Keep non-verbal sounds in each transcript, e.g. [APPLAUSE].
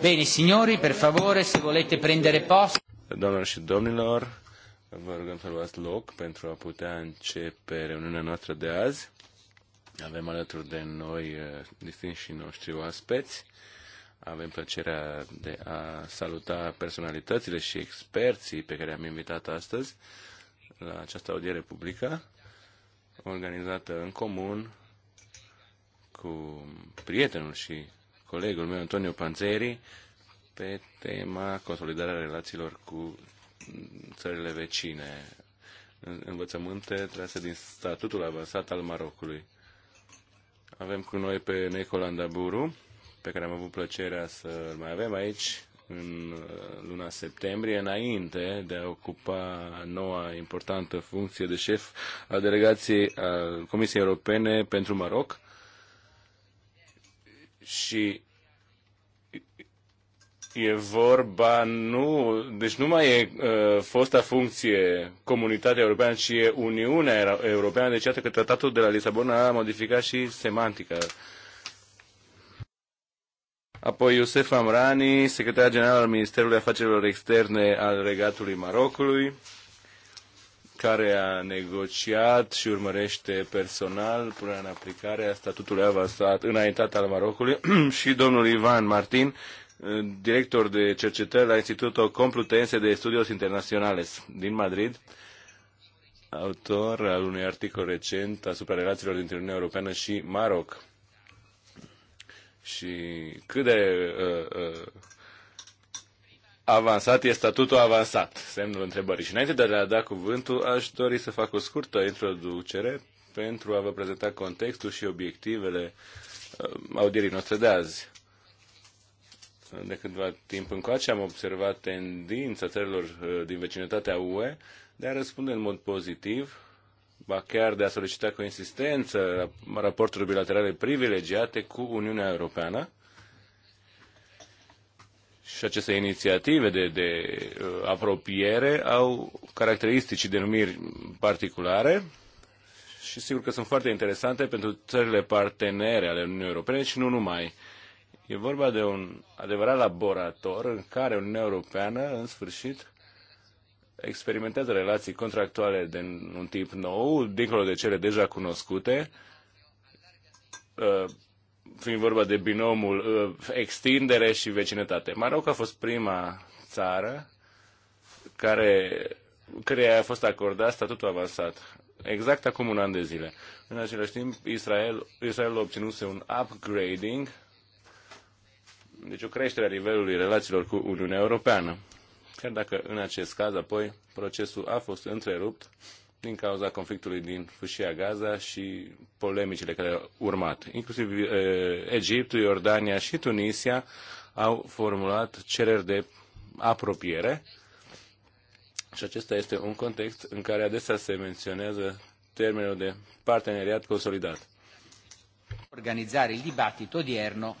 Bine, signori, per favore, se volete prendere posto. Doamnelor și domnilor, vă rugăm să luați loc pentru a putea începe reuniunea noastră de azi. Avem alături de noi eh, distinșii noștri oaspeți. Avem plăcerea de a saluta personalitățile și experții pe care am invitat astăzi la această audiere publică organizată în comun cu prietenul și colegul meu, Antonio Panzeri, pe tema consolidarea relațiilor cu țările vecine, învățământe trase din statutul avansat al Marocului. Avem cu noi pe Nicola Andaburu, pe care am avut plăcerea să-l mai avem aici în uh, luna septembrie, înainte de a ocupa noua importantă funcție de șef al delegației al Comisiei Europene pentru Maroc, și e vorba nu, deci nu mai e uh, fosta funcție Comunitatea Europeană, ci e Uniunea Europeană, deci iată că tratatul de la Lisabona a modificat și semantica. Apoi Iosef Amrani, secretar general al Ministerului Afacerilor Externe al Regatului Marocului care a negociat și urmărește personal până în aplicare a statutului avansat înaintat al Marocului [CLEARS THROAT] și domnul Ivan Martin, director de cercetări la Institutul Complutense de Studios Internaționales din Madrid, autor al unui articol recent asupra relațiilor dintre Uniunea Europeană și Maroc. Și cât de uh, uh, avansat e statutul avansat? Semnul întrebării. Și înainte de a da cuvântul, aș dori să fac o scurtă introducere pentru a vă prezenta contextul și obiectivele uh, audierii noastre de azi. De câteva timp încoace am observat tendința țărilor uh, din vecinătatea UE de a răspunde în mod pozitiv, ba chiar de a solicita cu insistență raporturi bilaterale privilegiate cu Uniunea Europeană, și aceste inițiative de, de uh, apropiere au caracteristici și denumiri particulare și sigur că sunt foarte interesante pentru țările partenere ale Uniunii Europene și nu numai. E vorba de un adevărat laborator în care Uniunea Europeană, în sfârșit, experimentează relații contractuale de un tip nou, dincolo de cele deja cunoscute, uh, fiind vorba de binomul uh, extindere și vecinătate. Maroc a fost prima țară care, care a fost acordat statutul avansat exact acum un an de zile. În același timp, Israel, Israel a obținut un upgrading, deci o creștere a nivelului relațiilor cu Uniunea Europeană. Chiar dacă în acest caz apoi procesul a fost întrerupt din cauza conflictului din fâșia Gaza și polemicile care au urmat. Inclusiv Egiptul, Iordania și Tunisia au formulat cereri de apropiere și acesta este un context în care adesea se menționează termenul de parteneriat consolidat. Organizare il dibattito odierno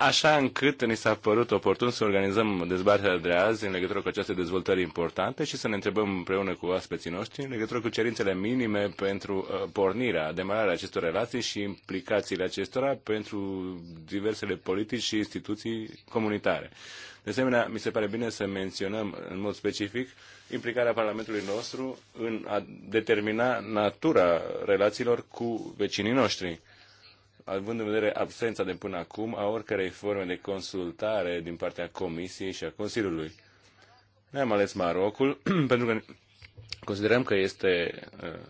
așa încât ni s-a părut oportun să organizăm dezbaterea de azi în legătură cu aceste dezvoltări importante și să ne întrebăm împreună cu aspeții noștri în legătură cu cerințele minime pentru uh, pornirea, demararea acestor relații și implicațiile acestora pentru diversele politici și instituții comunitare. De asemenea, mi se pare bine să menționăm în mod specific implicarea Parlamentului nostru în a determina natura relațiilor cu vecinii noștri având în vedere absența de până acum a oricărei forme de consultare din partea Comisiei și a Consiliului. Noi am ales Marocul [CLEARS THROAT] pentru că considerăm că este uh,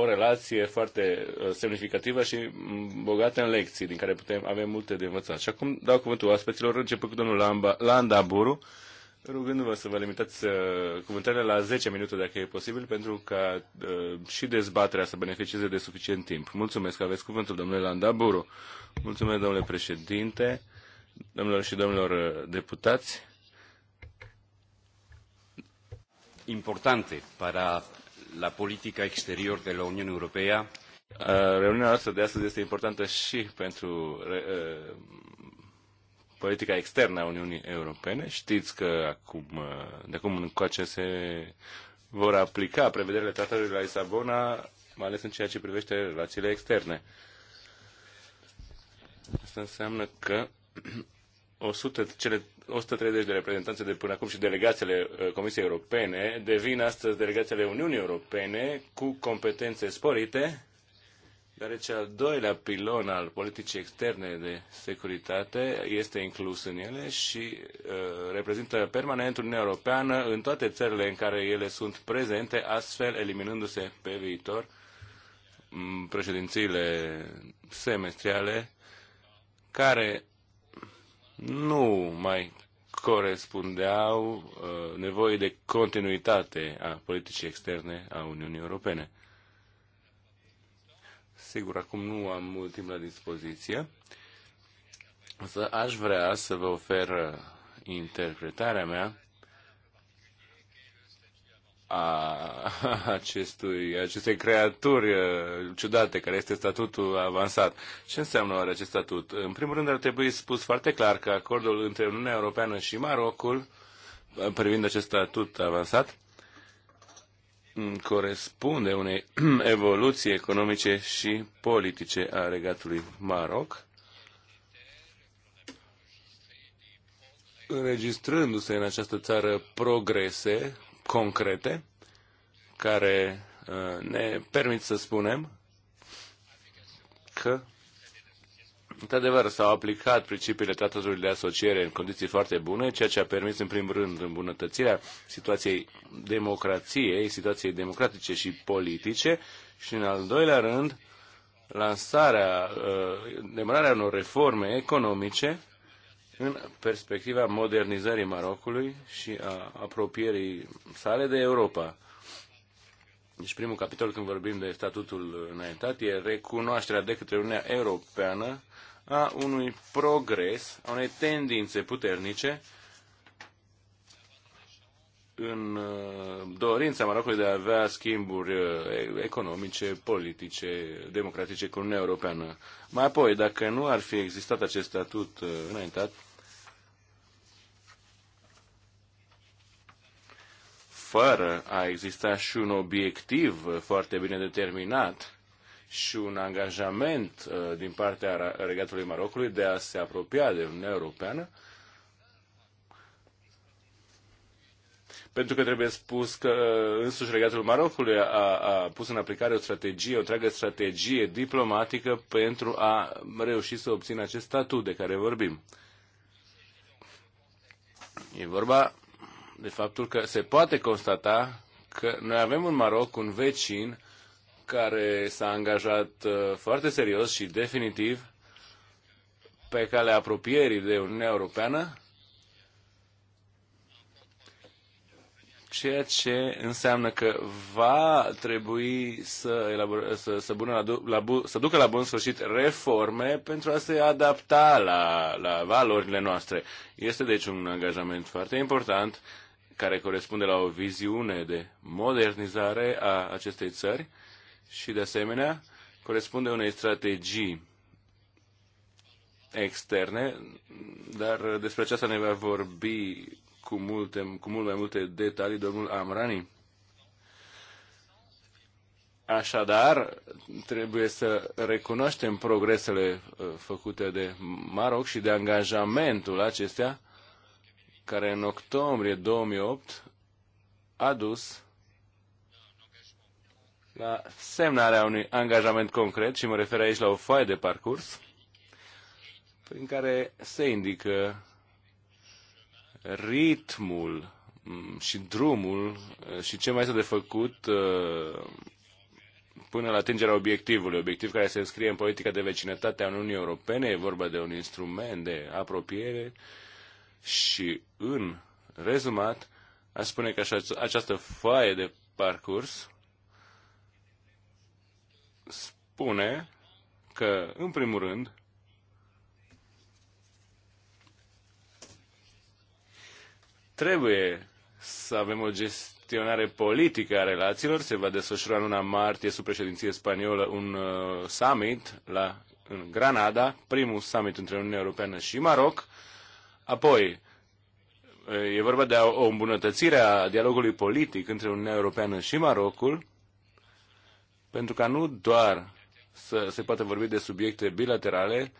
o relație foarte uh, semnificativă și mm, bogată în lecții, din care putem avea multe de învățat. Și acum dau cuvântul oaspeților, începând cu domnul Lamba, Landa Buru, rugându-vă să vă limitați uh, cuvântările la 10 minute, dacă e posibil, pentru ca uh, și dezbaterea să beneficieze de suficient timp. Mulțumesc că aveți cuvântul, domnule Landaburu. Mulțumesc, domnule președinte, domnilor și domnilor uh, deputați. Importante para la politica exterior de la Uniunea Europeană. Reuniunea noastră de astăzi este importantă și pentru politica externă a Uniunii Europene. Știți că acum, de acum încoace se vor aplica prevederile tratatului de la Lisabona, mai ales în ceea ce privește relațiile externe. Asta înseamnă că 100, [CLEARS THROAT] cele 130 de reprezentanțe de până acum și delegațiile uh, Comisiei Europene devin astăzi delegațiile Uniunii Europene cu competențe sporite deoarece al doilea pilon al politicii externe de securitate este inclus în ele și uh, reprezintă permanent Uniunea Europeană în toate țările în care ele sunt prezente, astfel eliminându-se pe viitor președințiile semestriale care nu mai corespundeau uh, nevoii de continuitate a politicii externe a Uniunii Europene. Sigur, acum nu am mult timp la dispoziție, Să aș vrea să vă ofer interpretarea mea a [LAUGHS] acestui, acestei creaturi uh, ciudate, care este statutul avansat. Ce înseamnă oare acest statut? În primul rând ar trebui spus foarte clar că acordul între Uniunea Europeană și Marocul, uh, privind acest statut avansat, Mm, corespunde unei [CLEARS THROAT] evoluții economice și politice a regatului Maroc, înregistrându-se în această țară progrese concrete care uh, ne permit să spunem că Într-adevăr, s-au aplicat principiile tratatului de asociere în condiții foarte bune, ceea ce a permis, în primul rând, îmbunătățirea situației democrației, situației democratice și politice și, în al doilea rând, lansarea, uh, demararea unor reforme economice în perspectiva modernizării Marocului și a apropierii sale de Europa. Deci primul capitol când vorbim de statutul înaintat e recunoașterea de către Uniunea Europeană a unui progres, a unei tendințe puternice în uh, dorința Marocului de a avea schimburi uh, economice, politice, democratice cu Uniunea Europeană. Mai apoi, dacă nu ar fi existat acest statut uh, înaintat, fără a exista și un obiectiv foarte bine determinat și un angajament uh, din partea Regatului Marocului de a se apropia de Uniunea Europeană, pentru că trebuie spus că uh, însuși Regatul Marocului a, a pus în aplicare o strategie, o întreagă strategie diplomatică pentru a reuși să obțină acest statut de care vorbim. E vorba de faptul că se poate constata că noi avem în Maroc un vecin care s-a angajat uh, foarte serios și definitiv pe calea apropierii de Uniunea Europeană, ceea ce înseamnă că va trebui să, elabore, să, să, bună la, la să ducă la bun sfârșit reforme pentru a se adapta la, la valorile noastre. Este deci un angajament foarte important care corespunde la o viziune de modernizare a acestei țări și, de asemenea, corespunde unei strategii externe, dar despre aceasta ne va vorbi cu, multe, cu mult mai multe detalii domnul Amrani. Așadar, trebuie să recunoaștem progresele uh, făcute de Maroc și de angajamentul acestea, care în octombrie 2008 a dus la semnarea unui angajament concret și mă refer aici la o foaie de parcurs prin care se indică ritmul mm, și drumul eh, și ce mai este de făcut eh, până la atingerea obiectivului, obiectiv care se înscrie în politica de vecinătate a Uniunii Europene, e vorba de un instrument de apropiere și în rezumat aș spune că această foaie de parcurs spune că, în primul rând, trebuie să avem o gestionare politică a relațiilor. Se va desfășura în luna martie sub președinție spaniolă un uh, summit la, în Granada, primul summit între Uniunea Europeană și Maroc. Apoi, uh, e vorba de o îmbunătățire a dialogului politic între Uniunea Europeană și Marocul pentru ca nu doar să se poată vorbi de subiecte bilaterale,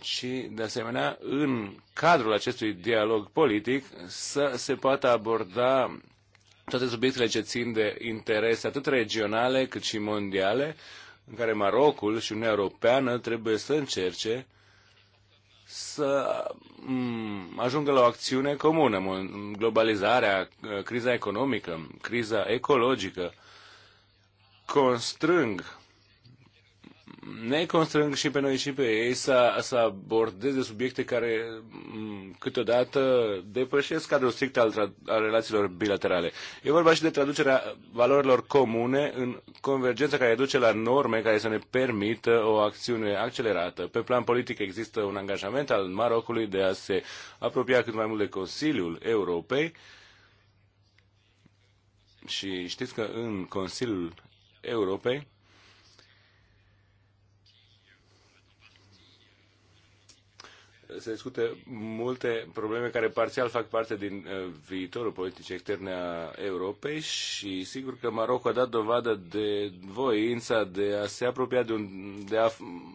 ci, de asemenea, în cadrul acestui dialog politic să se poată aborda toate subiectele ce țin de interese atât regionale cât și mondiale, în care Marocul și Uniunea Europeană trebuie să încerce să mm, ajungă la o acțiune comună, globalizarea, criza economică, criza ecologică, constrâng ne constrâng și pe noi și pe ei să, să abordeze subiecte care mm, câteodată depășesc cadrul strict al, al relațiilor bilaterale. E vorba și de traducerea valorilor comune în convergența care duce la norme care să ne permită o acțiune accelerată. Pe plan politic există un angajament al Marocului de a se apropia cât mai mult de Consiliul Europei și știți că în Consiliul Europei se discute multe probleme care parțial fac parte din uh, viitorul politicii externe a Europei și sigur că Maroc a dat dovadă de voința de a se apropia de, un, de a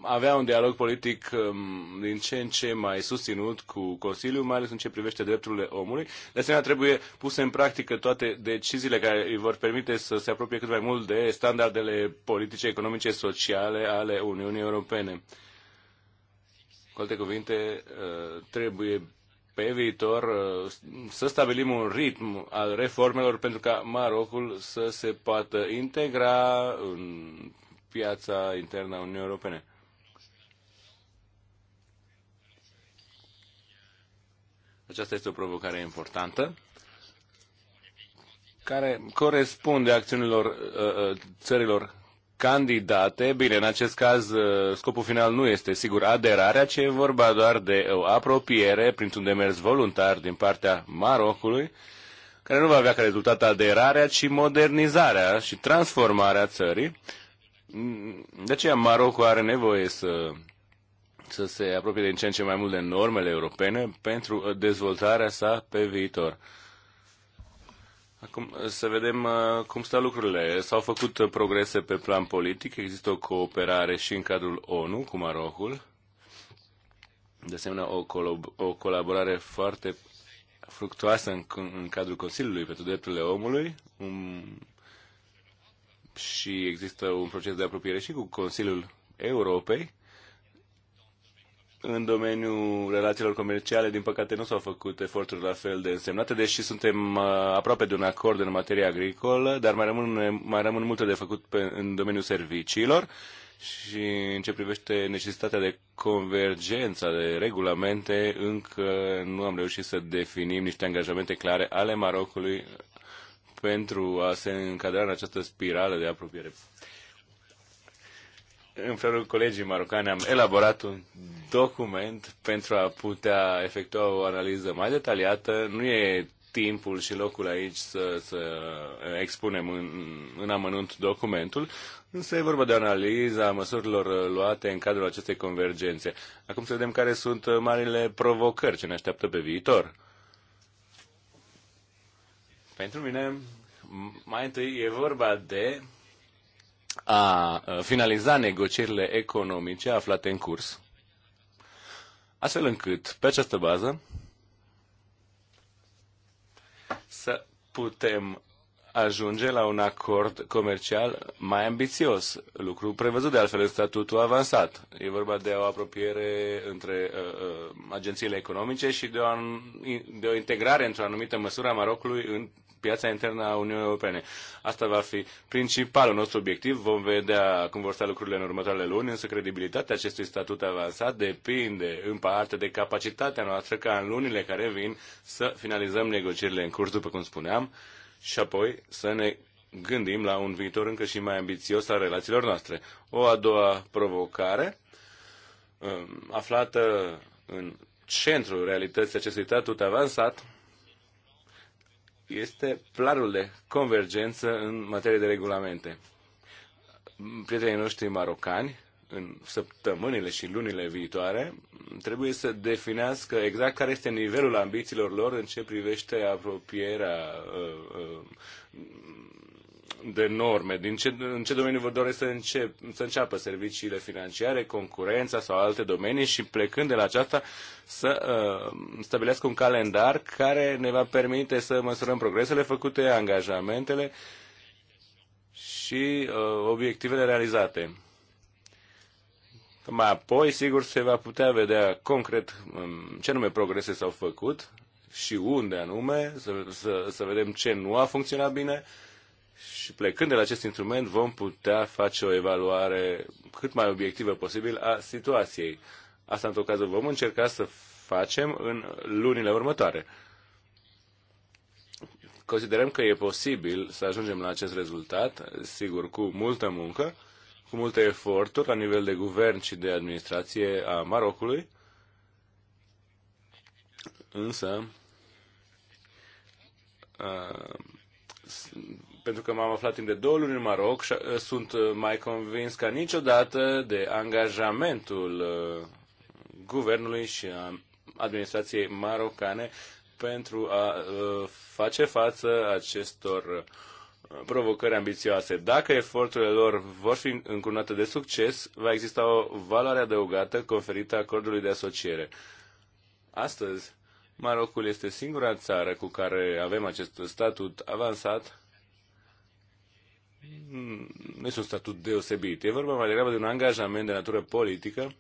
avea un dialog politic um, din ce în ce mai susținut cu Consiliul, mai ales în ce privește drepturile omului. De asemenea, trebuie puse în practică toate deciziile care îi vor permite să se apropie cât mai mult de standardele politice, economice, sociale ale Uniunii Europene. Cu alte cuvinte, uh, trebuie pe viitor uh, să stabilim un ritm al reformelor pentru ca Marocul să se poată integra în piața internă a Uniunii Europene. Aceasta este o provocare importantă care corespunde acțiunilor uh, țărilor candidate. Bine, în acest caz uh, scopul final nu este sigur aderarea, ci e vorba doar de o apropiere printr-un demers voluntar din partea Marocului, care nu va avea ca rezultat aderarea, ci modernizarea și transformarea țării. Mm, de aceea Marocul are nevoie să, să se apropie din ce în ce mai mult de normele europene pentru dezvoltarea sa pe viitor. Acum să vedem uh, cum stau lucrurile. S-au făcut uh, progrese pe plan politic, există o cooperare și în cadrul ONU cu Marocul. De asemenea, o, colab- o colaborare foarte fructuoasă în, în cadrul Consiliului pentru Drepturile Omului un, um, și există un proces de apropiere și cu Consiliul Europei în domeniul relațiilor comerciale, din păcate, nu s-au făcut eforturi la fel de însemnate, deși suntem uh, aproape de un acord în materie agricolă, dar mai rămân, mai rămân multe de făcut pe, în domeniul serviciilor și în ce privește necesitatea de convergență de regulamente, încă nu am reușit să definim niște angajamente clare ale Marocului pentru a se încadra în această spirală de apropiere în felul colegii marocane am elaborat un document pentru a putea efectua o analiză mai detaliată. Nu e timpul și locul aici să, să expunem în, în amănunt documentul, însă e vorba de analiza măsurilor luate în cadrul acestei convergențe. Acum să vedem care sunt marile provocări ce ne așteaptă pe viitor. Pentru mine, mai întâi e vorba de a finaliza negocierile economice aflate în curs, astfel încât, pe această bază, să putem ajunge la un acord comercial mai ambițios, lucru prevăzut de altfel în statutul avansat. E vorba de o apropiere între uh, uh, agențiile economice și de o, de o integrare într-o anumită măsură a Marocului în piața internă a Uniunii Europene. Asta va fi principalul nostru obiectiv. Vom vedea cum vor sta lucrurile în următoarele luni, însă credibilitatea acestui statut avansat depinde în parte de capacitatea noastră ca în lunile care vin să finalizăm negocierile în curs, după cum spuneam, și apoi să ne gândim la un viitor încă și mai ambițios al relațiilor noastre. O a doua provocare, um, aflată în centrul realității acestui statut avansat, este planul de convergență în materie de regulamente. Prietenii noștri marocani, în săptămânile și lunile viitoare, trebuie să definească exact care este nivelul ambițiilor lor în ce privește apropierea uh, uh, de norme. Din ce, în ce domeniu vă doresc să, încep, să înceapă serviciile financiare, concurența sau alte domenii și plecând de la aceasta să uh, stabilească un calendar care ne va permite să măsurăm progresele făcute, angajamentele și uh, obiectivele realizate. Mai apoi, sigur, se va putea vedea concret um, ce nume progrese s-au făcut și unde anume, să, să, să vedem ce nu a funcționat bine, uh, și plecând de la acest instrument vom putea face o evaluare cât mai obiectivă posibil a situației. Asta, într-o cază, vom încerca să facem în lunile următoare. Considerăm că e posibil să ajungem la acest rezultat, sigur, cu multă muncă, cu multe eforturi la nivel de guvern și de administrație a Marocului, însă pentru că m-am aflat timp de două luni în Maroc și uh, sunt uh, mai convins ca niciodată de angajamentul uh, guvernului și a administrației marocane pentru a face față acestor provocări ambițioase. Dacă eforturile lor vor fi încurnate de succes, va exista o valoare adăugată conferită acordului de asociere. Astăzi, Marocul este singura țară cu care avem acest statut avansat nu este un statut deosebit. E vorba mai degrabă de un angajament de natură politică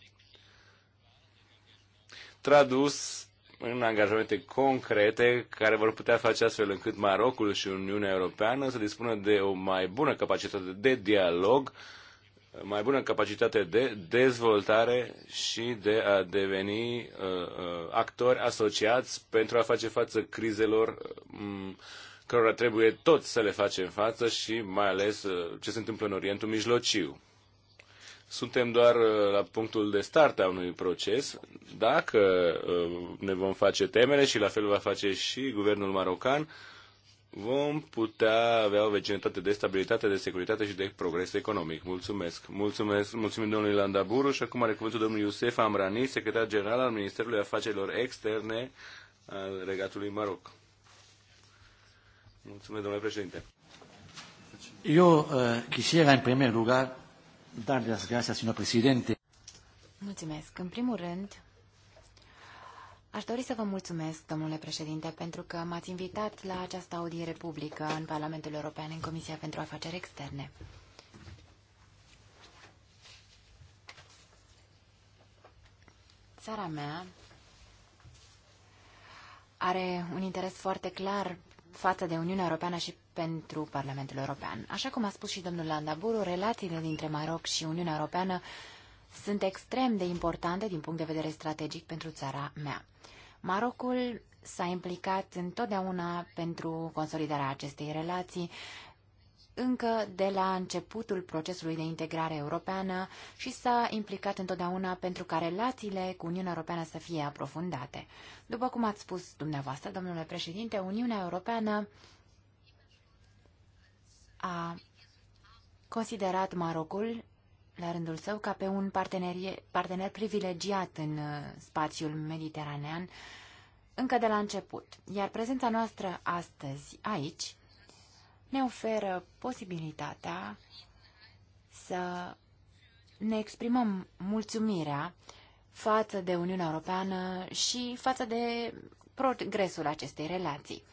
tradus în angajamente concrete care vor putea face astfel încât Marocul și Uniunea Europeană să dispună de o mai bună capacitate de dialog, mai bună capacitate de dezvoltare și de a deveni uh, uh actori asociați pentru a face față crizelor Uh, cărora trebuie tot să le facem față și mai ales uh, ce se întâmplă în Orientul Mijlociu. Suntem doar uh, la punctul de start a unui proces. Dacă uh, ne vom face temele și la fel va face și guvernul marocan, vom putea avea o vecinătate de stabilitate, de securitate și de progres economic. Mulțumesc. Mulțumesc. Mulțumim domnului Landaburu și acum are cuvântul domnul Iusef Amrani, secretar general al Ministerului Afacerilor Externe al Regatului Maroc. Mulțumesc, domnule președinte. Eu uh, quisiera, în primul lugar, dar las gracias, señor presidente. Mulțumesc. În primul rând, Aș dori să vă mulțumesc, domnule președinte, pentru că m-ați invitat la această audiere publică în Parlamentul European, în Comisia pentru Afaceri Externe. Țara mea are un interes foarte clar față de Uniunea Europeană și pentru Parlamentul European. Așa cum a spus și domnul Landaburu, relațiile dintre Maroc și Uniunea Europeană sunt extrem de importante din punct de vedere strategic pentru țara mea. Marocul s-a implicat întotdeauna pentru consolidarea acestei relații, încă de la începutul procesului de integrare europeană și s-a implicat întotdeauna pentru ca relațiile cu Uniunea Europeană să fie aprofundate. După cum ați spus dumneavoastră, domnule președinte, Uniunea Europeană a considerat Marocul la rândul său ca pe un partener, partener privilegiat în uh, spațiul mediteranean încă de la început. Iar prezența noastră astăzi aici ne oferă posibilitatea să ne exprimăm mulțumirea față de Uniunea Europeană și față de progresul acestei relații.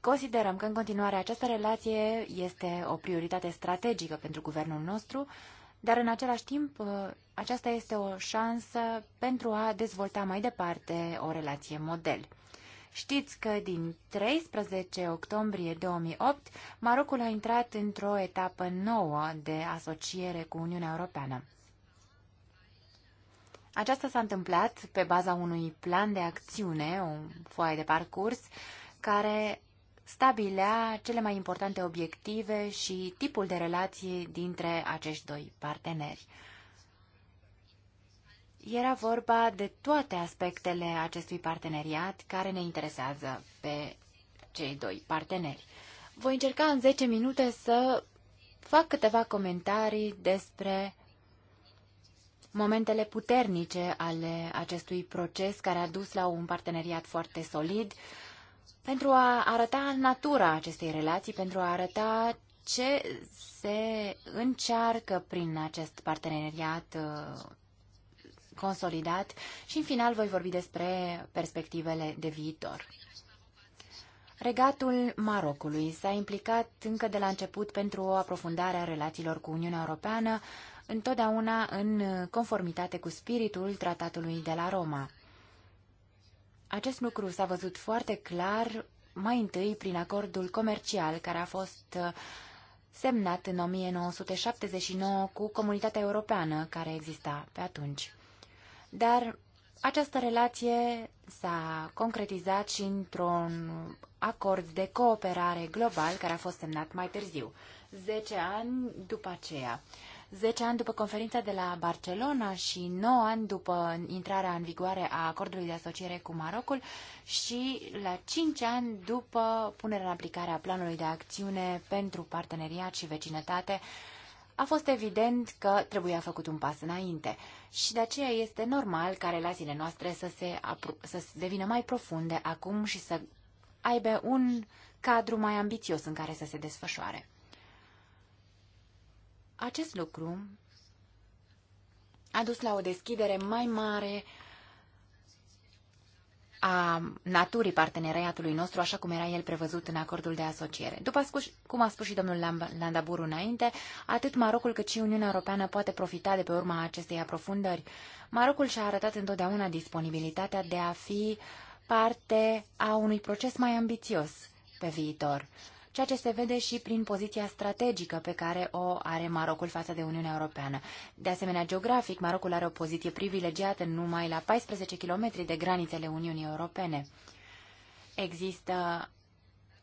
Considerăm că în continuare această relație este o prioritate strategică pentru guvernul nostru, dar în același timp uh, aceasta este o șansă pentru a dezvolta mai departe o relație model. Știți că din 13 octombrie 2008, Marocul a intrat într-o etapă nouă de asociere cu Uniunea Europeană. Aceasta s-a întâmplat pe baza unui plan de acțiune, o foaie de parcurs, care stabilea cele mai importante obiective și tipul de relație dintre acești doi parteneri. Era vorba de toate aspectele acestui parteneriat care ne interesează pe cei doi parteneri. Voi încerca în 10 minute să fac câteva comentarii despre momentele puternice ale acestui proces care a dus la un parteneriat foarte solid pentru a arăta natura acestei relații, pentru a arăta ce se încearcă prin acest parteneriat uh, consolidat și în final voi vorbi despre perspectivele de viitor. Regatul Marocului s-a implicat încă de la început pentru o aprofundare a relațiilor cu Uniunea Europeană, întotdeauna în conformitate cu spiritul tratatului de la Roma. Acest lucru s-a văzut foarte clar mai întâi prin acordul comercial care a fost uh, semnat în 1979 cu Comunitatea Europeană care exista pe atunci. Dar această relație s-a concretizat și într-un acord de cooperare global care a fost semnat mai târziu, 10 ani după aceea. 10 ani după conferința de la Barcelona și 9 ani după intrarea în vigoare a acordului de asociere cu Marocul și la 5 ani după punerea în aplicare a planului de acțiune pentru parteneriat și vecinătate a fost evident că trebuia făcut un pas înainte și de aceea este normal ca relațiile noastre să, se să se devină mai profunde acum și să aibă un cadru mai ambițios în care să se desfășoare. Acest lucru a dus la o deschidere mai mare a naturii parteneriatului nostru, așa cum era el prevăzut în acordul de asociere. După scuși, cum a spus și domnul Landaburu înainte, atât Marocul cât și Uniunea Europeană poate profita de pe urma acestei aprofundări. Marocul și-a arătat întotdeauna disponibilitatea de a fi parte a unui proces mai ambițios pe viitor ceea ce se vede și prin poziția strategică pe care o are Marocul față de Uniunea Europeană. De asemenea, geografic, Marocul are o poziție privilegiată numai la 14 km de granițele Uniunii Europene. Există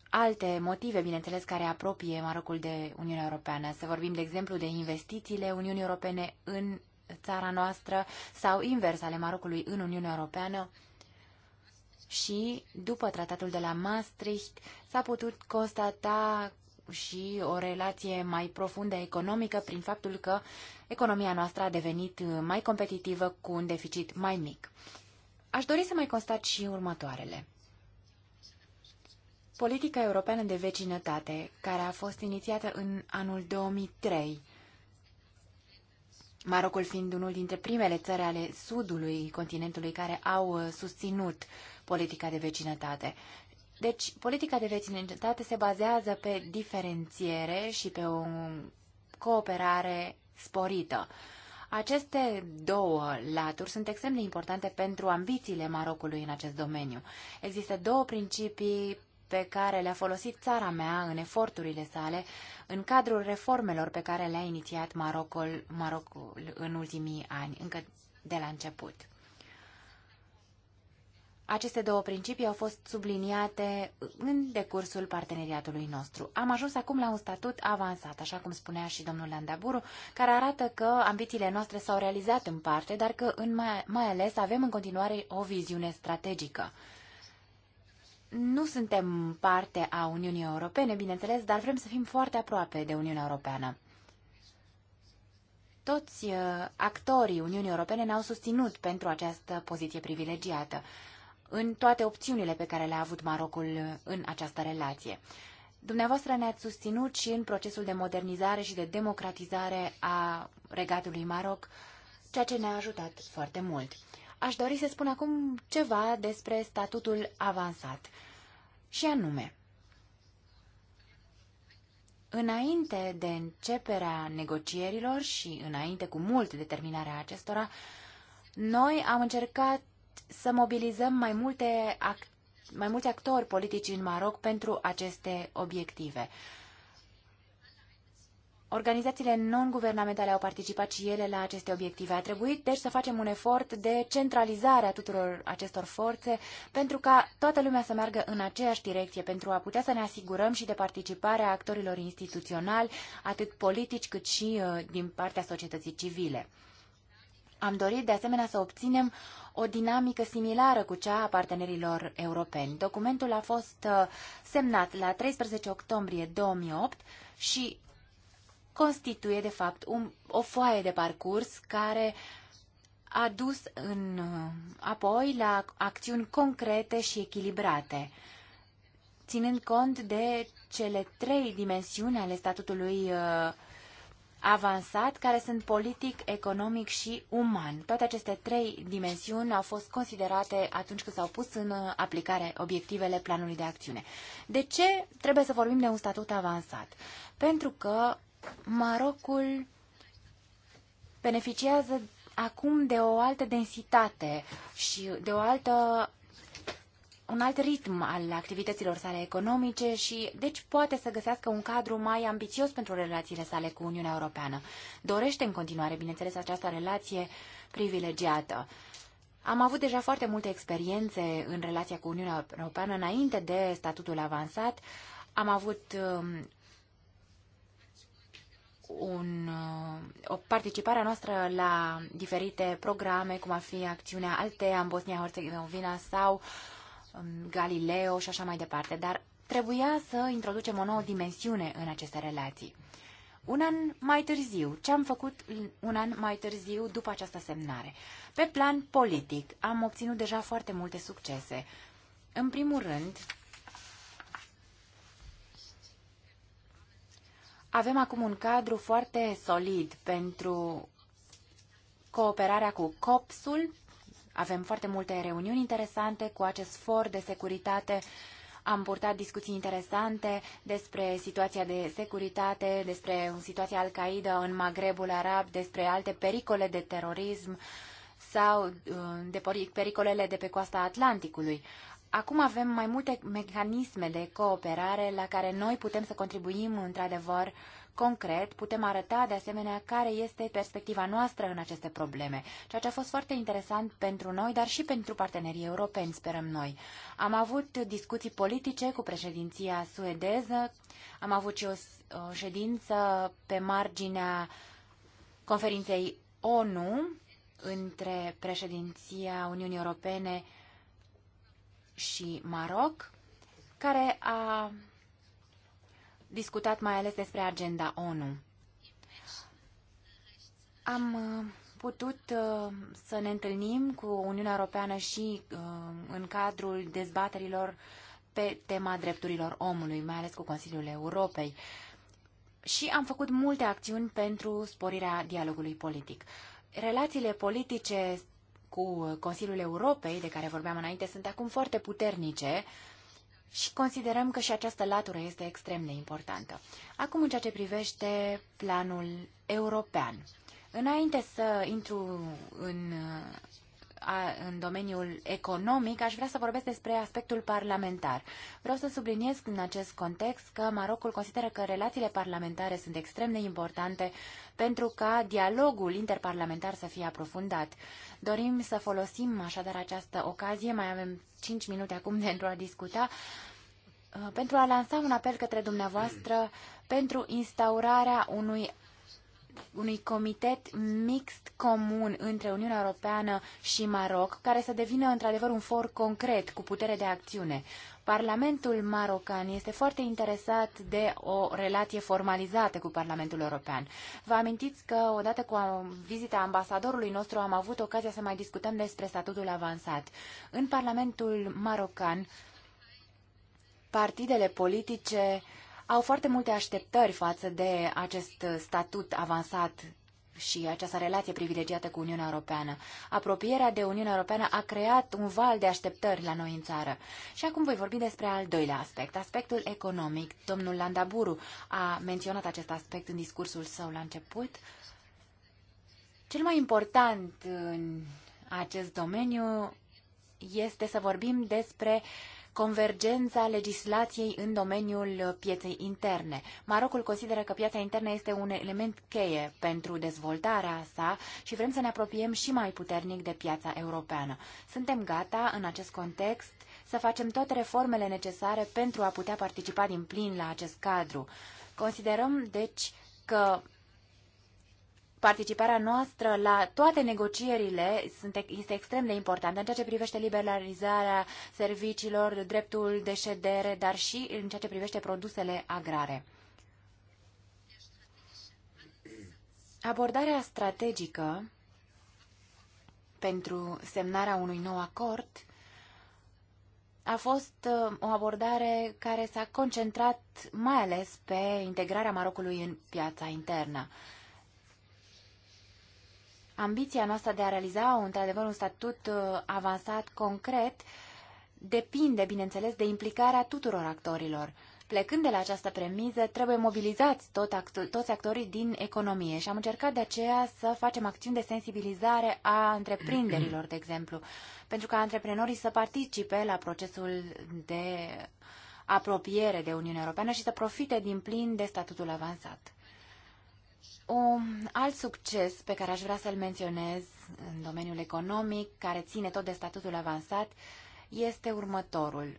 alte motive, bineînțeles, care apropie Marocul de Uniunea Europeană. Să vorbim, de exemplu, de investițiile Uniunii Europene în țara noastră sau invers ale Marocului în Uniunea Europeană și după tratatul de la Maastricht s-a putut constata și o relație mai profundă economică prin faptul că economia noastră a devenit mai competitivă cu un deficit mai mic. Aș dori să mai constat și următoarele. Politica europeană de vecinătate, care a fost inițiată în anul 2003, Marocul fiind unul dintre primele țări ale sudului continentului care au uh, susținut uh, politica de vecinătate. Deci, politica de vecinătate se bazează pe diferențiere și pe o cooperare sporită. Aceste două laturi sunt extrem de importante pentru ambițiile Marocului în acest domeniu. Există două principii pe care le-a folosit țara mea în eforturile sale în cadrul reformelor pe care le-a inițiat Marocul, Marocul în ultimii ani, încă de la început. Aceste două principii au fost subliniate în decursul parteneriatului nostru. Am ajuns acum la un statut avansat, așa cum spunea și domnul Landaburu, care arată că ambițiile noastre s-au realizat în parte, dar că în mai, mai ales avem în continuare o viziune strategică. Nu suntem parte a Uniunii Europene, bineînțeles, dar vrem să fim foarte aproape de Uniunea Europeană toți uh, actorii Uniunii Europene ne-au susținut pentru această poziție privilegiată în toate opțiunile pe care le-a avut Marocul în această relație. Dumneavoastră ne-ați susținut și în procesul de modernizare și de democratizare a regatului Maroc, ceea ce ne-a ajutat foarte mult. Aș dori să spun acum ceva despre statutul avansat. Și anume, înainte de începerea negocierilor și înainte cu mult determinarea acestora, noi am încercat să mobilizăm mai, multe act- mai mulți actori politici în Maroc pentru aceste obiective. Organizațiile non-guvernamentale au participat și ele la aceste obiective. A trebuit, deci, să facem un efort de centralizare a tuturor acestor forțe pentru ca toată lumea să meargă în aceeași direcție, pentru a putea să ne asigurăm și de participarea actorilor instituționali, atât politici cât și uh, din partea societății civile. Am dorit de asemenea să obținem o dinamică similară cu cea a partenerilor europeni. Documentul a fost uh, semnat la 13 octombrie 2008 și constituie, de fapt, un, o foaie de parcurs care a dus în, uh, apoi la acțiuni concrete și echilibrate, ținând cont de cele trei dimensiuni ale statutului uh, avansat, care sunt politic, economic și uman. Toate aceste trei dimensiuni au fost considerate atunci când s-au pus în aplicare obiectivele planului de acțiune. De ce trebuie să vorbim de un statut avansat? Pentru că Marocul beneficiază acum de o altă densitate și de o altă un alt ritm al activităților sale economice și deci poate să găsească un cadru mai ambițios pentru relațiile sale cu Uniunea Europeană. Dorește în continuare, bineînțeles, această relație privilegiată. Am avut deja foarte multe experiențe în relația cu Uniunea Europeană înainte de statutul avansat. Am avut um, un, uh, o participare a noastră la diferite programe, cum ar fi acțiunea Altea în Bosnia-Herzegovina sau uh, Um, Galileo și așa mai departe, dar trebuia să introducem o nouă dimensiune în aceste relații. Un an mai târziu, ce am făcut un an mai târziu după această semnare? Pe plan politic, am obținut deja foarte multe succese. În primul rând, avem acum un cadru foarte solid pentru cooperarea cu COPS-ul avem foarte multe reuniuni interesante cu acest for de securitate. Am purtat discuții interesante despre situația de securitate, despre situația Al-Qaeda în Maghrebul Arab, despre alte pericole de terorism sau uh, de pericolele de pe coasta Atlanticului. Acum avem mai multe mecanisme de cooperare la care noi putem să contribuim într-adevăr uh, concret putem arăta de asemenea care este perspectiva noastră în aceste probleme, ceea ce a fost foarte interesant pentru noi, dar și pentru partenerii europeni, sperăm noi. Am avut discuții politice cu președinția suedeză, am avut și o, o ședință pe marginea conferinței ONU între președinția Uniunii Europene și Maroc, care a discutat mai ales despre agenda ONU. Am uh, putut uh, să ne întâlnim cu Uniunea Europeană și uh, în cadrul dezbaterilor pe tema drepturilor omului, mai ales cu Consiliul Europei. Și am făcut multe acțiuni pentru sporirea dialogului politic. Relațiile politice cu Consiliul Europei, de care vorbeam înainte, sunt acum foarte puternice și considerăm că și această latură este extrem de importantă. Acum, în ceea ce privește planul european, înainte să intru în în domeniul economic, aș vrea să vorbesc despre aspectul parlamentar. Vreau să subliniez în acest context că Marocul consideră că relațiile parlamentare sunt extrem de importante pentru ca dialogul interparlamentar să fie aprofundat. Dorim să folosim așadar această ocazie, mai avem 5 minute acum pentru a discuta, uh, pentru a lansa un apel către dumneavoastră pentru instaurarea unui unui comitet mixt comun între Uniunea Europeană și Maroc, care să devină într-adevăr un for concret cu putere de acțiune. Parlamentul marocan este foarte interesat de o relație formalizată cu Parlamentul European. Vă amintiți că odată cu vizita ambasadorului nostru am avut ocazia să mai discutăm despre statutul avansat. În Parlamentul marocan, partidele politice uh, au foarte multe așteptări față de acest statut avansat și această relație privilegiată cu Uniunea Europeană. Apropierea de Uniunea Europeană a creat un val de așteptări la noi în țară. Și acum voi vorbi despre al doilea aspect, aspectul economic. Domnul Landaburu a menționat acest aspect în discursul său la început. Cel mai important în acest domeniu este să vorbim despre uh, convergența legislației în domeniul pieței interne. Marocul consideră că piața internă este un element cheie pentru dezvoltarea sa și vrem să ne apropiem și mai puternic de piața europeană. Suntem gata, în acest context, să facem toate reformele necesare pentru a putea participa din plin la acest cadru. Considerăm, deci, că participarea noastră la toate negocierile este extrem de importantă în ceea ce privește liberalizarea serviciilor, dreptul de ședere, dar și în ceea ce privește produsele agrare. Abordarea strategică pentru semnarea unui nou acord a fost uh, o abordare care s-a concentrat mai ales pe integrarea Marocului în piața internă ambiția noastră de a realiza într-adevăr un statut uh, avansat concret depinde, bineînțeles, de implicarea tuturor actorilor. Plecând de la această premiză, trebuie mobilizați tot actul, toți actorii din economie și am încercat de aceea să facem acțiuni de sensibilizare a întreprinderilor, de exemplu, pentru ca antreprenorii să participe la procesul de apropiere de Uniunea Europeană și să profite din plin de statutul avansat. Un alt succes pe care aș vrea să-l menționez în domeniul economic, care ține tot de statutul avansat, este următorul.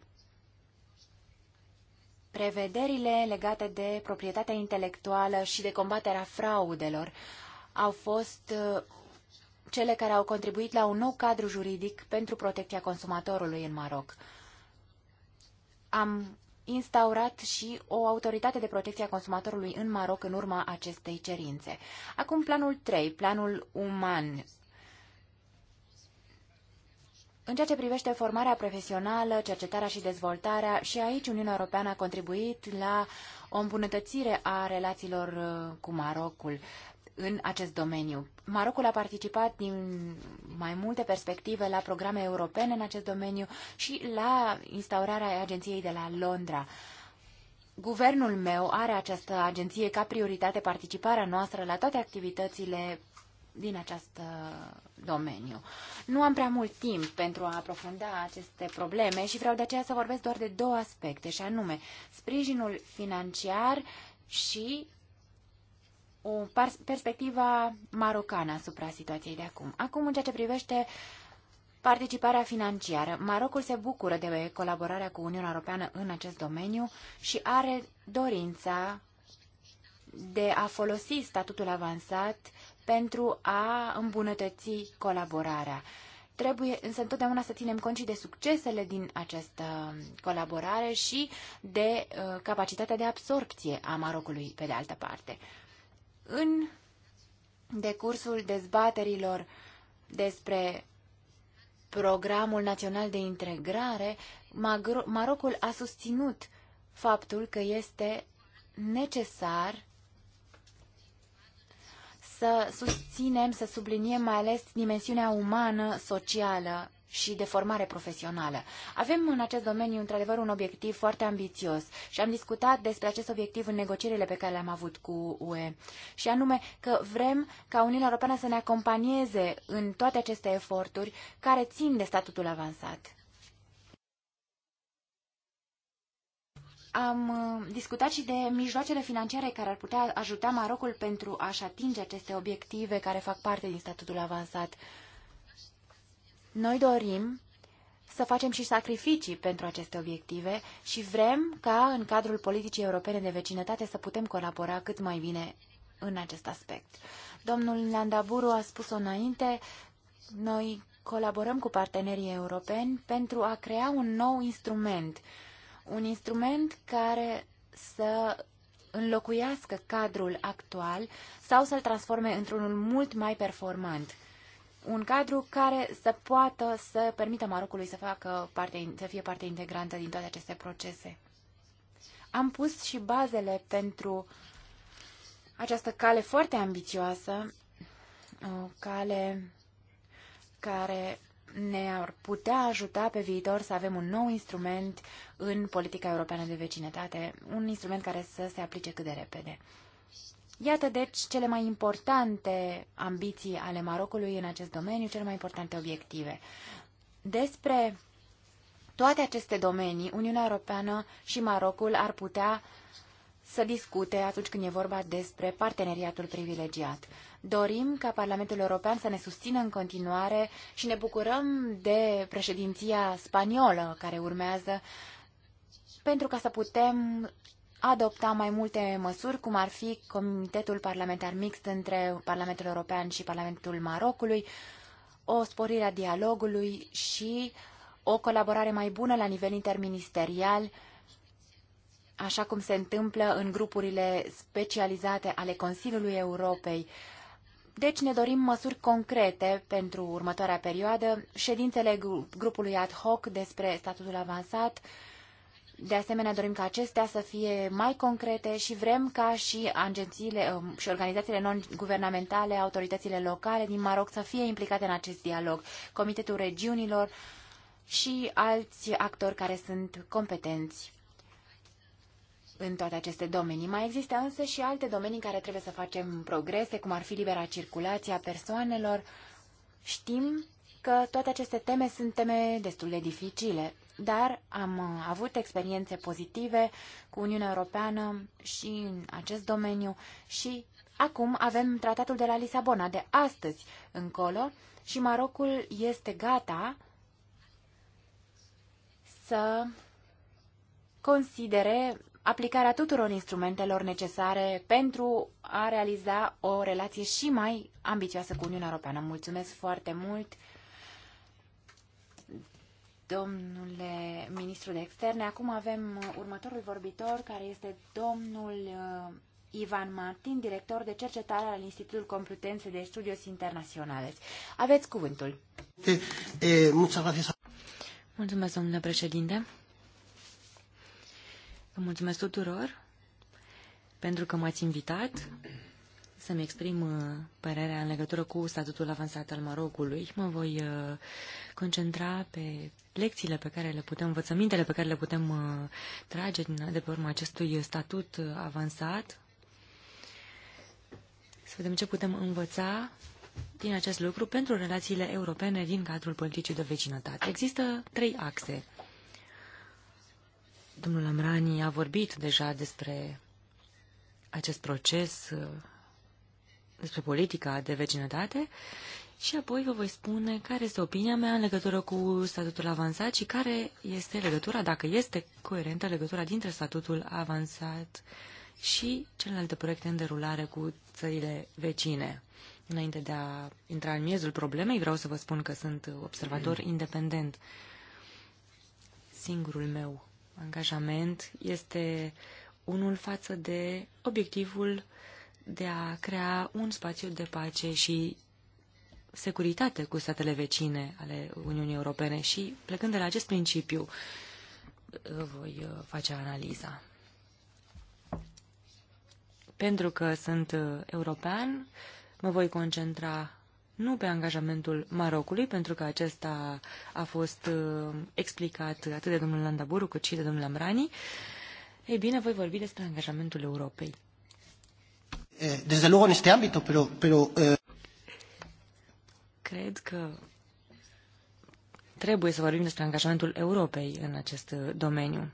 Prevederile legate de proprietatea intelectuală și de combaterea fraudelor au fost uh, cele care au contribuit la un nou cadru juridic pentru protecția consumatorului în Maroc. Am instaurat și o autoritate de protecție a consumatorului în Maroc în urma acestei cerințe. Acum planul 3, planul uman. În ceea ce privește formarea profesională, cercetarea și dezvoltarea, și aici Uniunea Europeană a contribuit la o îmbunătățire a relațiilor uh, cu Marocul în acest domeniu. Marocul a participat din mai multe perspective la programe europene în acest domeniu și la instaurarea agenției de la Londra. Guvernul meu are această agenție ca prioritate participarea noastră la toate activitățile din acest uh, domeniu. Nu am prea mult timp pentru a aprofunda aceste probleme și vreau de aceea să vorbesc doar de două aspecte, și anume sprijinul financiar și o perspectiva marocană asupra situației de acum. Acum, în ceea ce privește participarea financiară, Marocul se bucură de colaborarea cu Uniunea Europeană în acest domeniu și are dorința de a folosi statutul avansat pentru a îmbunătăți colaborarea. Trebuie însă întotdeauna să ținem cont și de succesele din această colaborare și de uh, capacitatea de absorpție a Marocului pe de altă parte. În decursul dezbaterilor despre programul național de integrare, Marocul a susținut faptul că este necesar să susținem, să subliniem mai ales dimensiunea umană, socială și de formare profesională. Avem în acest domeniu, într-adevăr, un obiectiv foarte ambițios și am discutat despre acest obiectiv în negocierile pe care le-am avut cu UE. Și anume că vrem ca Uniunea Europeană să ne acompanieze în toate aceste eforturi care țin de statutul avansat. Am uh, discutat și de mijloacele financiare care ar putea ajuta Marocul pentru a-și atinge aceste obiective care fac parte din statutul avansat. Noi dorim să facem și sacrificii pentru aceste obiective și vrem ca, în cadrul politicii europene de vecinătate, să putem colabora cât mai bine în acest aspect. Domnul Landaburu a spus-o înainte, noi colaborăm cu partenerii europeni pentru a crea un nou instrument, un instrument care să înlocuiască cadrul actual sau să-l transforme într-unul mult mai performant – un cadru care să poată să permită Marocului să, facă parte, să fie parte integrantă din toate aceste procese. Am pus și bazele pentru această cale foarte ambițioasă, o cale care ne-ar putea ajuta pe viitor să avem un nou instrument în politica europeană de vecinătate, un instrument care să se aplice cât de repede. Iată deci cele mai importante ambiții ale Marocului în acest domeniu, cele mai importante obiective. Despre toate aceste domenii, Uniunea Europeană și Marocul ar putea să discute atunci când e vorba despre parteneriatul privilegiat. Dorim ca Parlamentul European să ne susțină în continuare și ne bucurăm de președinția spaniolă care urmează pentru ca să putem adopta mai multe măsuri, cum ar fi Comitetul Parlamentar Mixt între Parlamentul European și Parlamentul Marocului, o sporire a dialogului și o colaborare mai bună la nivel interministerial, așa cum se întâmplă în grupurile specializate ale Consiliului Europei. Deci ne dorim măsuri concrete pentru următoarea perioadă, ședințele grupului ad hoc despre statutul avansat, de asemenea, dorim ca acestea să fie mai concrete și vrem ca și agențiile um, și organizațiile non-guvernamentale, autoritățile locale din Maroc să fie implicate în acest dialog. Comitetul regiunilor și alți actori care sunt competenți în toate aceste domenii. Mai există însă și alte domenii în care trebuie să facem progrese, cum ar fi libera circulație a persoanelor. Știm că toate aceste teme sunt teme destul de dificile dar am uh, avut experiențe pozitive cu Uniunea Europeană și în acest domeniu și acum avem tratatul de la Lisabona de astăzi încolo și Marocul este gata să considere aplicarea tuturor instrumentelor necesare pentru a realiza o relație și mai ambițioasă cu Uniunea Europeană. Mulțumesc foarte mult! domnule ministru de externe. Acum avem uh, următorul vorbitor, care este domnul uh, Ivan Martin, director de cercetare al Institutului Complutențe de Studios Internaționale. Aveți cuvântul. Eh, mulțumesc, domnule președinte. mulțumesc tuturor pentru că m-ați invitat să-mi exprim uh, părerea în legătură cu statutul avansat al Marocului. Mă voi uh, concentra pe lecțiile pe care le putem, învățămintele pe care le putem uh, trage de pe urma acestui statut avansat. Să vedem ce putem învăța din acest lucru pentru relațiile europene din cadrul politicii de vecinătate. Există trei axe. Domnul Amrani a vorbit deja despre acest proces despre politica de vecinătate și apoi vă voi spune care este opinia mea în legătură cu statutul avansat și care este legătura, dacă este coerentă legătura dintre statutul avansat și celelalte proiecte în derulare cu țările vecine. Înainte de a intra în miezul problemei, vreau să vă spun că sunt observator mm. independent. Singurul meu angajament este unul față de obiectivul uh, de a crea un spațiu de pace și securitate cu statele vecine ale Uniunii Europene și plecând de la acest principiu voi uh, face analiza. Pentru că sunt uh, european, mă voi concentra nu pe angajamentul Marocului, pentru că acesta a fost uh, explicat atât de domnul Landaburu cât și de domnul Amrani. Ei bine, voi vorbi despre angajamentul Europei. Eh, desde luego en este ámbito, pero... pero eh, Cred că trebuie să vorbim despre angajamentul Europei în acest domeniu.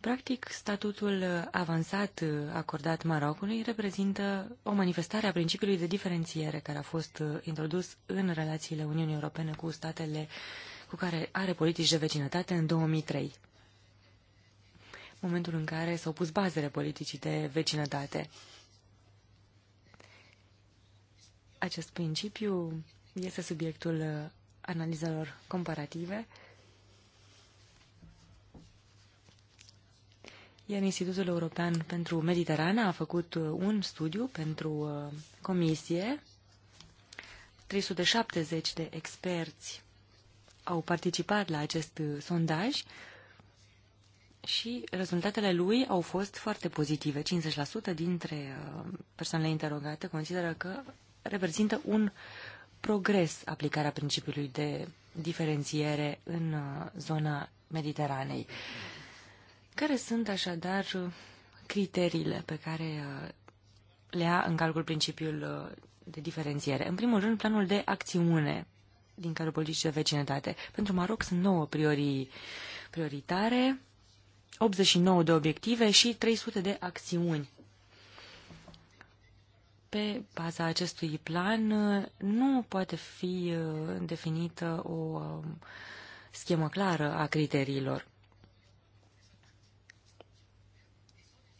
Practic, statutul avansat acordat Marocului reprezintă o manifestare a principiului de diferențiere care a fost introdus în relațiile Uniunii Europene cu statele cu care are politici de vecinătate în 2003 momentul în care s-au pus bazele politicii de vecinătate. Acest principiu este subiectul uh, analizelor comparative, iar Institutul European pentru Mediterana a făcut uh, un studiu pentru uh, comisie. 370 de experți au participat la acest sondaj și rezultatele lui au fost foarte pozitive. 50% dintre uh, persoanele interogate consideră că reprezintă un progres aplicarea principiului de diferențiere în uh, zona Mediteranei. Care sunt așadar uh, criteriile pe care le ia în calcul principiul de diferențiere? În primul rând, planul de acțiune din cadrul politicii de vecinătate. Pentru Maroc sunt nouă priorii prioritare, 89 de obiective și 300 de acțiuni. Pe baza acestui plan nu poate fi uh, definită o um, schemă clară a criteriilor.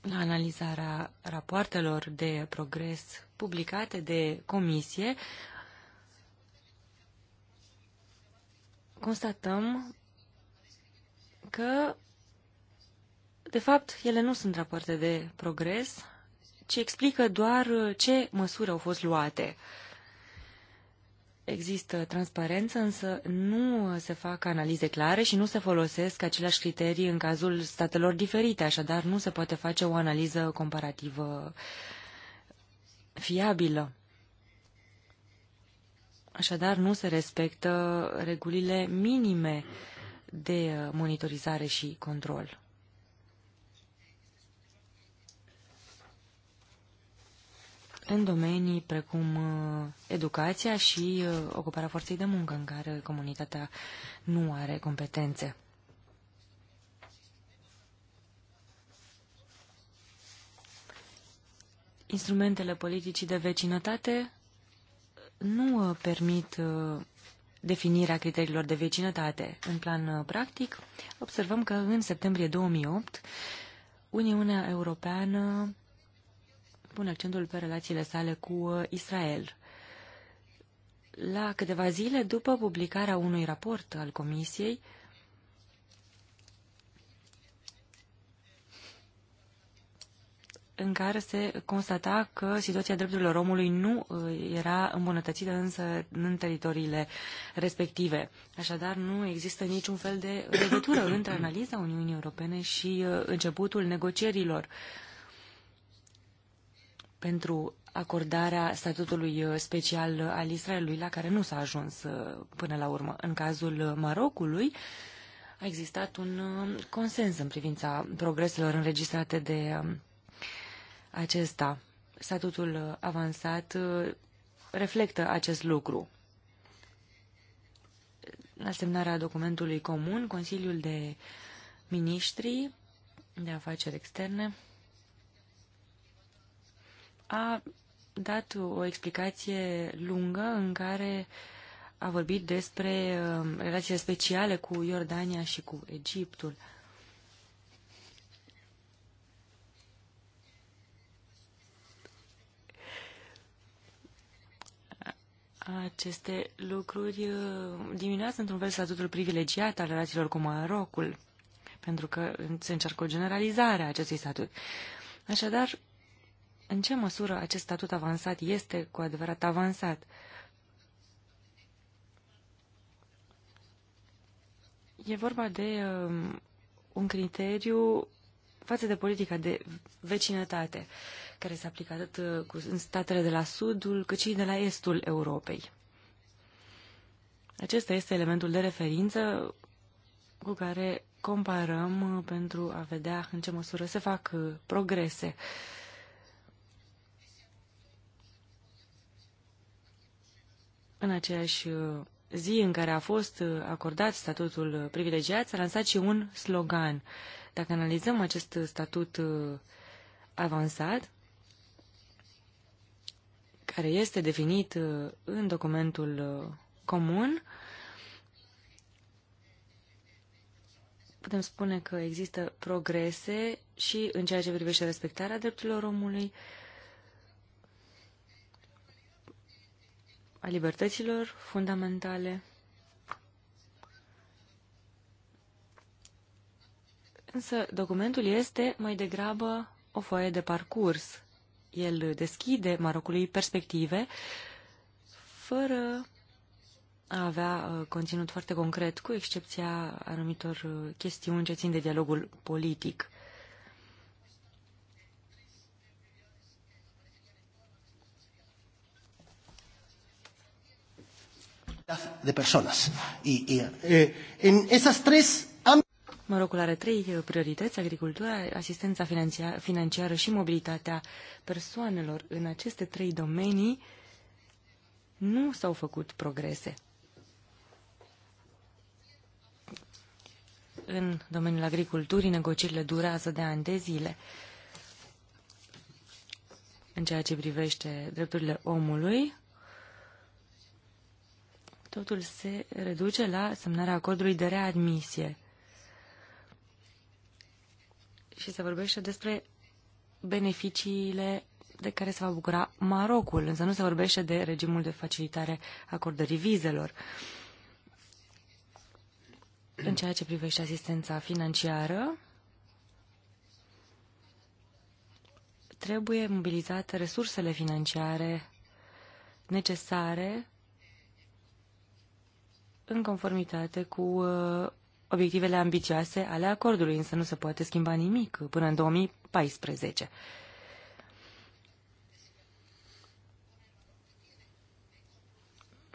La analizarea rapoartelor de progres publicate de comisie, constatăm că de fapt, ele nu sunt rapoarte de progres, ci explică doar uh, ce măsuri au fost luate. Există transparență, însă nu uh, se fac analize clare și nu se folosesc aceleași criterii în cazul statelor diferite, așadar nu se poate face o analiză comparativă fiabilă. Așadar, nu se respectă regulile minime de uh, monitorizare și control. în domenii precum uh, educația și uh, ocuparea forței de muncă, în care comunitatea nu are competențe. Instrumentele politicii de vecinătate nu uh, permit definirea criteriilor de vecinătate. În plan practic, observăm că în septembrie 2008, Uniunea Europeană pun accentul pe relațiile sale cu uh, Israel. La câteva zile după publicarea unui raport al Comisiei, în care se constata că situația drepturilor omului nu uh, era îmbunătățită însă în teritoriile respective. Așadar, nu există niciun fel de legătură între analiza Uniunii Europene și uh, începutul negocierilor. Uh, pentru acordarea statutului uh, special uh, al Israelului, la care nu s-a ajuns uh, până la urmă. În cazul Marocului, a existat un consens în privința progreselor înregistrate de um, acesta. Statutul avansat reflectă acest lucru. La semnarea documentului comun, Consiliul de Ministri de Afaceri Externe a dat o explicație lungă în care a vorbit despre um, relațiile speciale cu Iordania și cu Egiptul. Aceste lucruri uh, diminuează într-un fel statutul privilegiat al relațiilor cu Marocul, pentru că se încearcă o generalizare a acestui statut. Așadar, în ce măsură acest statut avansat este cu adevărat avansat. E vorba de uh, un criteriu față de politica de vecinătate, care se aplică atât uh, cu statele de la sudul, cât și de la estul Europei. Acesta este elementul de referință cu care comparăm uh, pentru a vedea în ce măsură se fac uh, progrese. Uh, în aceeași uh, zi în care a fost uh, acordat statutul uh, privilegiat, s-a lansat și un slogan. Dacă analizăm acest statut avansat, care este definit în documentul comun, putem spune că există progrese și în ceea ce privește respectarea drepturilor omului, a libertăților fundamentale. Însă documentul este mai degrabă o foaie de parcurs. El deschide Marocului perspective fără a avea uh, conținut foarte concret, cu excepția anumitor uh, chestiuni ce țin de dialogul politic. de personas. Y, y eh, en esas tres are trei eh, priorități, agricultura, asistența financiară și mobilitatea persoanelor. În aceste trei domenii nu s-au făcut progrese. În domeniul agriculturii, negocierile durează de ani de zile. În ceea ce privește drepturile omului, totul se reduce la semnarea acordului de readmisie. Și se vorbește despre beneficiile de care se va bucura Marocul, însă nu se vorbește de regimul de facilitare acordării vizelor. În ceea ce privește asistența financiară, trebuie mobilizate resursele financiare necesare în conformitate cu uh, obiectivele ambițioase ale acordului, însă nu se poate schimba nimic până în 2014.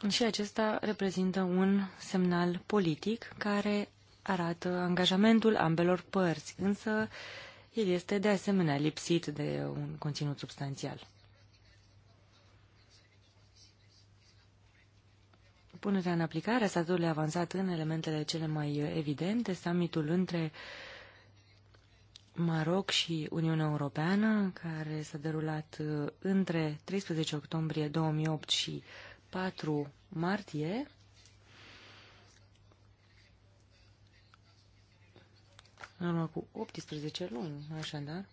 Și acesta reprezintă un semnal politic care arată angajamentul ambelor părți, însă el este de asemenea lipsit de un conținut substanțial. punerea în aplicare a statului avansat în elementele cele mai evidente, summitul între Maroc și Uniunea Europeană, care s-a derulat uh, între 13 octombrie 2008 și 4 martie. În urmă cu 18 luni, așadar.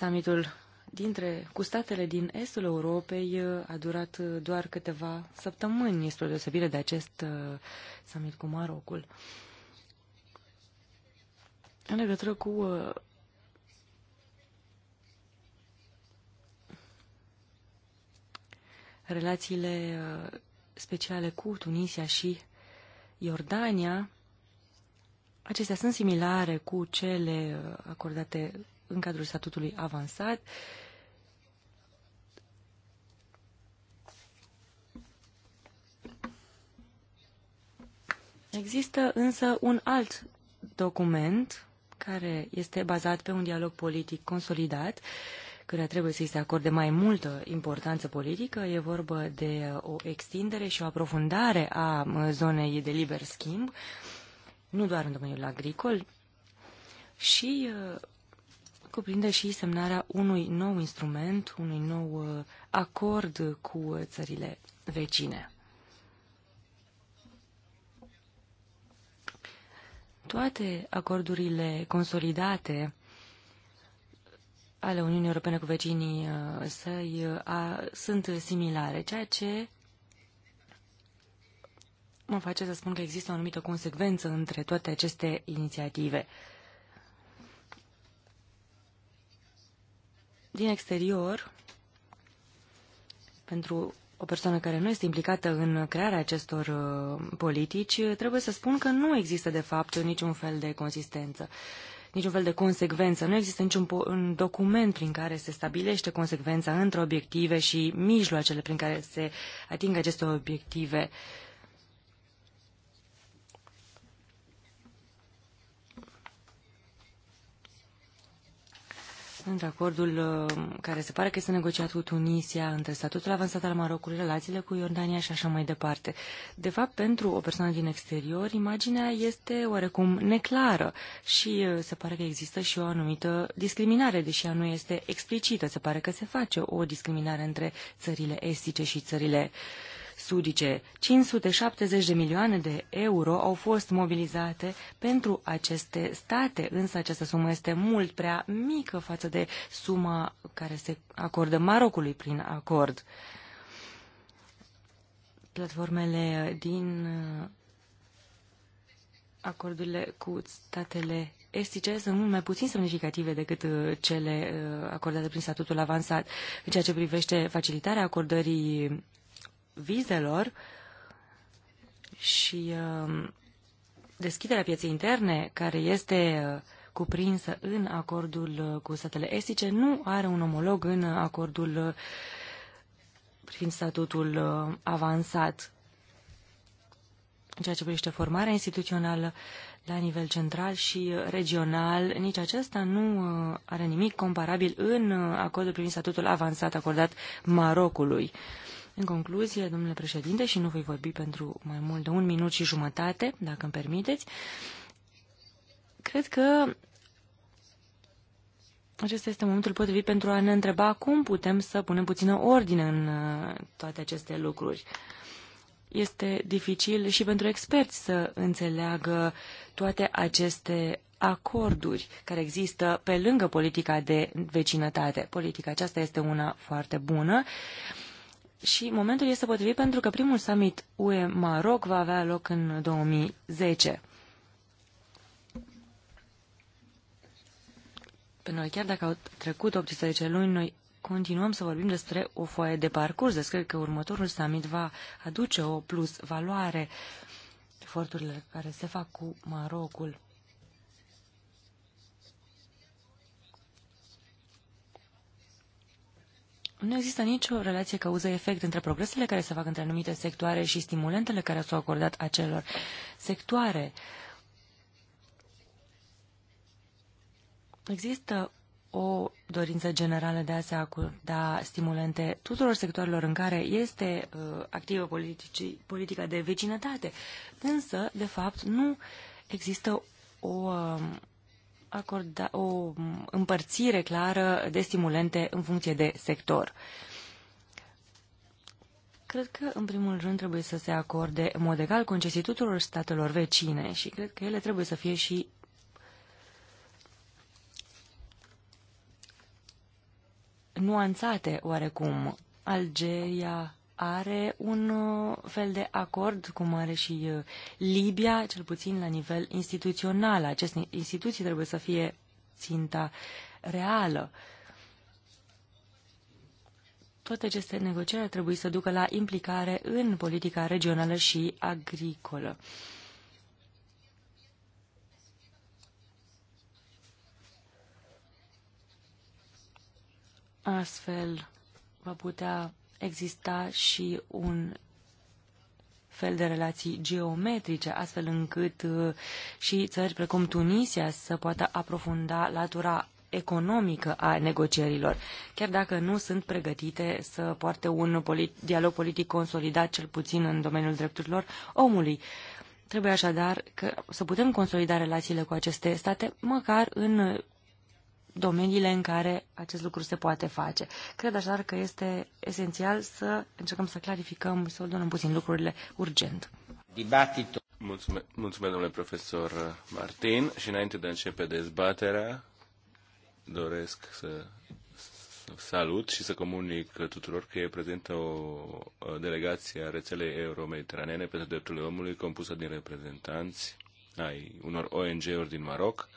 Summitul dintre, cu statele din estul Europei uh, a durat uh, doar câteva săptămâni, o deosebire de acest uh, summit cu Marocul. În legătură cu relațiile speciale cu Tunisia și Iordania, acestea sunt similare cu cele acordate în cadrul statutului avansat. Există însă un alt document care este bazat pe un dialog politic consolidat, care trebuie să-i se acorde mai multă importanță politică. E vorba de o extindere și o aprofundare a zonei de liber schimb, nu doar în domeniul agricol, și cuprinde și semnarea unui nou instrument, unui nou uh, acord cu țările vecine. Toate acordurile consolidate ale Uniunii Europene cu vecinii uh, săi uh, a, sunt similare, ceea ce mă face să spun că există o anumită consecvență între toate aceste inițiative. din exterior, pentru o persoană care nu este implicată în crearea acestor uh, politici, trebuie să spun că nu există, de fapt, niciun fel de consistență, niciun fel de consecvență. Nu există niciun document prin care se stabilește consecvența între obiective și mijloacele prin care se ating aceste obiective uh, Sunt acordul uh, care se pare că este negociat cu Tunisia între statutul avansat al Marocului, relațiile cu Iordania și așa mai departe. De fapt, pentru o persoană din exterior, imaginea este oarecum neclară și uh, se pare că există și o anumită discriminare, deși ea nu este explicită. Se pare că se face o discriminare între țările estice și țările uh, sudice. 570 de milioane de euro au fost mobilizate pentru aceste state, însă această sumă este mult prea mică față de suma care se acordă Marocului prin acord. Platformele din uh, acordurile cu statele estice sunt mult mai puțin semnificative decât uh, cele uh, acordate prin statutul avansat. În ceea ce privește facilitarea acordării vizelor și um, deschiderea pieței interne, care este uh, cuprinsă în acordul uh, cu statele estice, nu are un omolog în acordul uh, privind statutul avansat. În ceea ce privește formarea instituțională la nivel central și regional, nici acesta nu are nimic comparabil în acordul privind statutul avansat acordat Marocului. În concluzie, domnule președinte, și nu voi vorbi pentru mai mult de un minut și jumătate, dacă îmi permiteți, cred că acesta este momentul potrivit pentru a ne întreba cum putem să punem puțină ordine în uh, toate aceste lucruri. Este dificil și pentru experți să înțeleagă toate aceste acorduri care există pe lângă politica de vecinătate. Politica aceasta este una foarte bună și momentul este potrivit pentru că primul summit UE-Maroc va avea loc în 2010. Pe noi, chiar dacă au trecut 18 luni, noi continuăm să vorbim despre o foaie de parcurs, despre deci, că următorul summit va aduce o plus valoare eforturile care se fac cu Marocul. Nu există nicio relație cauză-efect între progresele care se fac între anumite sectoare și stimulentele care s-au acordat acelor sectoare. Există o dorință generală de a se acorda stimulente tuturor sectoarelor în care este uh, activă politici, politica de vecinătate. Însă, de fapt, nu există o uh, acorda o împărțire clară de stimulente în funcție de sector. Cred că, în primul rând, trebuie să se acorde în mod egal concesii tuturor statelor vecine și cred că ele trebuie să fie și nuanțate oarecum. Algeria, are un uh, fel de acord, cum are și uh, Libia, cel puțin la nivel instituțional. Aceste instituții trebuie să fie ținta reală. Toate aceste negocieri trebuie să ducă la implicare în politica regională și agricolă. Astfel va putea exista și un fel de relații geometrice, astfel încât uh, și țări precum Tunisia să poată aprofunda latura economică a negocierilor, chiar dacă nu sunt pregătite să poarte un polit dialog politic consolidat, cel puțin în domeniul drepturilor omului. Trebuie așadar că, să putem consolida relațiile cu aceste state, măcar în domeniile în care acest lucru se poate face. Cred așadar că este esențial să încercăm să clarificăm, să ordonăm puțin lucrurile urgent. Dibatito. Mulțumesc, mulțumesc, domnule profesor Martin. Și înainte de a începe dezbaterea, doresc să salut și să comunic tuturor că e prezentă o delegație a rețelei euromediteranene pentru drepturile omului, compusă din reprezentanți ai unor ONG-uri din Maroc,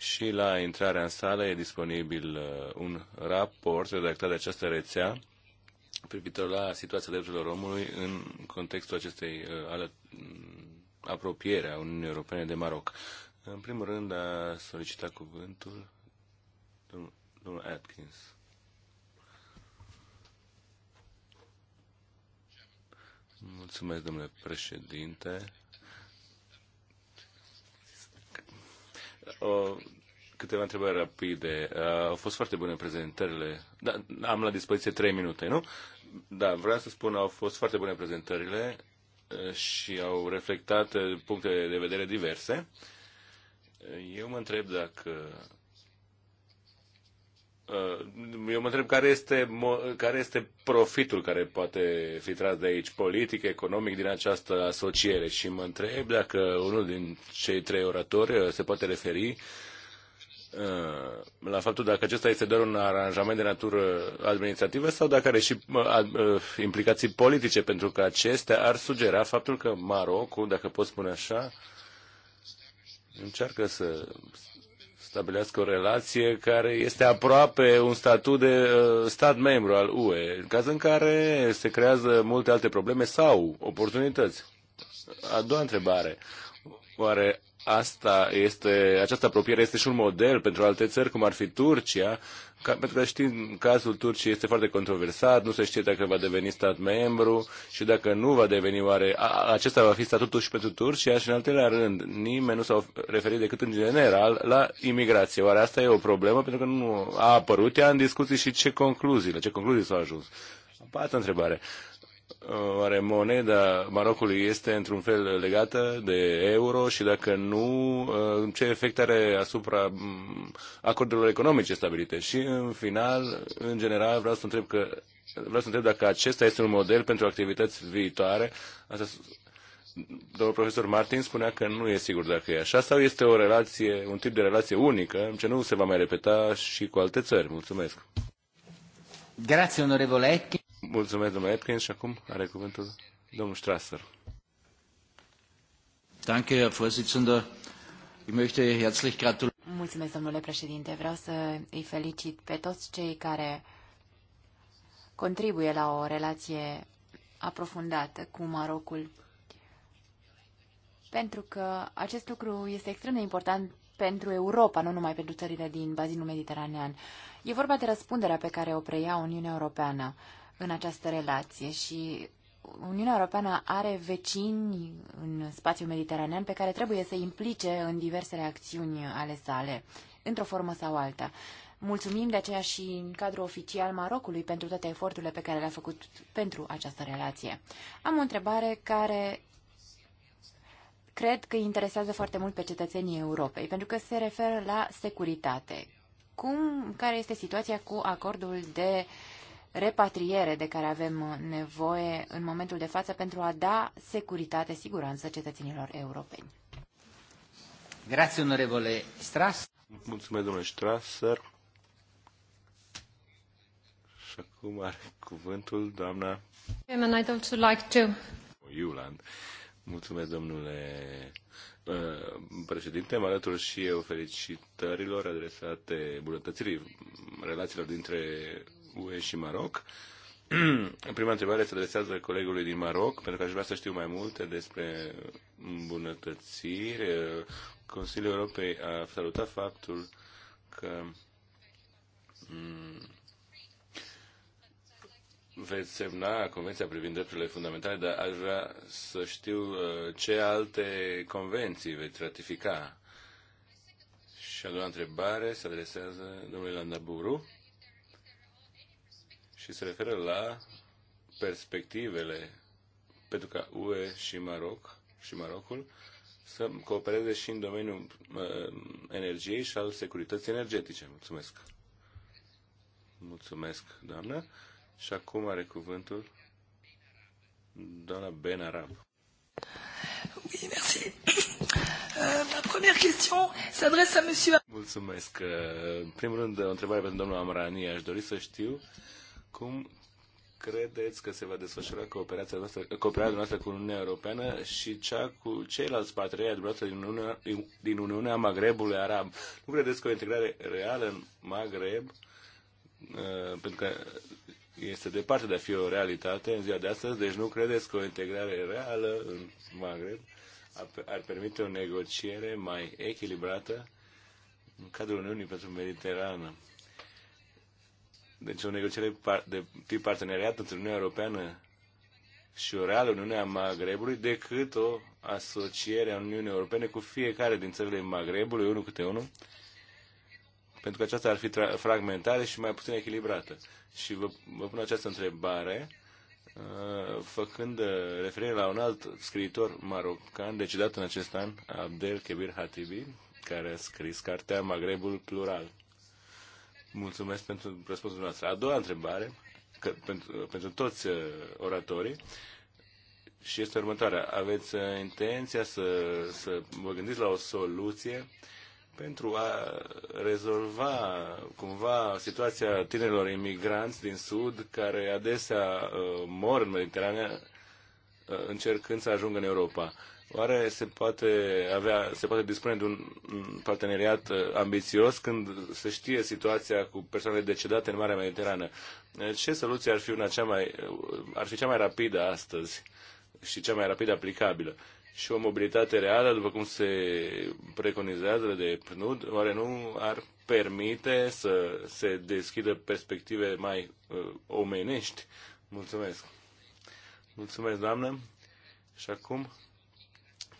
și la intrarea în sală e disponibil uh, un raport redactat de această rețea privitor la situația drepturilor omului în contextul acestei uh, mm, apropiere a Uniunii Europene de Maroc. În primul rând a solicitat cuvântul domnul Atkins. Mulțumesc, domnule președinte. o, câteva întrebări rapide. Au fost foarte bune prezentările. Da, am la dispoziție trei minute, nu? Da, vreau să spun, au fost foarte bune prezentările și au reflectat puncte de vedere diverse. Eu mă întreb dacă Uh, eu mă întreb care este, care este profitul care poate fi tras de aici, politic, economic, din această asociere și mă întreb dacă unul din cei trei oratori uh, se poate referi uh, la faptul dacă acesta este doar un aranjament de natură administrativă sau dacă are și implicații politice, pentru că acestea ar sugera faptul că Marocul, dacă pot spune așa, încearcă să stabilească o relație care este aproape un statut de uh, stat membru al UE, în caz în care se creează multe alte probleme sau oportunități. A doua întrebare. Oare asta este, această apropiere este și un model pentru alte țări, cum ar fi Turcia, ca, pentru că știm, cazul Turciei este foarte controversat, nu se știe dacă va deveni stat membru și dacă nu va deveni oare, a, acesta va fi statutul și pentru Turcia și în al treilea rând, nimeni nu s-a referit decât în general la imigrație. Oare asta e o problemă? Pentru că nu a apărut ea în discuții și ce concluzii, la ce concluzii s-au ajuns. A patra întrebare oare uh, moneda Marocului este într-un fel legată de euro și dacă nu, uh, ce efect are asupra mm, acordurilor economice stabilite? Și în final, în general, vreau să întreb că vreau să întreb dacă acesta este un model pentru activități viitoare. Asta, domnul profesor Martin spunea că nu e sigur dacă e așa sau este o relație, un tip de relație unică, ce nu se va mai repeta și cu alte țări. Mulțumesc. Grazie, onorevole Mulțumesc, domnule Epkin. și acum are cuvântul domnul Strasser. Danke, Herr Vorsitzender. Ich möchte herzlich gratulieren. Mulțumesc, domnule președinte. Vreau să îi felicit pe toți cei care contribuie la o relație aprofundată cu Marocul. Pentru că acest lucru este extrem de important pentru Europa, nu numai pentru țările din bazinul mediteranean. E vorba de răspunderea pe care o preia Uniunea Europeană în această relație și Uniunea Europeană are vecini în spațiul mediteranean pe care trebuie să implice în diversele acțiuni ale sale, într-o formă sau alta. Mulțumim de aceea și în cadrul oficial Marocului pentru toate eforturile pe care le-a făcut pentru această relație. Am o întrebare care cred că interesează foarte mult pe cetățenii Europei, pentru că se referă la securitate. Cum, care este situația cu acordul de uh, repatriere de care avem nevoie în momentul de față pentru a da securitate, siguranță cetățenilor europeni. Grazie, onorevole Stras. Mulțumesc, domnule Strasser. Și acum are cuvântul doamna... Chairman, I'd also like to... Iuland. Mulțumesc, domnule uh, președinte, mă alătur și eu felicitărilor adresate bunătățirii relațiilor dintre UE și Maroc. [CLEARS THROAT] Prima întrebare se adresează colegului din Maroc, pentru că aș vrea să știu mai multe despre îmbunătățiri. Consiliul Europei a salutat faptul că mm, veți semna Convenția privind drepturile fundamentale, dar aș vrea să știu uh, ce alte convenții veți ratifica. Și a doua întrebare se adresează domnului Landaburu și se referă la perspectivele pentru ca UE și Maroc și Marocul să coopereze și în domeniul uh, energiei și al securității energetice. Mulțumesc. Mulțumesc, doamnă. Și acum are cuvântul doamna Ben Arab. Oui, merci. Euh, ma première question s'adresse à monsieur... Mulțumesc. În primul rând, o întrebare pentru domnul Amrani. Aș dori să știu uh, cum credeți că se va desfășura cooperarea noastră, cooperarea noastră cu Uniunea Europeană și cea cu ceilalți parteneri din Uniunea, din Uniunea Magrebului Arab? Nu credeți că o integrare reală în Magreb, uh, pentru că este departe de a fi o realitate în ziua de astăzi, deci nu credeți că o integrare reală în Maghreb ar permite o negociere mai echilibrată în cadrul Uniunii pentru Mediterană? Deci o negociere de tip parteneriat între Uniunea Europeană și o reală Uniune a Magrebului decât o asociere a Uniunii Europene cu fiecare din țările Magrebului, unul câte unul, pentru că aceasta ar fi fragmentare și mai puțin echilibrată. Și vă, vă pun această întrebare uh, făcând uh, referire la un alt scriitor marocan decedat în acest an, Abdel Kebir Hatibi, care a scris cartea Magrebul Plural. Mulțumesc pentru răspunsul noastră. A doua întrebare, că, pentru, pentru toți uh, oratorii, și este următoarea. Aveți uh, intenția să, să vă gândiți la o soluție pentru a rezolva cumva situația tinerilor imigranți din Sud care adesea uh, mor în Mediterană uh, încercând să ajungă în Europa. Oare se poate, avea, se poate dispune de un parteneriat uh, ambițios când se știe situația cu persoanele decedate în Marea Mediterană? Uh, ce soluție ar fi, una cea mai, uh, ar fi cea mai rapidă astăzi și cea mai rapidă aplicabilă? Și o mobilitate reală, după cum se preconizează de PNUD, oare nu ar permite să se deschidă perspective mai uh, omenești? Mulțumesc! Mulțumesc, doamnă! Și acum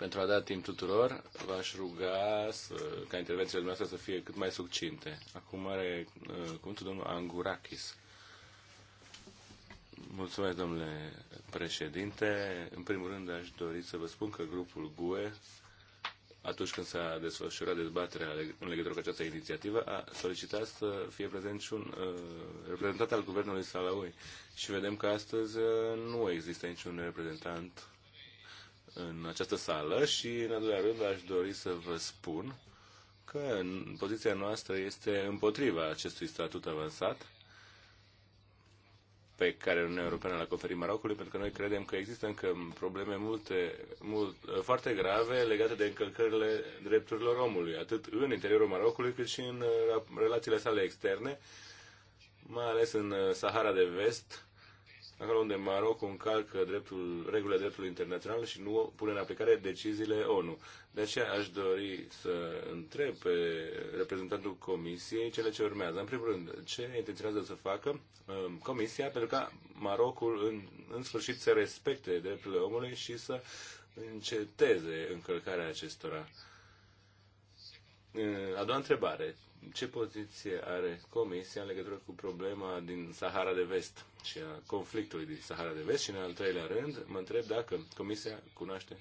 pentru a da timp tuturor, v-aș ruga să, ca intervențiile dumneavoastră să fie cât mai succinte. Acum are uh, cuvântul domnul Angurakis. Mulțumesc, domnule președinte. În primul rând, aș dori să vă spun că grupul GUE, atunci când s-a desfășurat dezbaterea în legătură cu această inițiativă, a solicitat să fie prezent și un uh, reprezentant al guvernului Salaui. Și vedem că astăzi uh, nu există niciun reprezentant în această sală și, în al doilea rând, aș dori să vă spun că poziția noastră este împotriva acestui statut avansat pe care Uniunea Europeană l-a conferit Marocului, pentru că noi credem că există încă probleme multe, mult, foarte grave legate de încălcările drepturilor omului, atât în interiorul Marocului, cât și în uh, relațiile sale externe, mai ales în uh, Sahara de Vest, acolo unde Maroc încalcă dreptul, regulile dreptului internațional și nu pune în aplicare deciziile ONU. De aceea aș dori să întreb pe reprezentantul Comisiei cele ce urmează. În primul rând, ce intenționează să facă um, Comisia pentru ca Marocul în, în sfârșit să respecte drepturile omului și să înceteze încălcarea acestora. Uh, a doua întrebare. Ce poziție are Comisia în legătură cu problema din Sahara de Vest? și a conflictului din Sahara de Vest și, în al treilea rând, mă întreb dacă Comisia cunoaște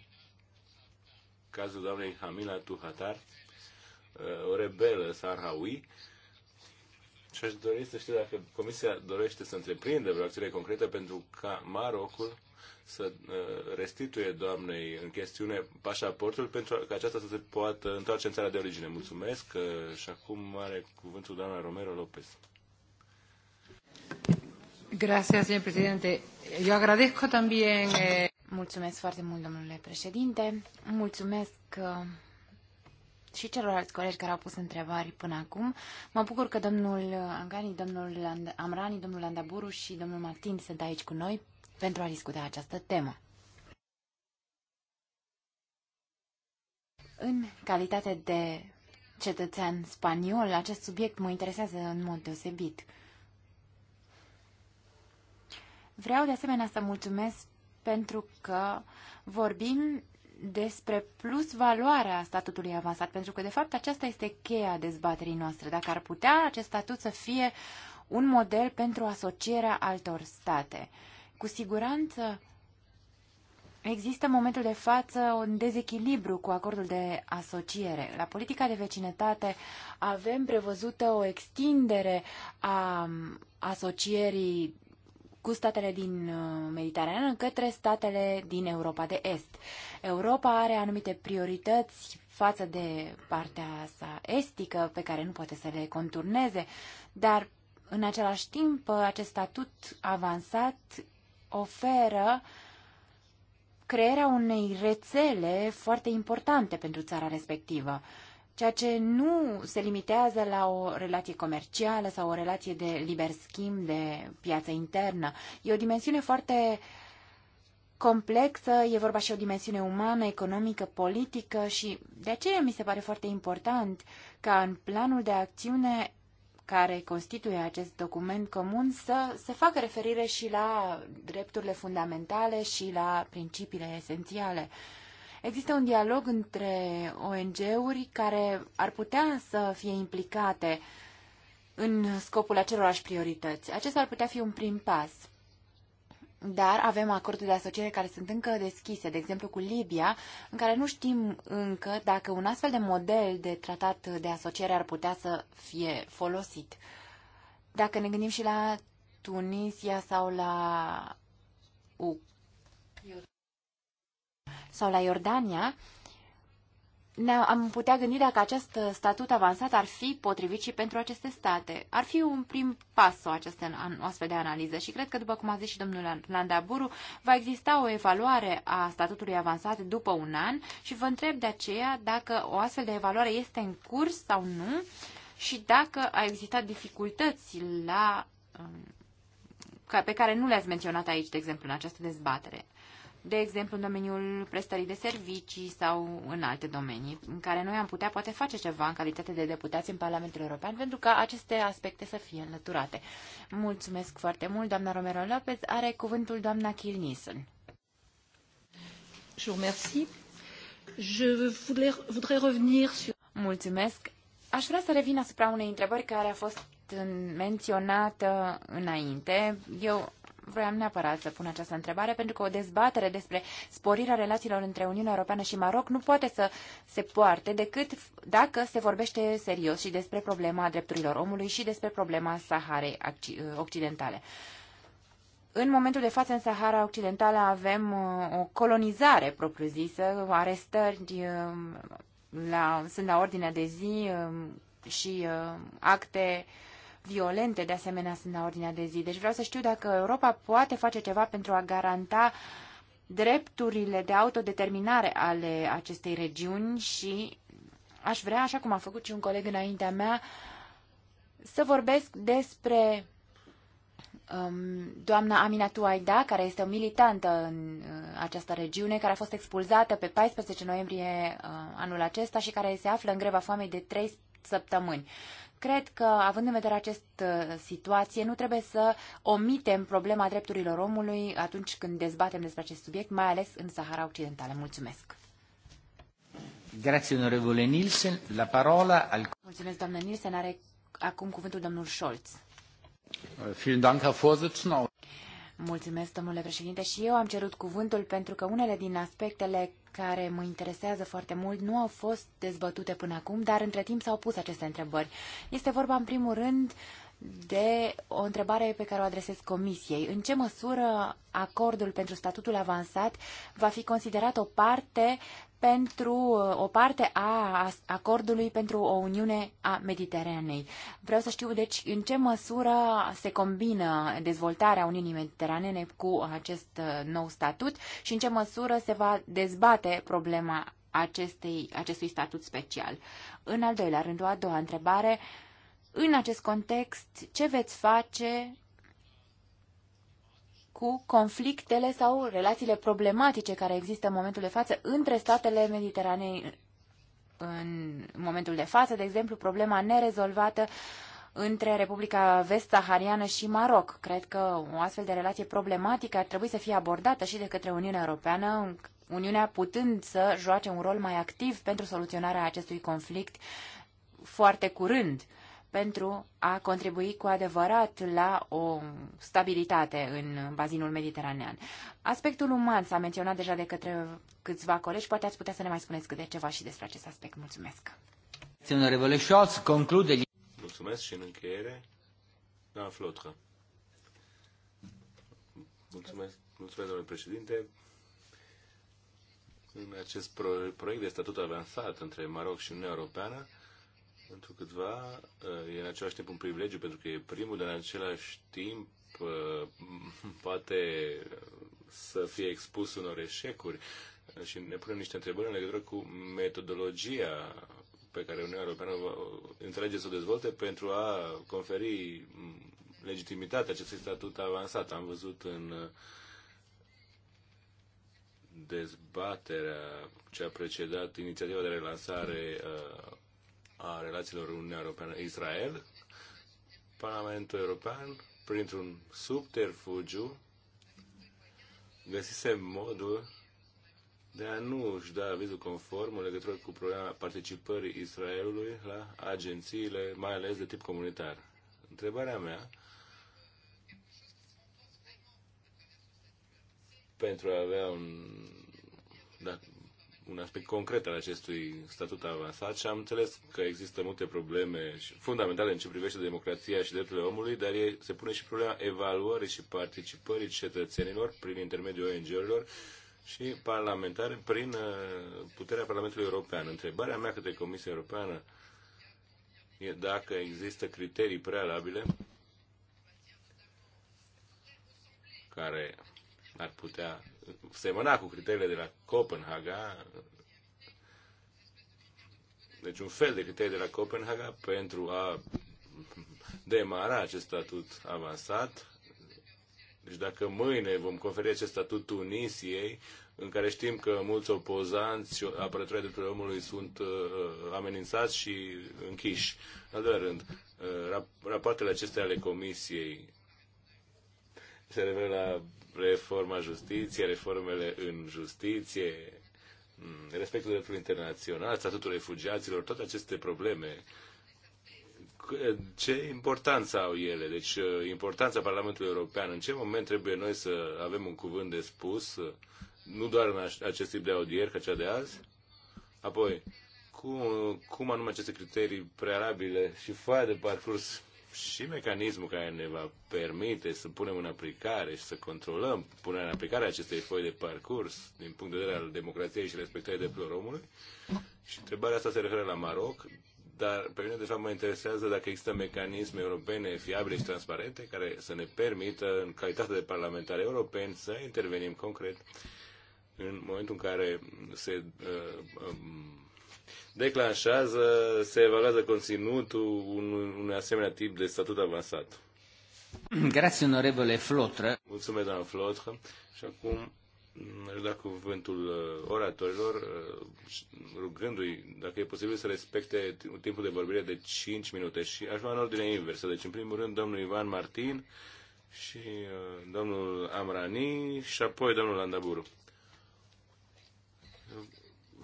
cazul doamnei Hamila Tuhatar, uh, o rebelă sahrawi, și aș dori să știu dacă Comisia dorește să întreprindă vreo acțiune concretă pentru ca Marocul să uh, restituie doamnei în chestiune pașaportul pentru ca aceasta să se poată întoarce în țara de origine. Mulțumesc uh, și acum are cuvântul doamna Romero Lopez. Gracias, señor presidente. Eu agradezco también... Eh... Mulțumesc foarte mult, domnule președinte. Mulțumesc uh, și celorlalți colegi care au pus întrebări până acum. Mă bucur că domnul Angani, domnul Amrani, domnul Andaburu și domnul Martin sunt aici cu noi pentru a discuta această temă. În calitate de cetățean spaniol, acest subiect mă interesează în mod deosebit. Vreau de asemenea să mulțumesc pentru că vorbim despre plus valoarea statutului avansat, pentru că, de fapt, aceasta este cheia dezbaterii noastre. Dacă ar putea acest statut să fie un model pentru asocierea altor state. Cu siguranță există în momentul de față un dezechilibru cu acordul de asociere. La politica de vecinătate avem prevăzută o extindere a asocierii cu statele din uh, Mediterană către statele din Europa de Est. Europa are anumite priorități față de partea sa estică pe care nu poate să le conturneze, dar în același timp acest statut avansat oferă crearea unei rețele foarte importante pentru țara respectivă ceea ce nu se limitează la o relație comercială sau o relație de liber schimb, de piață internă. E o dimensiune foarte complexă, e vorba și o dimensiune umană, economică, politică și de aceea mi se pare foarte important ca în planul de acțiune care constituie acest document comun să se facă referire și la drepturile fundamentale și la principiile esențiale Există un dialog între ONG-uri care ar putea să fie implicate în scopul acelorași priorități. Acesta ar putea fi un prim pas. Dar avem acorduri de asociere care sunt încă deschise, de exemplu cu Libia, în care nu știm încă dacă un astfel de model de tratat de asociere ar putea să fie folosit. Dacă ne gândim și la Tunisia sau la U sau la Iordania, am putea gândi dacă acest statut avansat ar fi potrivit și pentru aceste state. Ar fi un prim pas o, această, o astfel de analiză și cred că, după cum a zis și domnul Landaburu, va exista o evaluare a statutului avansat după un an și vă întreb de aceea dacă o astfel de evaluare este în curs sau nu și dacă a existat dificultăți la, um, pe care nu le-ați menționat aici, de exemplu, în această dezbatere de exemplu în domeniul prestării de servicii sau în alte domenii, în care noi am putea poate face ceva în calitate de deputați în Parlamentul European pentru ca aceste aspecte să fie înlăturate. Mulțumesc foarte mult, doamna Romero Lopez. Are cuvântul doamna Kiel Mulțumesc. Aș vrea să revin asupra unei întrebări care a fost menționată înainte. Eu Vreau neapărat să pun această întrebare, pentru că o dezbatere despre sporirea relațiilor între Uniunea Europeană și Maroc nu poate să se poarte decât dacă se vorbește serios și despre problema drepturilor omului și despre problema Saharei Occidentale. În momentul de față, în Sahara Occidentală, avem uh, o colonizare propriu-zisă, arestări uh, la, sunt la ordine de zi uh, și acte violente, de asemenea, sunt la ordinea de zi. Deci vreau să știu dacă Europa poate face ceva pentru a garanta drepturile de autodeterminare ale acestei regiuni și aș vrea, așa cum a făcut și un coleg înaintea mea, să vorbesc despre um, doamna Amina Tuaida, care este o militantă în uh, această regiune, care a fost expulzată pe 14 noiembrie uh, anul acesta și care se află în greva foamei de 3 săptămâni. Cred că, având în vedere această uh, situație, nu trebuie să omitem problema drepturilor omului atunci când dezbatem despre acest subiect, mai ales în Sahara Occidentală. Mulțumesc! Grazie, onorevole Nielsen. La parola al... Mulțumesc, doamnă Nielsen. Are acum cuvântul domnul Scholz. Vielen Dank, Herr Vorsitzender. Mulțumesc, domnule președinte, și eu am cerut cuvântul pentru că unele din aspectele care mă interesează foarte mult nu au fost dezbătute până acum, dar între timp s-au pus aceste întrebări. Este vorba, în primul rând, de o întrebare pe care o adresez Comisiei. În ce măsură acordul pentru statutul avansat va fi considerat o parte pentru uh, o parte a acordului pentru o Uniune a Mediteranei. Vreau să știu, deci, în ce măsură se combină dezvoltarea Uniunii Mediteranene cu acest uh, nou statut și în ce măsură se va dezbate problema acestei, acestui statut special. În al doilea rând, o a doua întrebare, în acest context, ce veți face cu conflictele sau relațiile problematice care există în momentul de față între statele Mediteranei în momentul de față, de exemplu, problema nerezolvată între Republica Vest-Sahariană și Maroc. Cred că o astfel de relație problematică ar trebui să fie abordată și de către Uniunea Europeană, Uniunea putând să joace un rol mai activ pentru soluționarea acestui conflict foarte curând pentru a contribui cu adevărat la o stabilitate în bazinul mediteranean. Aspectul uman s-a menționat deja de către câțiva colegi, poate ați putea să ne mai spuneți câte ceva și despre acest aspect. Mulțumesc! Mulțumesc și în încheiere, doamna Flotră. Mulțumesc, mulțumesc, domnule președinte. În acest proiect de statut avansat între Maroc și Uniunea Europeană, pentru câtva uh, e în același timp un privilegiu pentru că e primul, dar în același timp uh, [LAUGHS] poate să fie expus unor eșecuri și ne punem niște întrebări în legătură cu metodologia pe care Uniunea Europeană înțelege să o dezvolte pentru a conferi legitimitatea acestui statut avansat. Am văzut în uh, dezbaterea ce a precedat inițiativa de relansare a relațiilor Uniunea Europeană-Israel, Parlamentul European, printr-un subterfugiu, găsise modul de a nu își da avizul conform în legătură cu problema participării Israelului la agențiile, mai ales de tip comunitar. Întrebarea mea, pentru a avea un, da, un aspect concret al acestui statut avansat și am înțeles că există multe probleme fundamentale în ce privește democrația și drepturile omului, dar e, se pune și problema evaluării și participării cetățenilor prin intermediul ONG-urilor și parlamentare prin uh, puterea Parlamentului European. Întrebarea mea către Comisia Europeană e dacă există criterii prealabile care ar putea semăna cu criteriile de la Copenhaga, deci un fel de criterii de la Copenhaga pentru a demara acest statut avansat. Deci dacă mâine vom conferi acest statut Tunisiei, în care știm că mulți opozanți și apărătorii drepturilor omului sunt uh, uh, amenințați și închiși. În al doilea rând, uh, rapoartele acestea ale Comisiei se referă la reforma justiției, reformele în justiție, respectul dreptului internațional, statutul refugiaților, toate aceste probleme. Ce importanță au ele? Deci, importanța Parlamentului European. În ce moment trebuie noi să avem un cuvânt de spus, nu doar în acest tip de audieri ca cea de azi? Apoi, cum, cum anume aceste criterii prealabile și foaia de parcurs și mecanismul care ne va permite să punem în aplicare și să controlăm punerea în aplicare a acestei foi de parcurs din punct de vedere al democrației și respectării drepturilor omului. Și întrebarea asta se referă la Maroc, dar pe mine de fapt mă interesează dacă există mecanisme europene fiabile și transparente care să ne permită, în calitate de parlamentari europeni, să intervenim concret în momentul în care se uh, um, declanșează, se evaluează conținutul unui, unui asemenea tip de statut avansat. Grazie, onorevole Flotră. Mulțumesc, doamna Flotră. Și acum aș da cuvântul uh, oratorilor, uh, rugându-i, dacă e posibil, să respecte timpul de vorbire de 5 minute. Și aș lua în ordine inversă. Deci, în primul rând, domnul Ivan Martin și uh, domnul Amrani și apoi domnul Landaburu.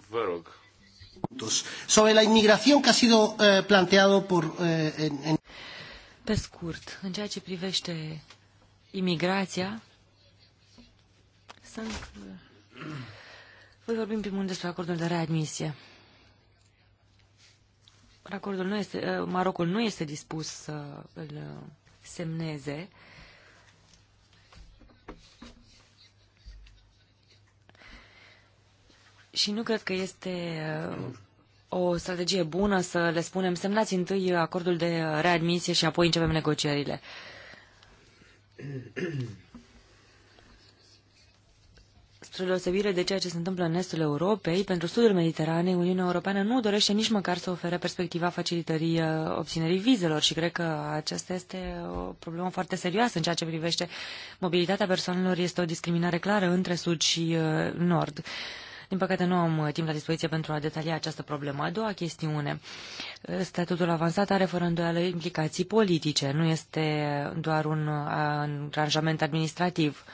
Vă rog. Sobre la que ha sido eh, planteado por... Eh, en, Pe scurt, în ceea ce privește imigrația, sunt... Voi vorbi în primul rând despre acordul de readmisie. Acordul nu este, eh, Marocul nu este dispus să îl semneze, Și nu cred că este uh, o strategie bună să le spunem semnați întâi acordul de readmisie și apoi începem negocierile. [CLEARS THROAT] Spre deosebire de ceea ce se întâmplă în estul Europei, pentru sudul Mediteranei, Uniunea Europeană nu dorește nici măcar să ofere perspectiva facilitării uh, obținerii vizelor și cred că aceasta este o problemă foarte serioasă în ceea ce privește mobilitatea persoanelor. Este o discriminare clară între sud și uh, nord. Uh, din păcate nu am uh, timp la dispoziție pentru a detalia această problemă. A doua chestiune, uh, statutul avansat are fără îndoială implicații politice, nu este doar un uh, aranjament administrativ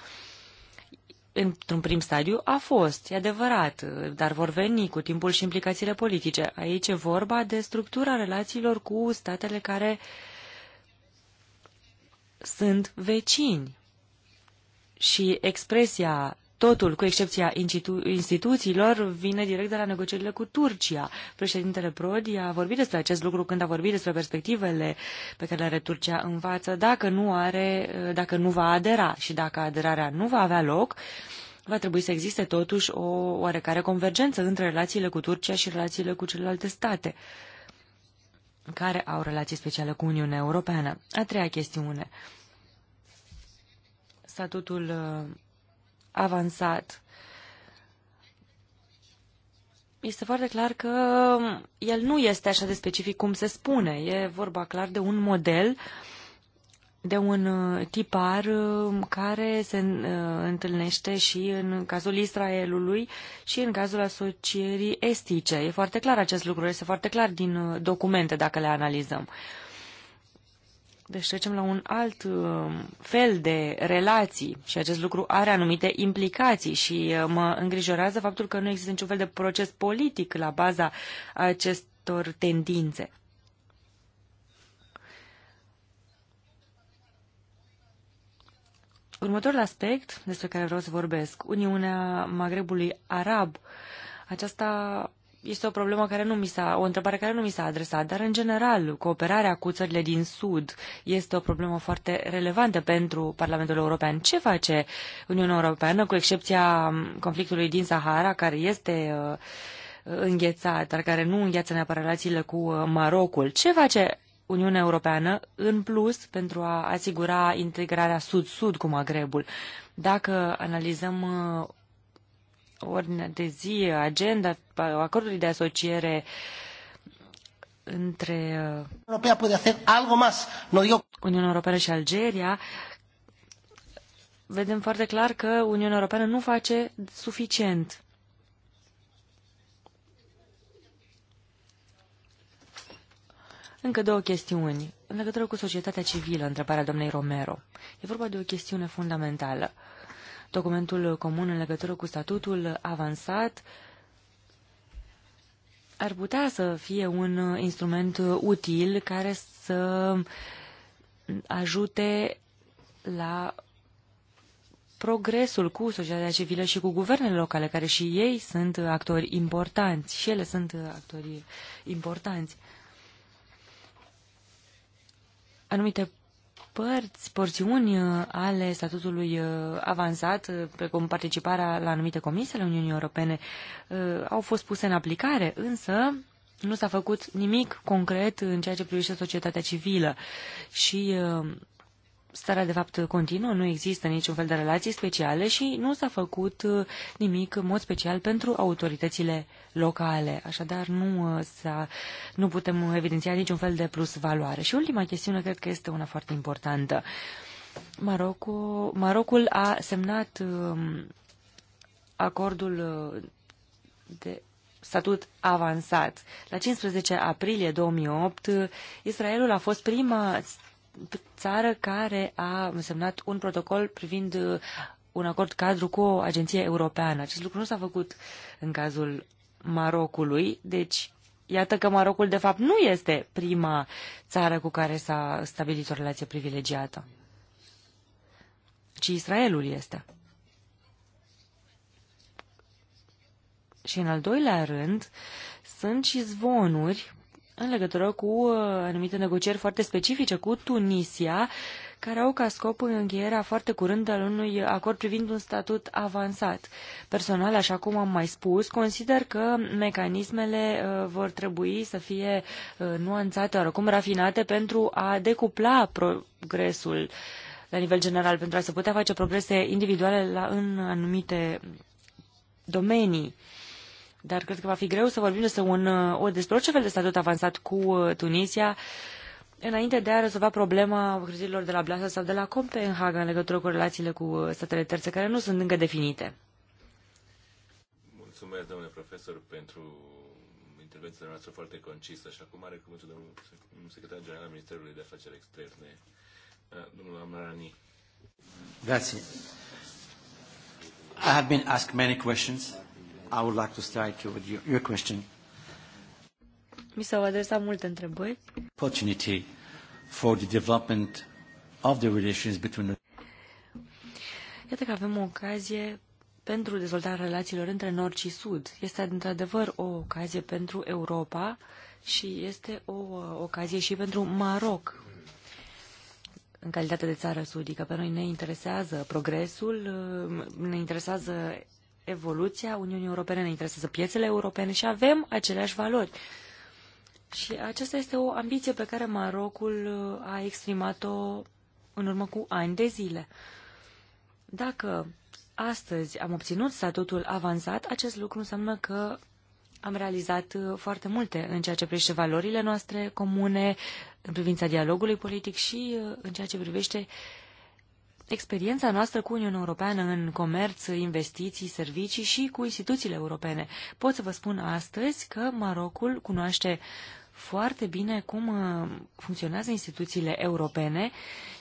într-un prim stadiu a fost, e adevărat, dar vor veni cu timpul și implicațiile politice. Aici e vorba de structura relațiilor cu statele care sunt vecini. Și expresia Totul, cu excepția institu instituțiilor, vine direct de la negocierile cu Turcia. Președintele Prodi a vorbit despre acest lucru când a vorbit despre perspectivele pe care le are Turcia în față, dacă nu, are, dacă nu va adera și dacă aderarea nu va avea loc, va trebui să existe totuși o oarecare convergență între relațiile cu Turcia și relațiile cu celelalte state care au relații speciale cu Uniunea Europeană. A treia chestiune. Statutul avansat. Este foarte clar că el nu este așa de specific cum se spune. E vorba clar de un model, de un uh, tipar uh, care se uh, întâlnește și în cazul Israelului și în cazul asocierii estice. E foarte clar acest lucru, este foarte clar din documente dacă le analizăm. Uh, deci trecem la un alt uh, fel de relații și acest lucru are anumite implicații și uh, mă îngrijorează faptul că nu există niciun fel de proces politic la baza acestor tendințe. Următorul aspect despre care vreau să vorbesc, Uniunea Magrebului Arab, aceasta este o problemă care nu mi s-a, o întrebare care nu mi s-a adresat, dar în general cooperarea cu țările din Sud este o problemă foarte relevantă pentru Parlamentul European. Ce face Uniunea Europeană, cu excepția um, conflictului din Sahara, care este uh, înghețat, dar care nu îngheață neapărat relațiile cu uh, Marocul? Ce face Uniunea Europeană în plus pentru a asigura integrarea Sud-Sud cu Magrebul? Dacă analizăm uh, ordinea de zi, agenda acordului de asociere între uh, Europea algo más. No digo... Uniunea Europeană și Algeria, vedem foarte clar că Uniunea Europeană nu face suficient. Încă două chestiuni. În legătură cu societatea civilă, întrebarea doamnei Romero. E vorba de o chestiune fundamentală. Uh, documentul comun în legătură cu statutul avansat ar putea să fie un instrument util care să ajute la progresul cu societatea civilă și cu guvernele locale, care și ei sunt actori importanți și ele sunt actori importanți. Anumite părți, porțiuni uh, ale statutului uh, avansat, uh, precum participarea la anumite comisii ale Uniunii Europene, au fost puse în aplicare, însă nu s-a făcut nimic concret în ceea ce privește societatea civilă și starea de fapt continuă, nu există niciun fel de relații speciale și nu s-a făcut uh, nimic în mod special pentru autoritățile locale. Așadar, nu, uh, nu putem evidenția niciun fel de plus valoare. Și ultima chestiune cred că este una foarte importantă. Marocul, Marocul a semnat um, acordul uh, de statut avansat. La 15 aprilie 2008, Israelul a fost prima țară care a semnat un protocol privind uh, un acord cadru cu o agenție europeană. Acest lucru nu s-a făcut în cazul Marocului, deci iată că Marocul de fapt nu este prima țară cu care s-a stabilit o relație privilegiată, ci Israelul este. Și în al doilea rând, sunt și zvonuri în legătură cu uh, anumite negocieri foarte specifice cu Tunisia, care au ca scop încheierea foarte curând al unui acord privind un statut avansat. Personal, așa cum am mai spus, consider că mecanismele uh, vor trebui să fie uh, nuanțate, oricum rafinate, pentru a decupla progresul la nivel general, pentru a se putea face progrese individuale la, în anumite domenii dar cred că va fi greu să vorbim despre, un, o, despre orice fel de statut avansat cu uh, Tunisia înainte de a rezolva problema crizerilor de la Blasa sau de la Copenhaga în legătură cu relațiile cu uh, statele terțe care nu sunt încă definite. Mulțumesc, domnule profesor, pentru intervenția noastră foarte concisă și acum are cuvântul domnul secretar general al Ministerului de Afaceri Externe, uh, domnul Amrani. Grazie. I have been asked many questions. I would like to start with your, your question. Mi s-au adresat multe întrebări. Opportunity for the development of the relations between the... Iată că avem o ocazie pentru dezvoltarea relațiilor între Nord și Sud. Este într-adevăr o ocazie pentru Europa și este o uh, ocazie și pentru Maroc, în calitate de țară sudică. Pe noi ne interesează progresul, uh, ne interesează evoluția Uniunii Europene, ne interesează piețele europene și avem aceleași valori. Și aceasta este o ambiție pe care Marocul uh, a exprimat-o în urmă cu ani de zile. Dacă astăzi am obținut statutul avansat, acest lucru înseamnă că am realizat uh, foarte multe în ceea ce privește valorile noastre comune, în privința dialogului politic și uh, în ceea ce privește uh, Experiența noastră cu Uniunea Europeană în comerț, investiții, servicii și cu instituțiile europene. Pot să vă spun astăzi că Marocul cunoaște foarte bine cum uh, funcționează instituțiile europene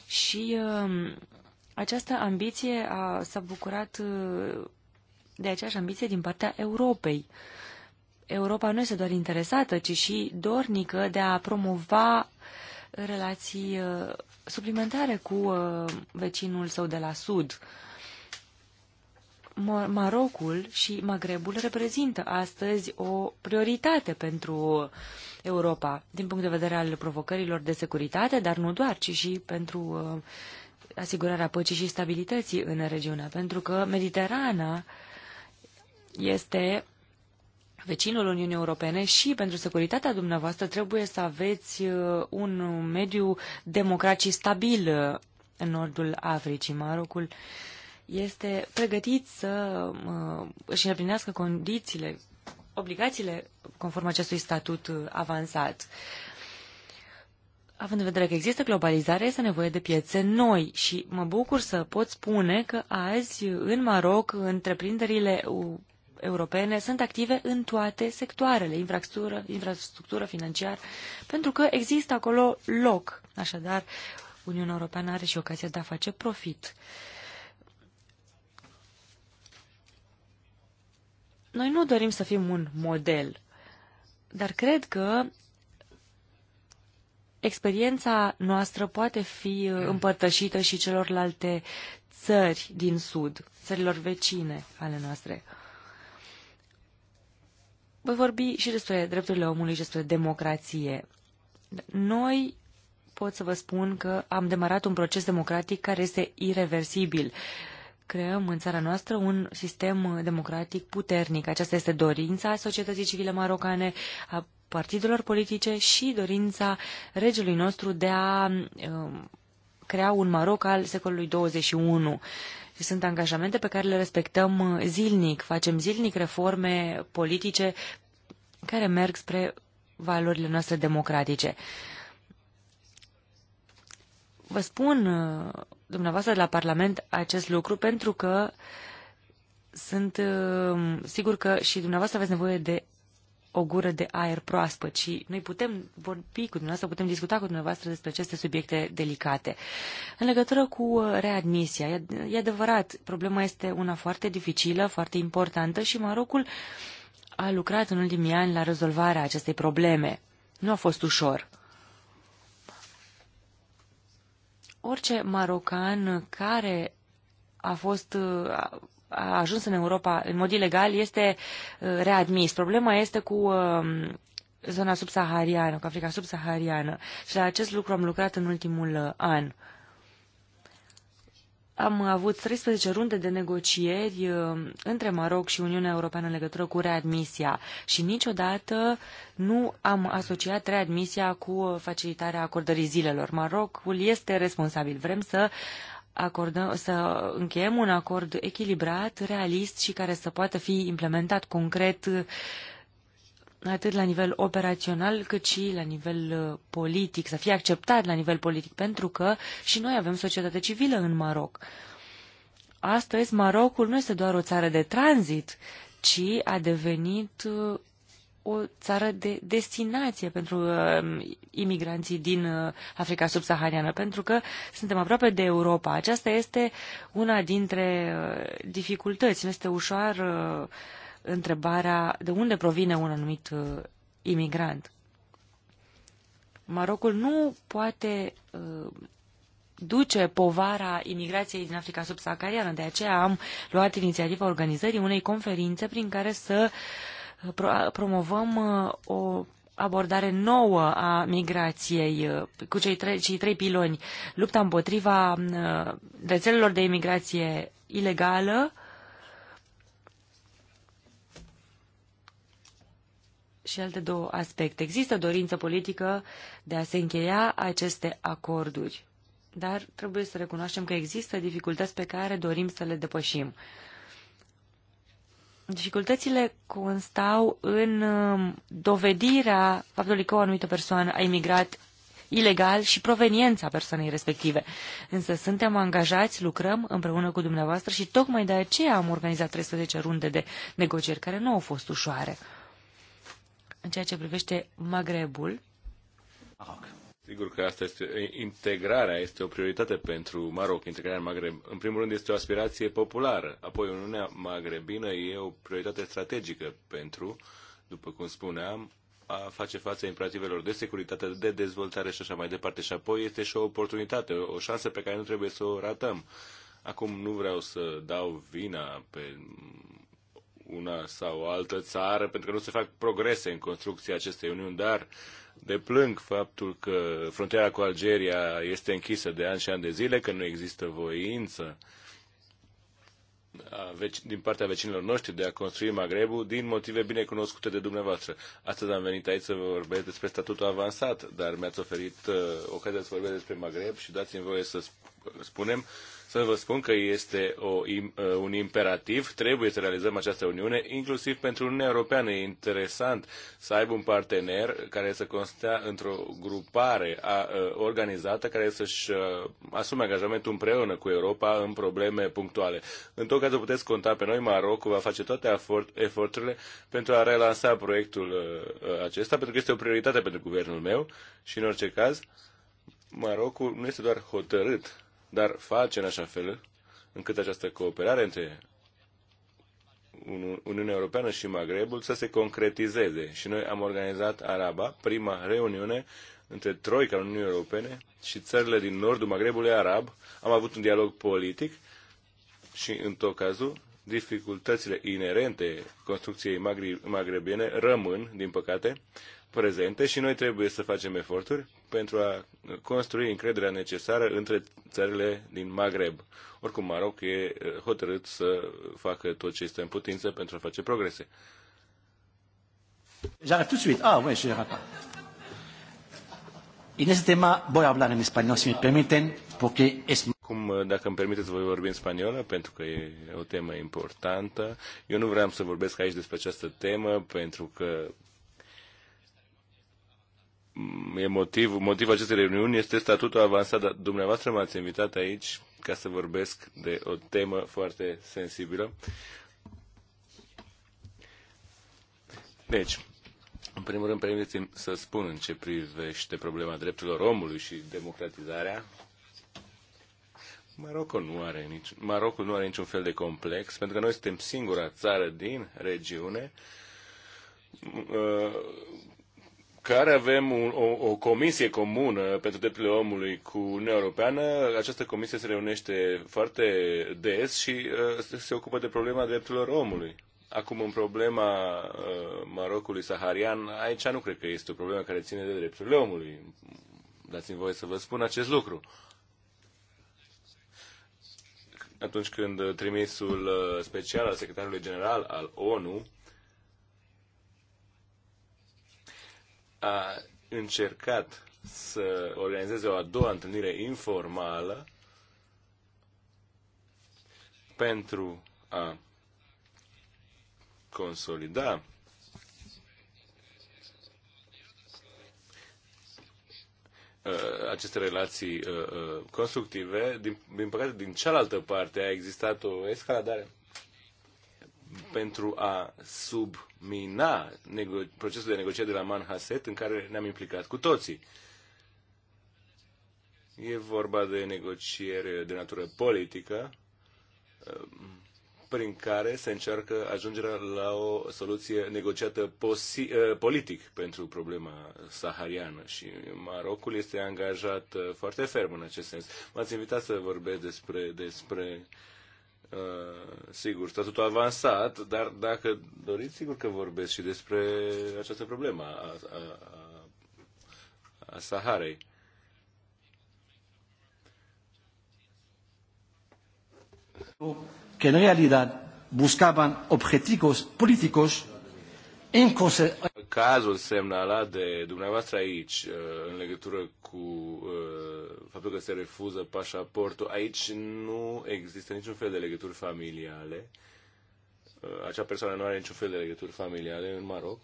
și um, această ambiție a, s-a bucurat uh, de aceeași ambiție din partea Europei. Europa nu este doar interesată, ci și dornică de a promova relații uh, suplimentare cu uh, vecinul său de la sud. Marocul și Magrebul reprezintă astăzi o prioritate pentru Europa, din punct de vedere al provocărilor de securitate, dar nu doar, ci și pentru uh, asigurarea păcii și stabilității în regiune, pentru că Mediterana este vecinul Uniunii Europene și pentru securitatea dumneavoastră trebuie să aveți uh, un mediu democrat și stabil uh, în nordul Africii. Marocul este pregătit să uh, își îndeplinească condițiile, obligațiile conform acestui statut avansat. Având în vedere că există globalizare, este nevoie de piețe noi și mă bucur să pot spune că azi în Maroc întreprinderile europene sunt active în toate sectoarele, infrastructură, infrastructură financiar, pentru că există acolo loc. Așadar, Uniunea Europeană are și ocazia de a face profit. Noi nu dorim să fim un model, dar cred că experiența noastră poate fi împărtășită și celorlalte țări din Sud, țărilor vecine ale noastre voi vorbi și despre drepturile omului și despre democrație. Noi pot să vă spun că am demarat un proces democratic care este irreversibil. Creăm în țara noastră un sistem democratic puternic. Aceasta este dorința societății civile marocane, a partidelor politice și dorința regelui nostru de a um, crea un Maroc al secolului 21 sunt angajamente pe care le respectăm zilnic, facem zilnic reforme politice care merg spre valorile noastre democratice. Vă spun dumneavoastră de la Parlament acest lucru pentru că sunt sigur că și dumneavoastră aveți nevoie de o gură de aer proaspăt și noi putem vorbi cu dumneavoastră, putem discuta cu dumneavoastră despre aceste subiecte delicate. În legătură cu uh, readmisia, e, adevărat, problema este una foarte dificilă, foarte importantă și Marocul a lucrat în ultimii ani la rezolvarea acestei probleme. Nu a fost ușor. Orice marocan care a fost uh, a ajuns în Europa în mod ilegal este uh, readmis. Problema este cu um, zona subsahariană, cu Africa subsahariană. Și la acest lucru am lucrat în ultimul uh, an. Am avut 13 runde de negocieri uh, între Maroc și Uniunea Europeană în legătură cu readmisia și niciodată nu am asociat readmisia cu facilitarea acordării zilelor. Marocul este responsabil. Vrem să acordăm, să încheiem un acord echilibrat, realist și care să poată fi implementat concret atât la nivel operațional cât și la nivel uh, politic, să fie acceptat la nivel politic, pentru că și noi avem societate civilă în Maroc. Astăzi, Marocul nu este doar o țară de tranzit, ci a devenit uh, o țară de destinație pentru uh, imigranții din uh, Africa subsahariană, pentru că suntem aproape de Europa. Aceasta este una dintre uh, dificultăți. Nu este ușor uh, întrebarea de unde provine un anumit uh, imigrant. Marocul nu poate uh, duce povara imigrației din Africa subsahariană, de aceea am luat inițiativa organizării unei conferințe prin care să uh, promovăm uh, o abordare nouă a migrației uh, cu cei trei, cei trei piloni. Lupta împotriva uh, rețelelor de imigrație ilegală și alte două aspecte. Există dorință politică de a se încheia aceste acorduri, dar trebuie să recunoaștem că există dificultăți pe care dorim să le depășim. Dificultățile constau în um, dovedirea faptului că o anumită persoană a emigrat ilegal și proveniența persoanei respective. Însă suntem angajați, lucrăm împreună cu dumneavoastră și tocmai de aceea am organizat 13 runde de negocieri care nu au fost ușoare. În ceea ce privește Magrebul, Maroc. Sigur că asta este, integrarea este o prioritate pentru Maroc, integrarea în Maghreb. În primul rând este o aspirație populară, apoi Uniunea Maghrebină e o prioritate strategică pentru, după cum spuneam, a face față imperativelor de securitate, de dezvoltare și așa mai departe. Și apoi este și o oportunitate, o șansă pe care nu trebuie să o ratăm. Acum nu vreau să dau vina pe una sau altă țară, pentru că nu se fac progrese în construcția acestei Uniuni, dar uh, Deplâng faptul că frontiera cu Algeria este închisă de ani și ani de zile, că nu există voință din partea vecinilor noștri de a construi Magrebul din motive bine cunoscute de dumneavoastră. Astăzi am venit aici să vă vorbesc despre statutul avansat, dar mi-ați oferit uh, ocazia să vorbesc despre Magreb și dați-mi voie să sp- spunem uh, să vă spun că este o, uh, un imperativ, trebuie să realizăm această uniune, inclusiv pentru Uniunea Europeană. E interesant să aibă un partener care să constea într-o grupare a, a, uh, organizată care să-și uh, asume angajamentul împreună cu Europa în probleme punctuale. În tot cazul puteți conta pe noi, Maroc, va face toate eforturile pentru a relansa proiectul a, acesta, pentru că este o prioritate pentru guvernul meu și, în orice caz, Marocul nu este doar hotărât dar face în așa fel încât această cooperare între Uniunea Europeană și Maghrebul să se concretizeze. Și noi am organizat Araba, prima reuniune între Troica Uniunii Europene și țările din nordul Maghrebului Arab. Am avut un dialog politic și, în tot cazul, dificultățile inerente construcției magrebiene rămân, din păcate, prezente și noi trebuie să facem eforturi pentru a construi încrederea necesară între țările din Maghreb. Oricum, Maroc e eh, hotărât să facă tot ce este în putință pentru a face progrese. J'arrête tout de suite. Ah, ouais, j'ai pas. En este tema voy a hablar en español, si me permiten, porque es... Cum, eh, dacă îmi permiteți, voi vorbi în spaniolă, pentru că e o temă importantă. Eu nu vreau să vorbesc aici despre această temă, pentru că e motiv, motivul acestei reuniuni este statutul avansat, dar dumneavoastră m-ați invitat aici ca să vorbesc de o temă foarte sensibilă. Deci, în primul rând, permiteți-mi să spun în ce privește problema drepturilor omului și democratizarea. Marocul nu, are nici, Marocul nu are niciun fel de complex, pentru că noi suntem singura țară din regiune uh, care avem un, o, o comisie comună pentru drepturile omului cu Uniunea Europeană. Această comisie se reunește foarte des și uh, se ocupă de problema drepturilor omului. Acum, în problema uh, Marocului saharian, aici nu cred că este o problemă care ține de drepturile omului. Dați-mi voie să vă spun acest lucru. Atunci când trimisul uh, special al secretarului general al ONU a încercat să organizeze o a doua întâlnire informală pentru a consolida aceste relații constructive. Din, din păcate, din cealaltă parte a existat o escaladare pentru a submina procesul de negociere de la Manhasset în care ne-am implicat cu toții. E vorba de negocieri de natură politică um, prin care se încearcă ajungerea la o soluție negociată uh, politic pentru problema sahariană și Marocul este angajat uh, foarte ferm în acest sens. M-ați invitat să vorbesc despre, despre uh, Uh, sigur, statutul avansat, dar dacă doriți, sigur că vorbesc și despre această problemă a, a, a Saharei. Că în realitate buscaban politicos În Cazul semnalat de dumneavoastră aici, uh, în legătură cu uh, faptul că se refuză pașaportul. Aici nu există niciun fel de legături familiale. Uh, acea persoană nu are niciun fel de legături familiale în Maroc.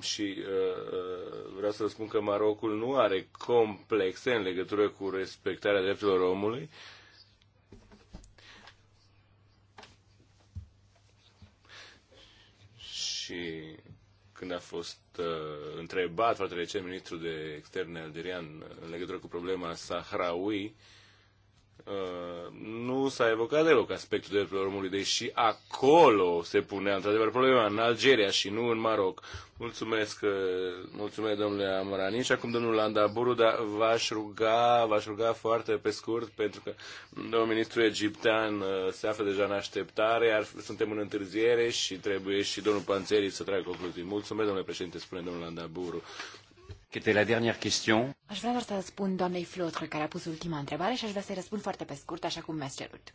Și uh, uh, vreau să spun că Marocul nu are complexe în legătură cu respectarea drepturilor omului. Și când a fost uh, întrebat foarte recent ministrul de externe algerian uh, în legătură cu problema Sahrawi, uh, Uh, nu s-a evocat deloc aspectul drepturilor omului, deși acolo se punea într-adevăr problema, în Algeria și nu în Maroc. Mulțumesc, uh, mulțumesc domnule Amorani și acum domnul Landaburu, dar v-aș ruga, v-aș ruga foarte pe scurt, pentru că domnul ministru egiptean uh, se află deja în așteptare, ar, suntem în întârziere și trebuie și domnul Panțeri să tragă concluzii. Mulțumesc, domnule președinte, spune domnul Landaburu. Aș vrea doar să răspund doamnei Flotre, care a pus ultima întrebare și aș vrea să-i răspund foarte pe scurt, așa cum mi a cerut.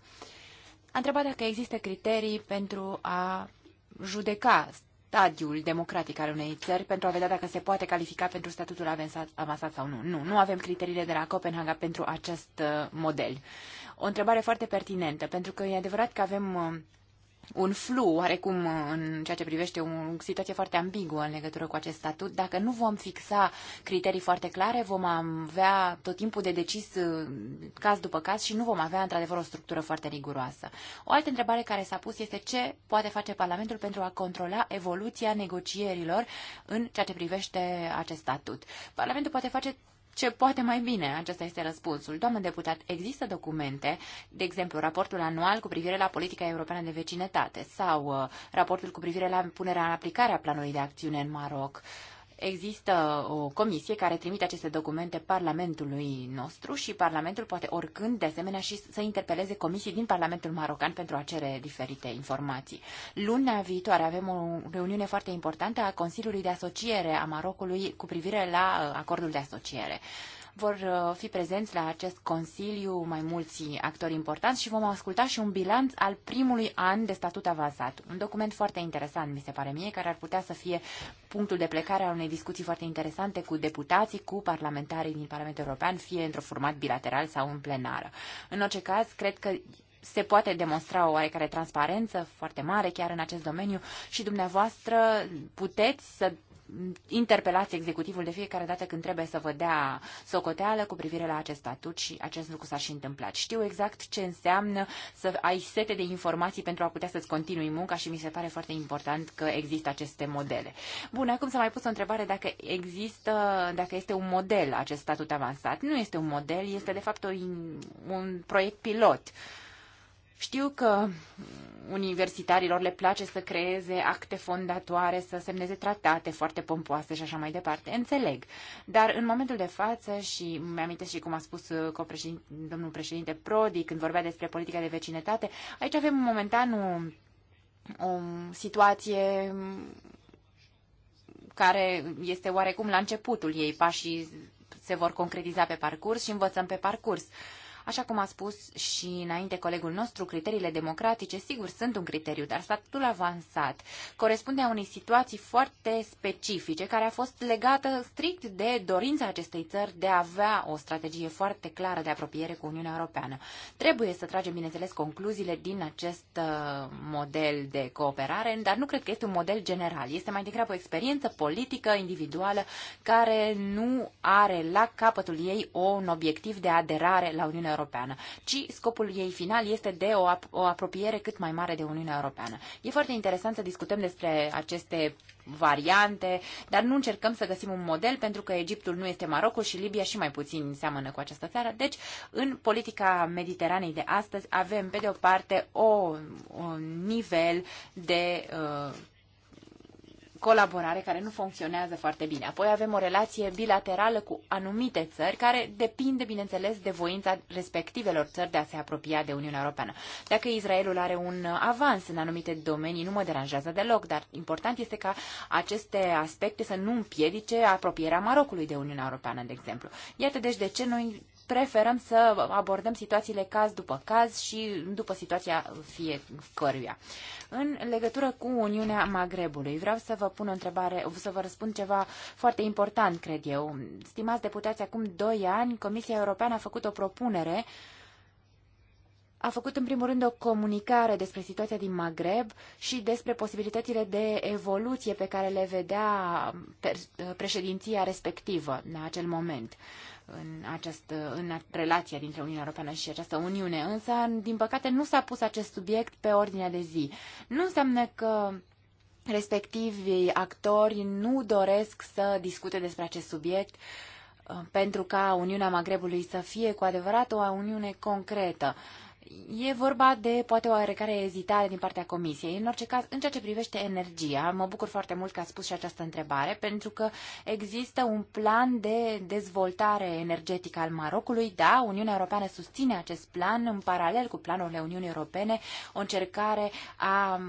A întrebat dacă există criterii pentru a judeca stadiul democratic al unei țări pentru a vedea dacă se poate califica pentru statutul avansat, avansat sau nu. Nu, nu avem criteriile de la Copenhaga pentru acest uh, model. O întrebare foarte pertinentă, pentru că e adevărat că avem uh, un flu, oarecum, în ceea ce privește o situație foarte ambiguă în legătură cu acest statut. Dacă nu vom fixa criterii foarte clare, vom avea tot timpul de decis uh, caz după caz și nu vom avea, într-adevăr, o structură foarte riguroasă. O altă întrebare care s-a pus este ce poate face Parlamentul pentru a controla evoluția negocierilor în ceea ce privește acest statut. Parlamentul poate face ce poate mai bine. Acesta este răspunsul. Doamnă deputat, există documente, de exemplu, raportul anual cu privire la politica europeană de vecinătate sau uh, raportul cu privire la punerea în aplicare a planului de acțiune în Maroc. Uh, Există o comisie care trimite aceste documente Parlamentului nostru și Parlamentul poate oricând, de asemenea, și să interpeleze comisii din Parlamentul Marocan pentru a cere diferite informații. Luna viitoare avem o reuniune foarte importantă a Consiliului de Asociere a Marocului cu privire la uh, acordul de asociere. Vor uh, fi prezenți la acest consiliu mai mulți actori importanți și vom asculta și un bilanț al primului an de statut avansat. Un document foarte interesant, mi se pare mie, care ar putea să fie punctul de plecare al unei discuții foarte interesante cu deputații, cu parlamentarii din Parlamentul European, fie într o format bilateral sau în plenară. În orice caz, cred că se poate demonstra o oarecare transparență foarte mare chiar în acest domeniu și dumneavoastră puteți să interpelați executivul de fiecare dată când trebuie să vă dea socoteală cu privire la acest statut și acest lucru s-a și întâmplat. Știu exact ce înseamnă să ai sete de informații pentru a putea să-ți continui munca și mi se pare foarte important că există aceste modele. Bun, acum s-a mai pus o întrebare dacă există, dacă este un model acest statut avansat. Nu este un model, este de fapt o, un proiect pilot. Uh, știu că universitarilor le place să creeze acte fondatoare, să semneze tratate foarte pompoase și așa mai departe. Înțeleg. Dar în momentul de față și mi-amintesc și cum a spus uh, domnul președinte Prodi când vorbea despre politica de vecinătate, aici avem momentan o, o situație care este oarecum la începutul ei. Pașii se vor concretiza pe parcurs și învățăm pe parcurs. Uh, Așa cum a spus și înainte colegul nostru, criteriile democratice, sigur, sunt un criteriu, dar statul avansat corespunde a unei situații foarte specifice, care a fost legată strict de dorința acestei țări de a avea o strategie foarte clară de apropiere cu Uniunea Europeană. Trebuie să tragem, bineînțeles, concluziile din acest uh, model de cooperare, dar nu cred că este un model general. Este mai degrabă o experiență politică individuală care nu are la capătul ei un obiectiv de aderare la Uniunea Europeană, ci scopul ei final este de o, ap- o apropiere cât mai mare de Uniunea Europeană. E foarte interesant să discutăm despre aceste variante, dar nu încercăm să găsim un model pentru că Egiptul nu este Marocul și Libia și mai puțin seamănă cu această țară. Deci, în politica Mediteranei de astăzi avem, pe de o parte, o, un nivel de uh, colaborare care nu funcționează foarte bine. Apoi avem o relație bilaterală cu anumite țări care depinde, bineînțeles, de voința respectivelor țări de a se apropia de Uniunea Europeană. Dacă Israelul are un avans în anumite domenii, nu mă deranjează deloc, dar important este ca aceste aspecte să nu împiedice apropierea Marocului de Uniunea Europeană, de exemplu. Iată deci de ce noi preferăm să abordăm situațiile caz după caz și după situația fiecăruia. În legătură cu Uniunea Magrebului, vreau să vă pun o întrebare, să vă răspund ceva foarte important, cred eu. Stimați deputați, acum doi ani Comisia Europeană a făcut o propunere uh, a făcut în primul rând o comunicare despre situația din Maghreb și despre posibilitățile de evoluție pe care le vedea președinția respectivă la acel moment în, această, în relația dintre Uniunea Europeană și această Uniune. Însă, din păcate, nu s-a pus acest subiect pe ordinea de zi. Nu înseamnă că respectivii actori nu doresc să discute despre acest subiect uh, pentru ca Uniunea Magrebului să fie cu adevărat o Uniune concretă. Uh, E vorba de poate oarecare ezitare din partea Comisiei. În orice caz, în ceea ce privește energia, mă bucur foarte mult că a spus și această întrebare, pentru că există un plan de dezvoltare energetică al Marocului. Da, Uniunea Europeană susține acest plan în paralel cu planurile Uniunii Europene, o încercare a,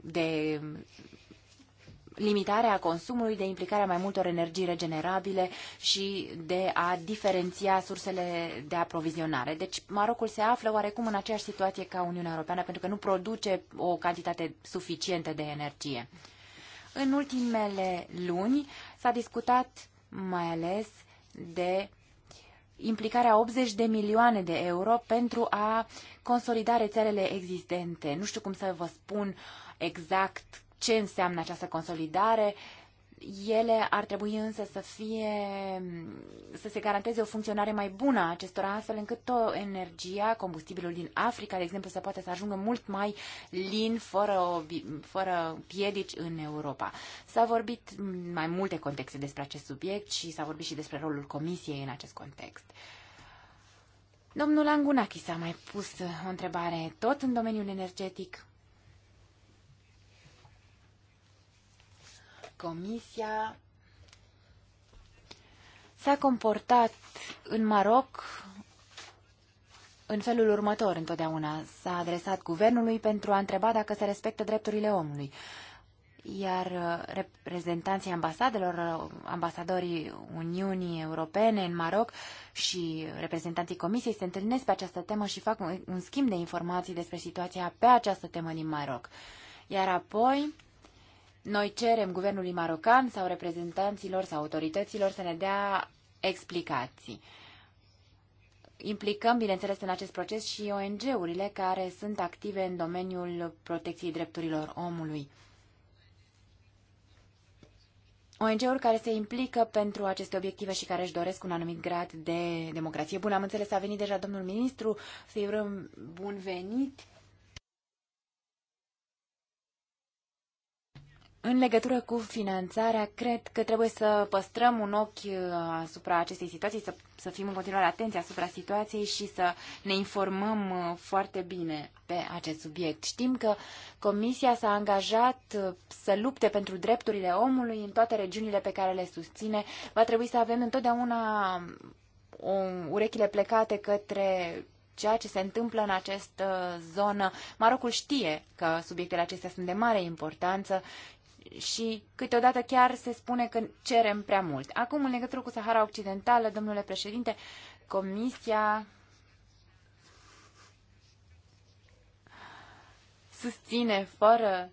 de limitarea consumului, de implicarea mai multor energii regenerabile și de a diferenția sursele de aprovizionare. Deci Marocul se află oarecum în aceeași situație ca Uniunea Europeană pentru că nu produce o cantitate suficientă de energie. În ultimele luni s-a discutat mai ales de implicarea 80 de milioane de euro pentru a consolida rețelele existente. Nu știu cum să vă spun exact ce înseamnă această consolidare. Ele ar trebui însă să fie, să se garanteze o funcționare mai bună a acestora, astfel încât o energia, combustibilul din Africa, de exemplu, să poată să ajungă mult mai lin, fără, o, fără piedici în Europa. S-a vorbit mai multe contexte despre acest subiect și s-a vorbit și despre rolul Comisiei în acest context. Domnul Angunachi s-a mai pus o întrebare tot în domeniul energetic. Comisia s-a comportat în Maroc în felul următor întotdeauna. S-a adresat guvernului pentru a întreba dacă se respectă drepturile omului. Iar reprezentanții ambasadelor, ambasadorii Uniunii Europene în Maroc și reprezentanții Comisiei se întâlnesc pe această temă și fac un schimb de informații despre situația pe această temă din Maroc. Iar apoi noi cerem guvernului marocan sau reprezentanților sau autorităților să ne dea explicații. Implicăm, bineînțeles, în acest proces și ONG-urile care sunt active în domeniul protecției drepturilor omului. ONG-uri care se implică pentru aceste obiective și care își doresc un anumit grad de democrație. Bun, am înțeles, a venit deja domnul ministru, să-i urăm bun venit În legătură cu finanțarea, cred că trebuie să păstrăm un ochi uh, asupra acestei situații, să, să fim în continuare atenți asupra situației și să ne informăm uh, foarte bine pe acest subiect. Știm că Comisia s-a angajat uh, să lupte pentru drepturile omului în toate regiunile pe care le susține. Va trebui să avem întotdeauna um, o urechile plecate către ceea ce se întâmplă în această zonă. Marocul știe că subiectele acestea sunt de mare importanță și câteodată chiar se spune că cerem prea mult. Acum, în legătură cu Sahara Occidentală, domnule președinte, Comisia susține fără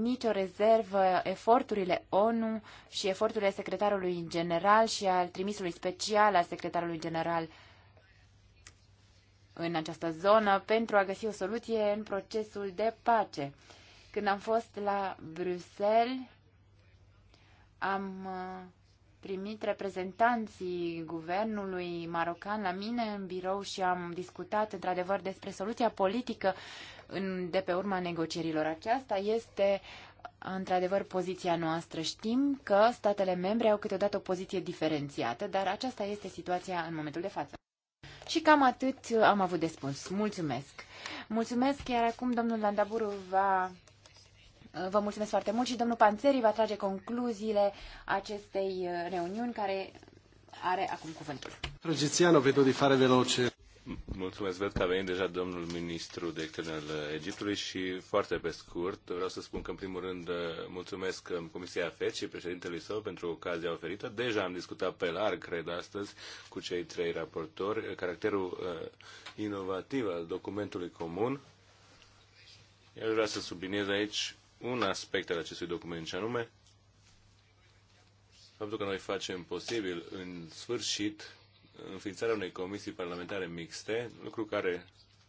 nicio rezervă eforturile ONU și eforturile secretarului general și al trimisului special al secretarului general în această zonă pentru a găsi o soluție în procesul de pace. Când am fost la Bruxelles, am uh, primit reprezentanții guvernului marocan la mine în birou și am discutat într-adevăr despre soluția politică în, de pe urma negocierilor. Aceasta este uh, într-adevăr poziția noastră. Știm că statele membre au câteodată o poziție diferențiată, dar aceasta este situația în momentul de față. Și cam atât uh, am avut de spus. Mulțumesc! Mulțumesc, iar acum domnul Landaburu va Uh, vă mulțumesc foarte mult și domnul Panțeri va trage concluziile acestei uh, reuniuni care are acum cuvântul. Tragețiano, vedo di fare veloce. Mulțumesc, văd că a venit deja domnul ministru de externe al Egiptului și foarte pe scurt vreau să spun că în primul rând uh, mulțumesc um, Comisia FED și președintelui său pentru ocazia oferită. Deja am discutat pe larg, cred, astăzi cu cei trei raportori caracterul uh, inovativ al documentului comun. Eu vreau să subliniez aici un aspect al acestui document, și anume faptul că noi facem posibil în sfârșit înființarea unei comisii parlamentare mixte, lucru care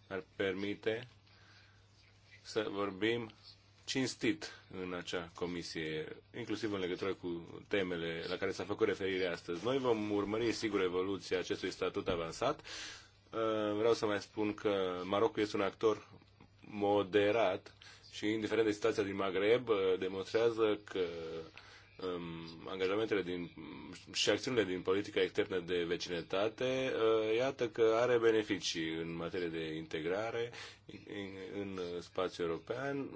ar permite să vorbim cinstit în acea comisie, inclusiv în legătură cu temele la care s-a făcut referire astăzi. Noi vom urmări, sigur, evoluția acestui statut avansat. Vreau să mai spun că Marocul este un actor moderat și indiferent de situația din Maghreb, uh, demonstrează că um, angajamentele din, și acțiunile din politica externă de vecinătate, uh, iată că are beneficii în materie de integrare în, în spațiul european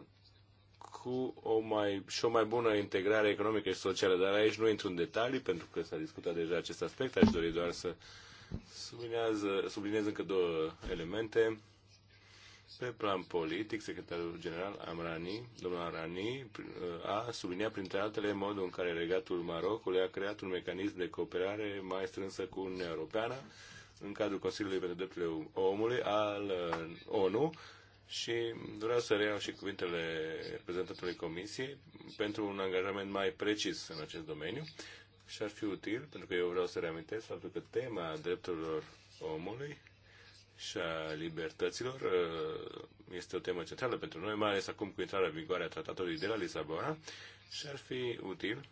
cu o mai, și o mai bună integrare economică și socială. Dar aici nu intru în detalii, pentru că s-a discutat deja acest aspect. Aș dori doar să sublinează, subliniez încă două elemente pe plan politic, secretarul general Amrani, domnul Amrani, uh, a subliniat printre altele modul în care regatul Marocului a creat un mecanism de cooperare mai strânsă cu Uniunea Europeană în cadrul Consiliului pentru Drepturile Omului al uh, ONU, și vreau să reiau și cuvintele reprezentantului Comisiei pentru un angajament mai precis în acest domeniu și ar fi util, pentru că eu vreau să reamintesc faptul că tema drepturilor omului și a libertăților uh, este o temă centrală pentru noi, mai ales acum cu intrarea în vigoare a tratatului de la Lisabona și ar fi util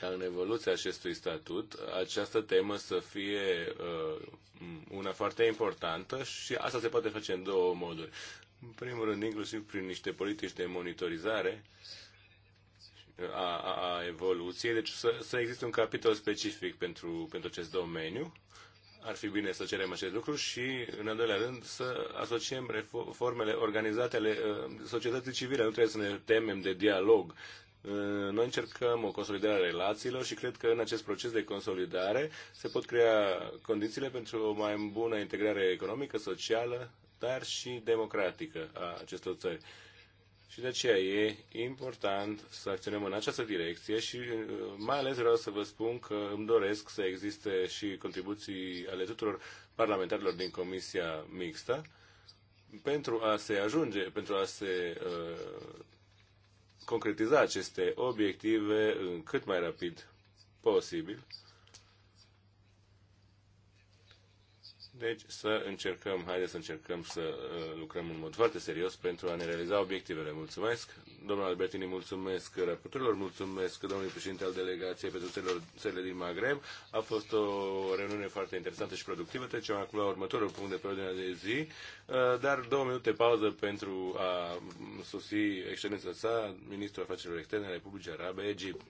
ca în evoluția acestui statut această temă să fie uh, una foarte importantă și asta se poate face în două moduri. În primul rând, inclusiv prin niște politici de monitorizare a, a, a evoluției, deci să, să existe un capitol specific pentru, pentru acest domeniu ar fi bine să cerem acest lucru și, în al doilea rând, să asociem reformele organizate ale uh, societății civile. Nu trebuie să ne temem de dialog. Uh, noi încercăm o consolidare a relațiilor și cred că în acest proces de consolidare se pot crea condițiile pentru o mai bună integrare economică, socială, dar și democratică a acestor țări. Și de aceea e important să acționăm în această direcție și uh, mai ales vreau să vă spun că îmi doresc să existe și contribuții ale tuturor parlamentarilor din Comisia Mixtă pentru a se ajunge, pentru a se uh, concretiza aceste obiective în cât mai rapid posibil Deci să încercăm, haideți să încercăm să uh, lucrăm în mod foarte serios pentru a ne realiza obiectivele. Mulțumesc, domnul Albertini, mulțumesc raportorilor, mulțumesc domnului președinte al delegației pentru țările din Maghreb. A fost o reuniune foarte interesantă și productivă. Trecem acum la următorul punct de pe ordinea de zi, uh, dar două minute pauză pentru a susi excelența sa, ministrul afacerilor externe al Republicii Arabe, Egipt.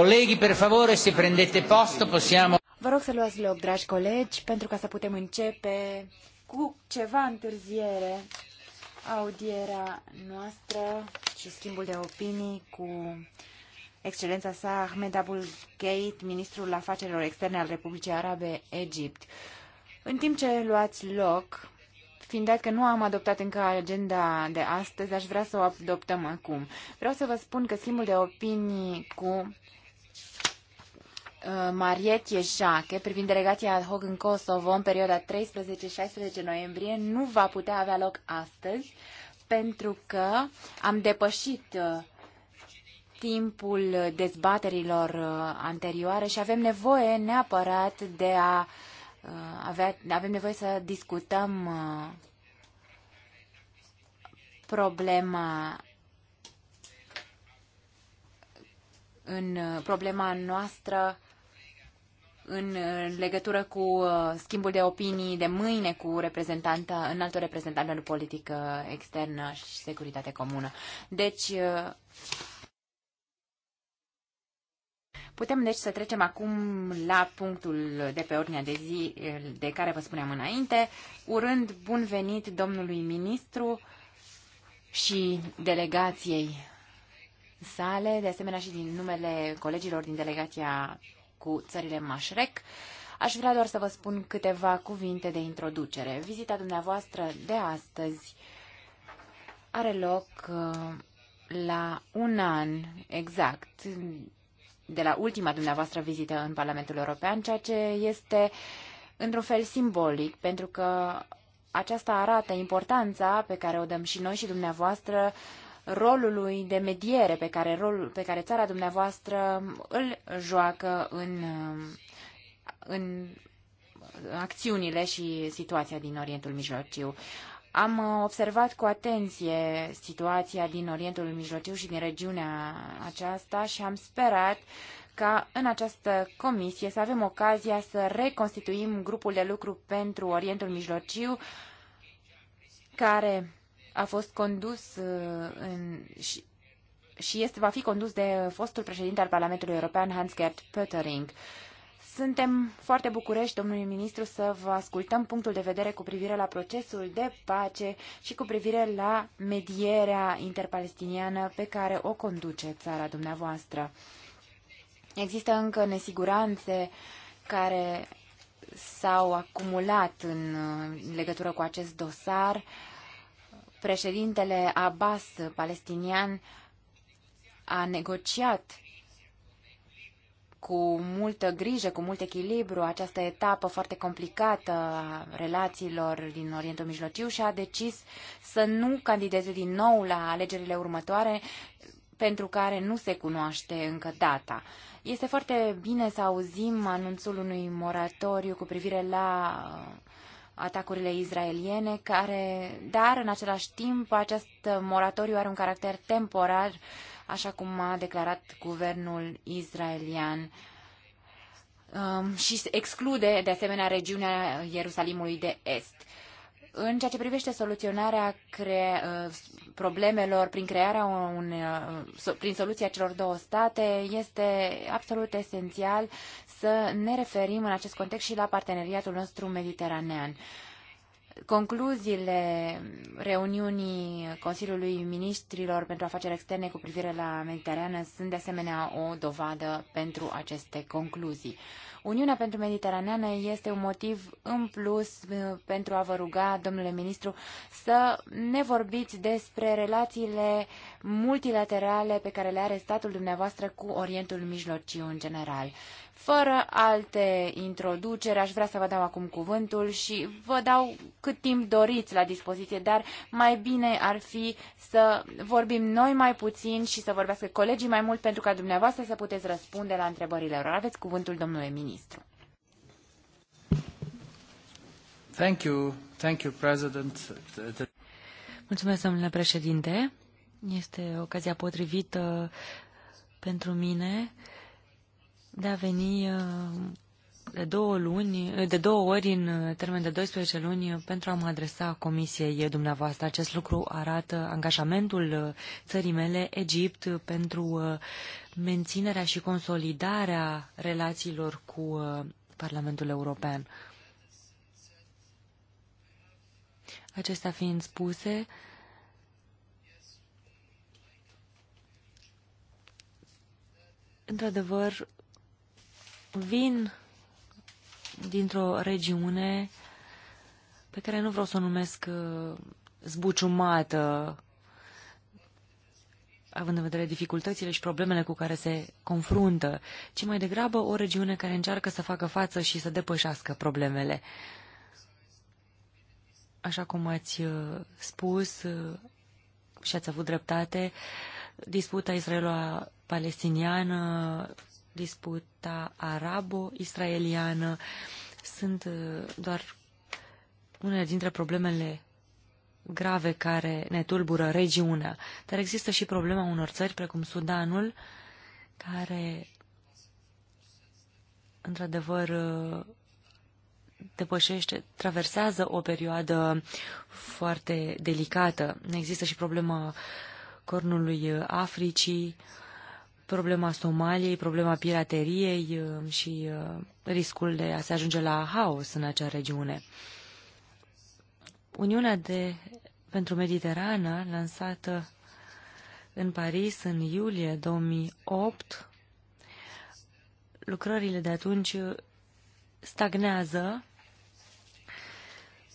Colegii, per favore, se prendete posto, possiamo... Vă rog să luați loc, dragi colegi, pentru ca să putem începe cu ceva întârziere audierea noastră și schimbul de opinii cu excelența sa Ahmed Abul Gheit, ministrul afacerilor externe al Republicii Arabe Egipt. În timp ce luați loc, fiind dat că nu am adoptat încă agenda de astăzi, aș vrea să o adoptăm acum. Vreau să vă spun că schimbul de opinii cu Uh, Mariet Ieșache privind delegația ad hoc în Kosovo în perioada 13-16 noiembrie nu va putea avea loc astăzi pentru că am depășit uh, timpul dezbaterilor uh, anterioare și avem nevoie neapărat de a avea, avem nevoie să discutăm problema în problema noastră în legătură cu uh, schimbul de opinii de mâine cu reprezentanta, înaltul reprezentant pentru politică externă și securitate comună. Deci, uh, Putem deci să trecem acum la punctul de pe ordinea de zi de care vă spuneam înainte, urând bun venit domnului ministru și delegației sale, de asemenea și din numele colegilor din delegația cu țările Mașrec. Aș vrea doar să vă spun câteva cuvinte de introducere. Vizita dumneavoastră de astăzi are loc uh, la un an exact de la ultima dumneavoastră vizită în Parlamentul European, ceea ce este într-un fel simbolic, pentru că aceasta arată importanța pe care o dăm și noi și dumneavoastră uh, rolului de mediere pe care, rol pe care țara dumneavoastră îl joacă în, în acțiunile și situația din Orientul Mijlociu. Am observat cu atenție situația din Orientul Mijlociu și din regiunea aceasta și am sperat ca în această comisie să avem ocazia să reconstituim grupul de lucru pentru Orientul Mijlociu, care a fost condus uh, în, și, și este, va fi condus de fostul președinte al Parlamentului European, Hans-Gert Pöttering. Suntem foarte bucurești, domnului ministru, să vă ascultăm punctul de vedere cu privire la procesul de pace și cu privire la medierea interpalestiniană pe care o conduce țara dumneavoastră. Există încă nesiguranțe care s-au acumulat în uh, legătură cu acest dosar. Uh, Președintele Abbas, palestinian, a negociat cu multă grijă, cu mult echilibru, această etapă foarte complicată a relațiilor din Orientul Mijlociu și a decis să nu candideze din nou la alegerile următoare pentru care nu se cunoaște încă data. Este foarte bine să auzim anunțul unui moratoriu cu privire la uh, atacurile izraeliene, care, dar în același timp acest moratoriu are un caracter temporar, așa cum a declarat guvernul izraelian um, și exclude de asemenea regiunea Ierusalimului de Est. În ceea ce privește soluționarea cre... Uh, problemelor prin crearea uh, prin soluția celor două state, este absolut esențial să ne referim în acest context și la parteneriatul nostru mediteranean. Concluziile reuniunii Consiliului Ministrilor pentru Afaceri Externe cu privire la Mediterană sunt de asemenea o dovadă pentru aceste concluzii. Uniunea pentru Mediteraneană este un motiv în plus uh, pentru a vă ruga, domnule ministru, să ne vorbiți despre relațiile multilaterale pe care le are statul dumneavoastră cu Orientul Mijlociu în general. Fără alte introduceri, aș vrea să vă dau acum cuvântul și vă dau cât timp doriți la dispoziție, dar mai bine ar fi să vorbim noi mai puțin și să vorbească colegii mai mult pentru ca dumneavoastră să puteți răspunde la întrebările lor. Aveți cuvântul, domnule ministru. Thank you. Thank you, President. Mulțumesc, domnule președinte. Este ocazia potrivită pentru mine de a veni uh, de două, luni, uh, de două ori în uh, termen de 12 luni pentru a mă adresa comisiei dumneavoastră. Acest lucru arată angajamentul țării mele, Egipt, pentru menținerea și consolidarea relațiilor cu Parlamentul European. Acestea fiind spuse, într-adevăr, vin dintr-o regiune pe care nu vreau să o numesc uh, zbuciumată, având în vedere dificultățile și problemele cu care se confruntă, ci mai degrabă o regiune care încearcă să facă față și să depășească problemele. Așa cum ați uh, spus uh, și ați avut dreptate, disputa israelo-palestiniană disputa arabo-israeliană sunt uh, doar unele dintre problemele grave care ne tulbură regiunea. Dar există și problema unor țări, precum Sudanul, care, într-adevăr, uh, depășește, traversează o perioadă foarte delicată. Există și problema cornului Africii, problema Somaliei, problema pirateriei uh, și uh, riscul de a se ajunge la haos în acea regiune. Uniunea de, pentru Mediterană, lansată în Paris în iulie 2008, lucrările de atunci uh, stagnează,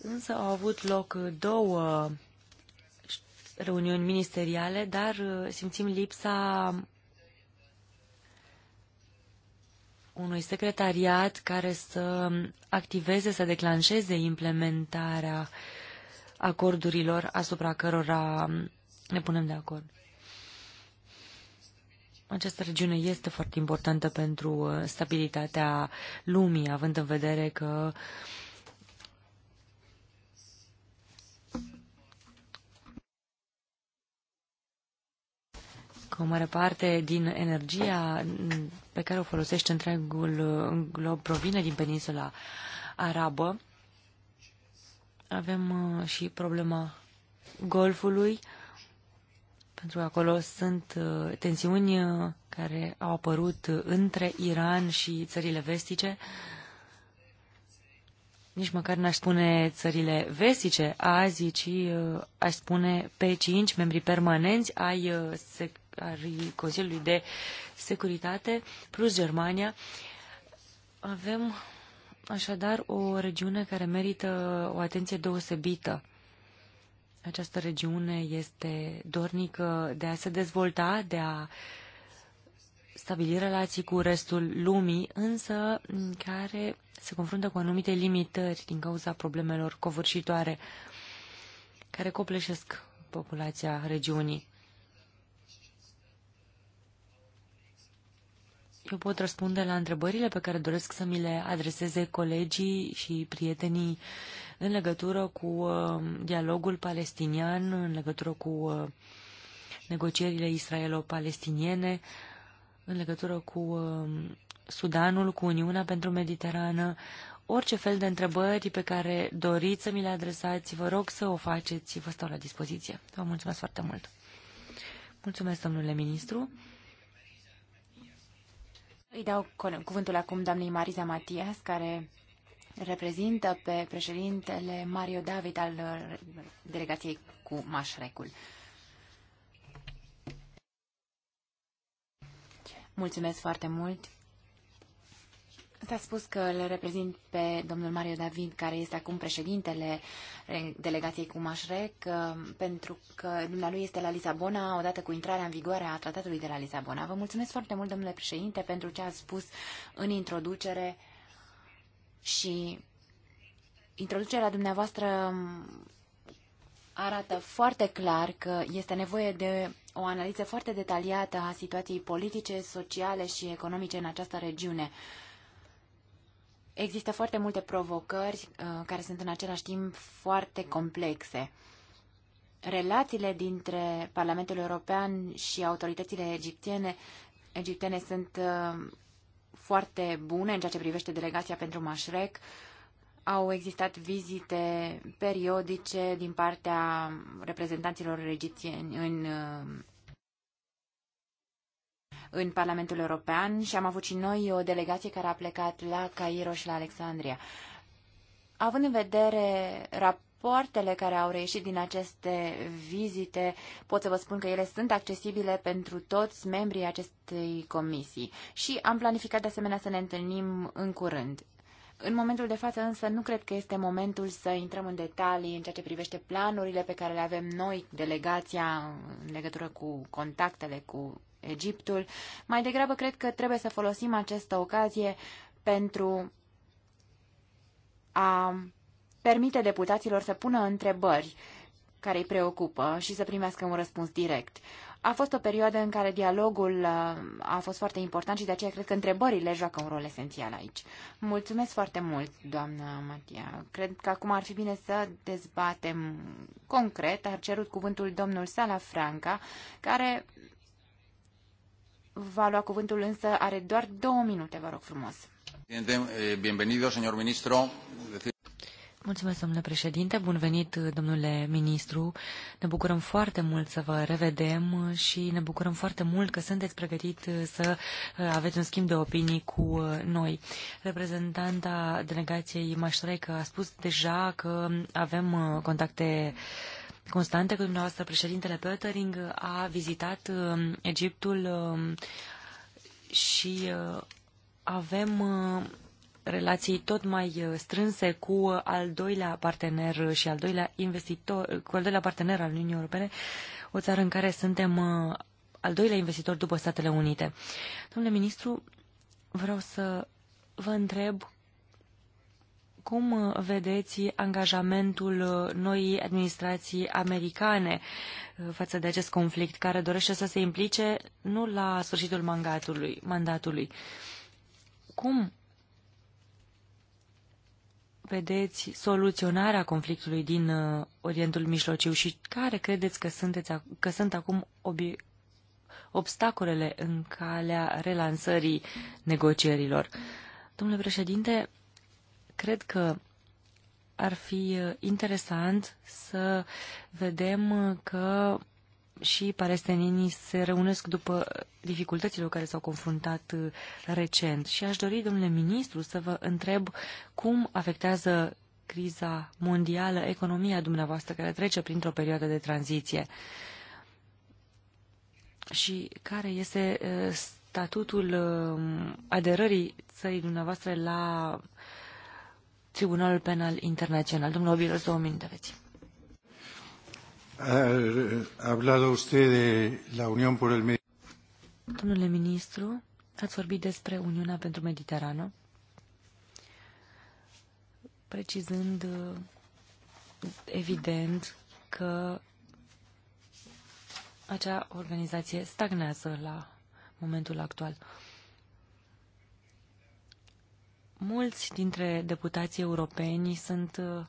însă au avut loc două reuniuni ministeriale, dar simțim lipsa unui secretariat care să activeze, să declanșeze implementarea acordurilor asupra cărora ne punem de acord. Această regiune este foarte importantă pentru uh, stabilitatea lumii, având în vedere că uh, o mare parte din energia pe care o folosește întregul glob provine din peninsula arabă. Avem uh, și problema Golfului, pentru că acolo sunt uh, tensiuni uh, care au apărut între Iran și țările vestice. Nici măcar n-aș spune țările vestice azi, ci aș spune pe cinci membri permanenți ai sec Consiliului de Securitate plus Germania. Avem așadar o regiune care merită o atenție deosebită. Această regiune este dornică de a se dezvolta, de a stabili relații cu restul lumii, însă care se confruntă cu anumite limitări din cauza problemelor covârșitoare care copleșesc populația regiunii. eu pot răspunde la întrebările pe care doresc să mi le adreseze colegii și prietenii în legătură cu uh, dialogul palestinian, în legătură cu uh, negocierile israelo-palestiniene, în legătură cu uh, Sudanul, cu Uniunea pentru Mediterană, orice fel de întrebări pe care doriți să mi le adresați, vă rog să o faceți, vă stau la dispoziție. Vă mulțumesc foarte mult. Mulțumesc, domnule ministru. Îi dau cuvântul acum doamnei Mariza Matias, care reprezintă pe președintele Mario David al uh, delegației cu Mașrecul. Mulțumesc foarte mult S-a spus că îl reprezint pe domnul Mario David, care este acum președintele delegației cu Mașrec, uh, pentru că dumnealui este la Lisabona, odată cu intrarea în vigoare a tratatului de la Lisabona. Vă mulțumesc foarte mult, domnule președinte, pentru ce ați spus în introducere și introducerea dumneavoastră arată foarte clar că este nevoie de o analiză foarte detaliată a situației politice, sociale și economice în această regiune. Există foarte multe provocări uh, care sunt în același timp foarte complexe. Relațiile dintre Parlamentul European și autoritățile egiptiene, egiptene sunt uh, foarte bune în ceea ce privește delegația pentru Mașrec. Au existat vizite periodice din partea reprezentanților egipțieni în uh, în Parlamentul European și am avut și noi o delegație care a plecat la Cairo și la Alexandria. Având în vedere rapoartele care au reieșit din aceste vizite, pot să vă spun că ele sunt accesibile pentru toți membrii acestei comisii și am planificat de asemenea să ne întâlnim în curând. În momentul de față însă nu cred că este momentul să intrăm în detalii în ceea ce privește planurile pe care le avem noi, delegația, în legătură cu contactele cu Egiptul. Mai degrabă cred că trebuie să folosim această ocazie pentru a permite deputaților să pună întrebări care îi preocupă și să primească un răspuns direct. A fost o perioadă în care dialogul uh, a fost foarte important și de aceea cred că întrebările joacă un rol esențial aici. Mulțumesc foarte mult, doamnă Matia. Cred că acum ar fi bine să dezbatem concret. Ar cerut cuvântul domnul Sala Franca, care va lua cuvântul, însă are doar două minute, vă rog frumos. Eh, bienvenido, señor ministro. Mulțumesc, domnule președinte. Bun venit, domnule ministru. Ne bucurăm foarte mult să vă revedem și ne bucurăm foarte mult că sunteți pregătit să eh, aveți un schimb de opinii cu eh, noi. Reprezentanta delegației Maștrecă a spus deja că avem contacte uh, constante că dumneavoastră președintele Pöttering a vizitat um, Egiptul um, și uh, avem uh, relații tot mai uh, strânse cu al doilea partener și al doilea investitor, cu al doilea partener al Uniunii Europene, o țară în care suntem al doilea investitor după Statele Unite. Domnule ministru, vreau să vă întreb cum uh, vedeți angajamentul uh, noii administrații americane uh, față de acest conflict, care dorește să se implice nu la sfârșitul mandatului? mandatului. Cum vedeți soluționarea conflictului din Orientul Mijlociu și care credeți că, sunteți, că sunt acum obi obstacolele în calea relansării negocierilor? Domnule președinte, Cred că ar fi uh, interesant să vedem uh, că și palestinienii se reunesc după dificultățile cu care s-au confruntat uh, recent. Și aș dori, domnule ministru, să vă întreb cum afectează criza mondială economia dumneavoastră care trece printr-o perioadă de tranziție și care este statutul um, aderării țării dumneavoastră la Tribunalul Penal Internațional. Domnul Obilos, două minute aveți. Domnule ministru, ați vorbit despre Uniunea pentru Mediterană, precizând evident că acea organizație stagnează la momentul actual. Mulți dintre deputații europeni sunt uh,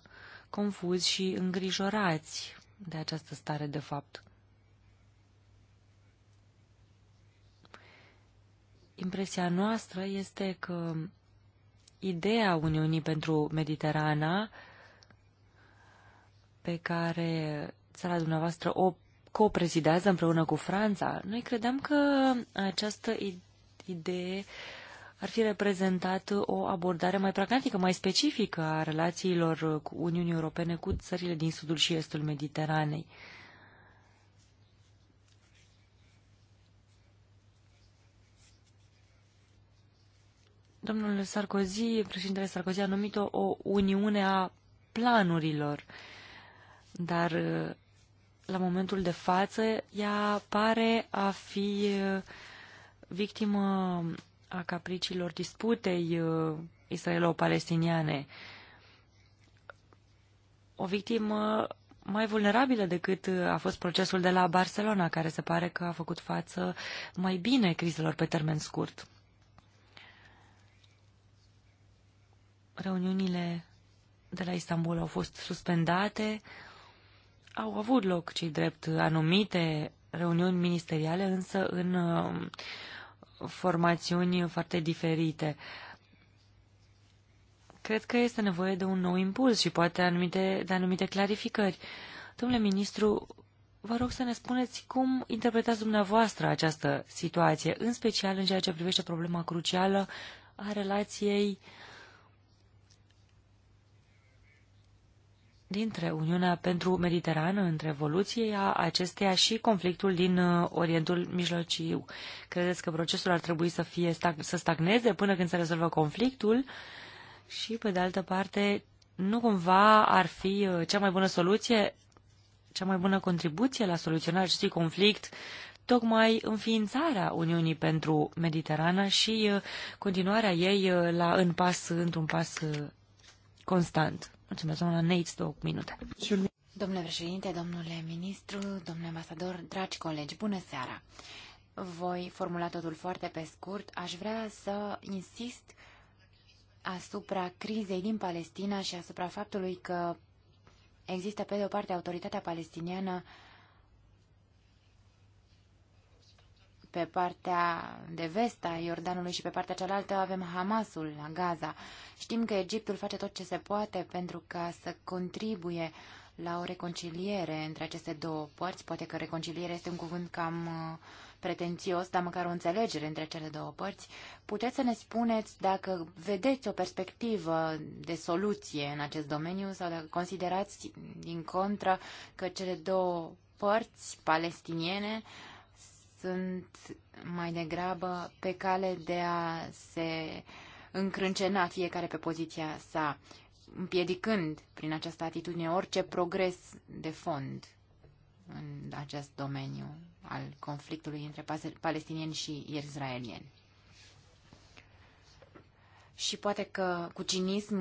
confuzi și îngrijorați de această stare de fapt. Impresia noastră este că ideea Uniunii pentru Mediterana pe care țara dumneavoastră o coprezidează împreună cu Franța, noi credeam că această idee uh, idee ar fi reprezentat o abordare mai pragmatică, mai specifică a relațiilor cu Uniunii Europene cu țările din sudul și estul Mediteranei. Domnul Sarkozy, președintele Sarkozy a numit-o o uniune a planurilor, dar la momentul de față ea pare a fi uh, victimă a capriciilor disputei uh, israelo-palestiniane. O victimă mai vulnerabilă decât uh, a fost procesul de la Barcelona, care se pare că a făcut față mai bine crizelor pe termen scurt. Reuniunile de la Istanbul au fost suspendate, au avut loc, cei drept, anumite reuniuni ministeriale, însă în uh, formațiuni foarte diferite. Cred că este nevoie de un nou impuls și poate anumite, de anumite clarificări. Domnule ministru, vă rog să ne spuneți cum interpretați dumneavoastră această situație, în special în ceea ce privește problema crucială a relației uh, dintre Uniunea pentru Mediterană, între evoluția acesteia și conflictul din uh, Orientul Mijlociu. Credeți că procesul ar trebui să, fie, să stagneze până când se rezolvă conflictul? Și, pe de altă parte, nu cumva ar fi uh, cea mai bună soluție, cea mai bună contribuție la soluționarea acestui conflict, tocmai înființarea Uniunii pentru Mediterană și uh, continuarea ei la, în pas, într-un pas constant. Mulțumesc, doamna Neitz, două minute. Domnule președinte, domnule ministru, domnule ambasador, dragi colegi, bună seara! Voi formula totul foarte pe scurt. Aș vrea să insist asupra crizei din Palestina și asupra faptului că există, pe de o parte, autoritatea palestiniană uh, pe partea de vest a Iordanului și pe partea cealaltă avem Hamasul la Gaza. Știm că Egiptul face tot ce se poate pentru ca să contribuie la o reconciliere între aceste două părți. Poate că reconciliere este un cuvânt cam uh, pretențios, dar măcar o înțelegere între cele două părți. Puteți să ne spuneți dacă vedeți o perspectivă de soluție în acest domeniu sau dacă considerați din contră că cele două părți palestiniene uh, sunt mai degrabă pe cale de a se încrâncena fiecare pe poziția sa, împiedicând prin această atitudine orice progres de fond în acest domeniu al conflictului între palestinieni și israelieni. Și poate că cu cinism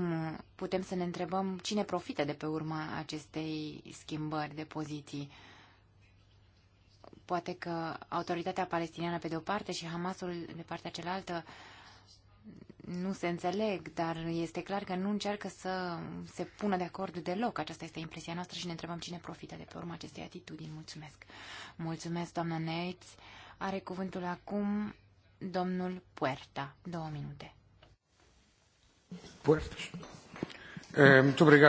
putem să ne întrebăm cine profită de pe urma acestei schimbări de poziții poate că autoritatea palestiniană pe de o parte și Hamasul de partea cealaltă nu se înțeleg, dar este clar că nu încearcă să se pună de acord deloc. Aceasta este impresia noastră și ne întrebăm cine profită de pe urma acestei atitudini. Mulțumesc. Mulțumesc, doamna Neitz. Are cuvântul acum domnul Puerta. Două minute. Puerta. Mulțumesc,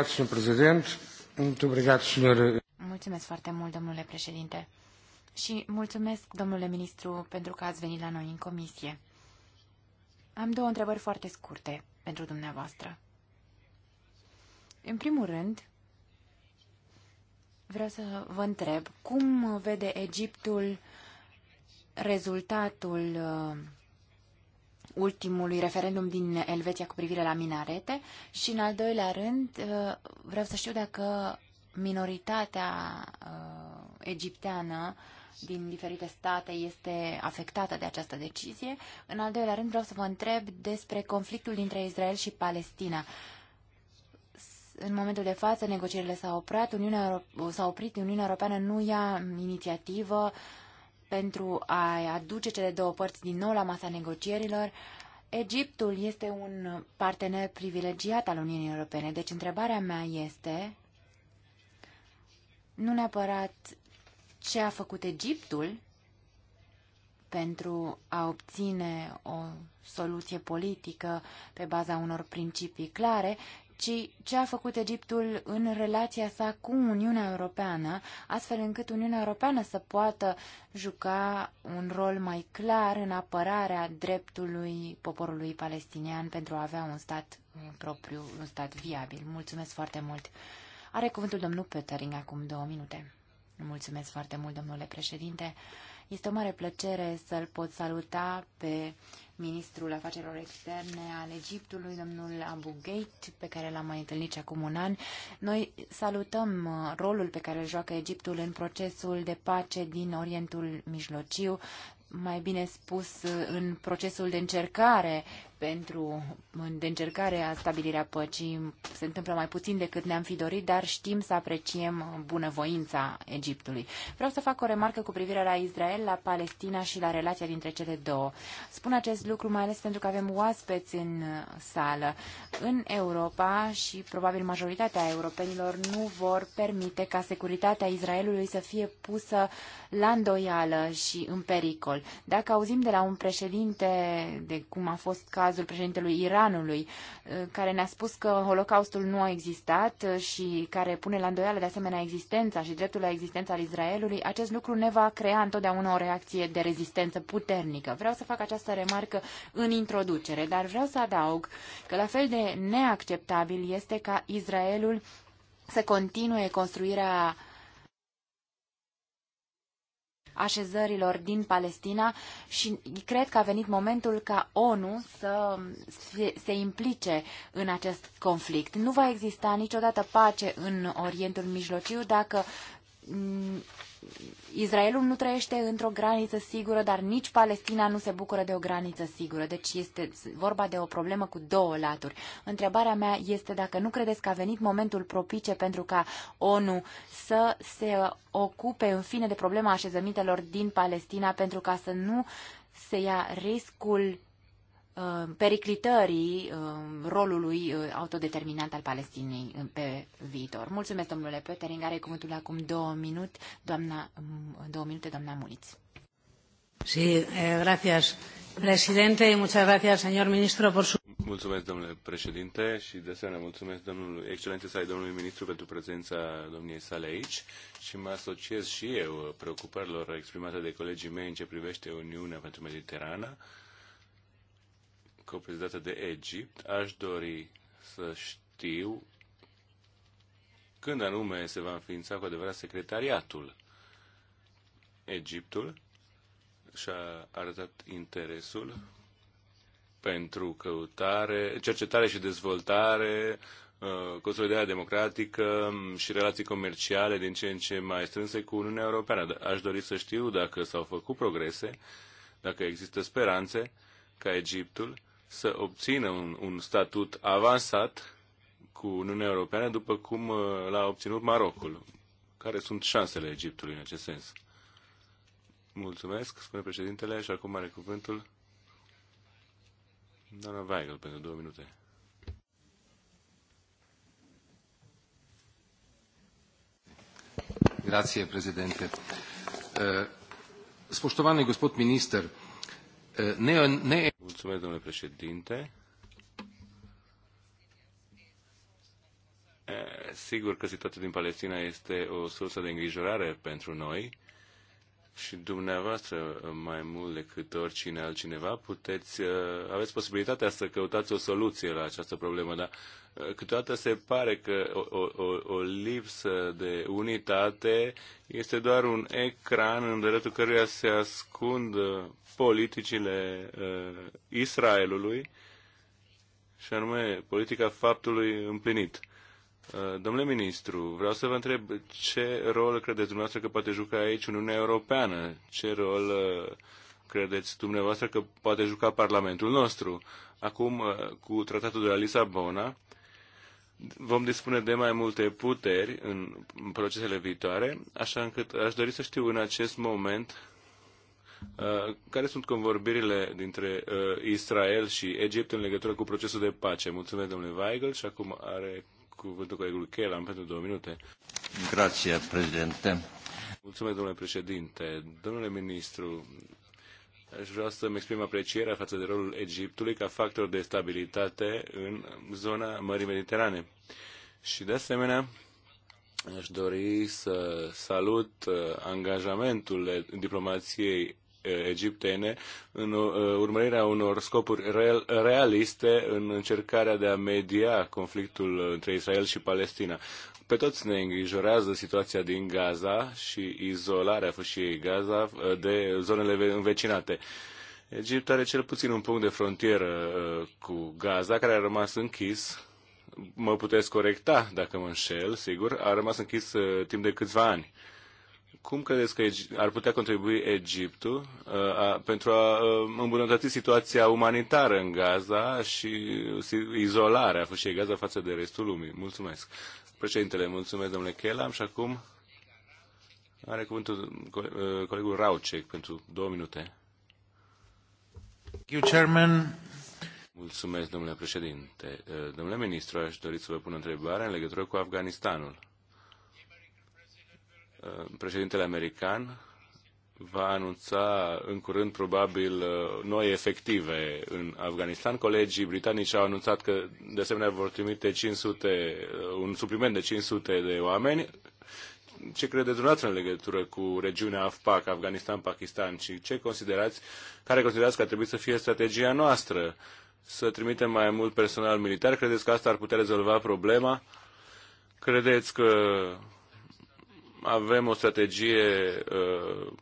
domnule Președinte. Mulțumesc foarte mult, domnule președinte și mulțumesc, domnule ministru, pentru că ați venit la noi în comisie. Am două întrebări foarte scurte pentru dumneavoastră. În primul rând, vreau să vă întreb cum vede Egiptul rezultatul uh, ultimului referendum din Elveția cu privire la minarete și, în al doilea rând, uh, vreau să știu dacă minoritatea uh, egipteană uh, din diferite state este afectată de această decizie. În al doilea rând vreau să vă întreb despre conflictul dintre Israel și Palestina. În momentul de față negocierile s-au oprit, Uniunea, s-a oprit, Uniunea Europeană nu ia inițiativă pentru a aduce cele două părți din nou la masa negocierilor. Egiptul este un partener privilegiat al Uniunii Europene, deci întrebarea mea este nu neapărat ce a făcut Egiptul pentru a obține o soluție politică pe baza unor principii clare, ci ce a făcut Egiptul în relația sa cu Uniunea Europeană, astfel încât Uniunea Europeană să poată juca un rol mai clar în apărarea dreptului poporului palestinian pentru a avea un stat propriu, un stat viabil. Mulțumesc foarte mult! Are cuvântul domnul Petering acum două minute. Mulțumesc foarte mult, domnule președinte. Este o mare plăcere să-l pot saluta pe ministrul afacerilor externe al Egiptului, domnul Abu Gheit, pe care l-am mai întâlnit și acum un an. Noi salutăm uh, rolul pe care îl joacă Egiptul în procesul de pace din Orientul Mijlociu, mai bine spus, uh, în procesul de încercare pentru de încercare a stabilirea păcii se întâmplă mai puțin decât ne-am fi dorit, dar știm să apreciem bunăvoința Egiptului. Vreau să fac o remarcă cu privire la Israel, la Palestina și la relația dintre cele două. Spun acest lucru mai ales pentru că avem oaspeți în sală. În Europa și probabil majoritatea europenilor nu vor permite ca securitatea Israelului să fie pusă la îndoială și în pericol. Dacă auzim de la un președinte de cum a fost cazul cazul președintelui Iranului, uh, care ne-a spus că Holocaustul nu a existat uh, și care pune la îndoială de asemenea existența și dreptul la existența al Israelului, acest lucru ne va crea întotdeauna o reacție de rezistență puternică. Vreau să fac această remarcă în introducere, dar vreau să adaug că la fel de neacceptabil este ca Israelul să continue construirea așezărilor din Palestina și cred că a venit momentul ca ONU să se implice în acest conflict. Nu va exista niciodată pace în Orientul Mijlociu dacă Israelul nu trăiește într-o graniță sigură, dar nici Palestina nu se bucură de o graniță sigură. Deci este vorba de o problemă cu două laturi. Întrebarea mea este dacă nu credeți că a venit momentul propice pentru ca ONU să se ocupe în fine de problema așezămitelor din Palestina pentru ca să nu se ia riscul Uh, periclitării uh, rolului uh, autodeterminant al Palestinei pe viitor. Mulțumesc, domnule Petering. Are cuvântul acum două, minut, doamna, mm, două minute, doamna Muniț. Sí, eh, gracias, presidente, y muchas gracias, señor ministro, por su... Mulțumesc, domnule președinte, și de asemenea mulțumesc domnului, să ai domnului ministru, pentru prezența domniei sale aici și mă asociez și eu preocupărilor exprimate de colegii mei în ce privește Uniunea pentru Mediterana coprezidată de Egipt, aș dori să știu când anume se va înființa cu adevărat secretariatul. Egiptul și-a arătat interesul pentru căutare, cercetare și dezvoltare, uh, consolidarea democratică și relații comerciale din ce în ce mai strânse cu Uniunea Europeană. Aș dori să știu dacă s-au făcut progrese, dacă există speranțe ca Egiptul să obțină un, un statut avansat cu Uniunea Europeană, după cum uh, l-a obținut Marocul. Care sunt șansele Egiptului în acest sens? Mulțumesc, spune președintele, și acum are cuvântul doamna Weigel pentru două minute. Grazie, președinte. Uh, Spoštovani gospod minister, Mulțumesc, domnule președinte. Sigur că situația din Palestina este o sursă de îngrijorare pentru noi și dumneavoastră mai mult decât oricine altcineva puteți, uh, aveți posibilitatea să căutați o soluție la această problemă, dar uh, câteodată se pare că o, o, o lipsă de unitate este doar un ecran în dreptul căruia se ascund uh, politicile uh, Israelului și anume politica faptului împlinit. Uh, domnule ministru, vreau să vă întreb ce rol credeți dumneavoastră că poate juca aici Uniunea Europeană? Ce rol uh, credeți dumneavoastră că poate juca Parlamentul nostru? Acum, uh, cu tratatul de la Lisabona, vom dispune de mai multe puteri în procesele viitoare, așa încât aș dori să știu în acest moment care sunt convorbirile dintre Israel și Egipt în legătură cu procesul de pace. Mulțumesc, domnule Weigel, și acum are cuvântul colegului pentru două minute. Grație, președinte. Mulțumesc, domnule președinte. Domnule ministru, aș vrea să-mi exprim aprecierea față de rolul Egiptului ca factor de stabilitate în zona Mării Mediterane. Și de asemenea, aș dori să salut uh, angajamentul diplomației Eh, egiptene în uh, urmărirea unor scopuri realiste în încercarea de a media conflictul între Israel și Palestina. Pe toți ne îngrijorează situația din Gaza și izolarea fâșiei Gaza eh, de zonele învecinate. Egipt are cel puțin un punct de frontieră eh, cu Gaza, care a rămas închis. Mă puteți corecta dacă mă înșel, sigur. A rămas închis timp de câțiva ani. Cum credeți că ar putea contribui Egiptul uh, pentru a uh, îmbunătăți situația umanitară în Gaza și uh, izolarea fâșiei Gaza față de restul lumii? Mulțumesc. Președintele, mulțumesc, domnule Chelam. Și acum are cuvântul colegul Raucek pentru două minute. Thank you, Chairman. Mulțumesc, domnule președinte. Domnule ministru, aș dori să vă pun o întrebare în legătură cu Afganistanul Uh, președintele american va anunța în curând probabil uh, noi efective în Afganistan. Colegii britanici au anunțat că de asemenea vor trimite 500, uh, un supliment de 500 de oameni. Ce credeți dumneavoastră în legătură cu regiunea AFPAC, Afganistan, Pakistan și ce considerați, care considerați că ar trebui să fie strategia noastră? Să trimitem mai mult personal militar? Credeți că asta ar putea rezolva problema? Credeți că avem o strategie uh,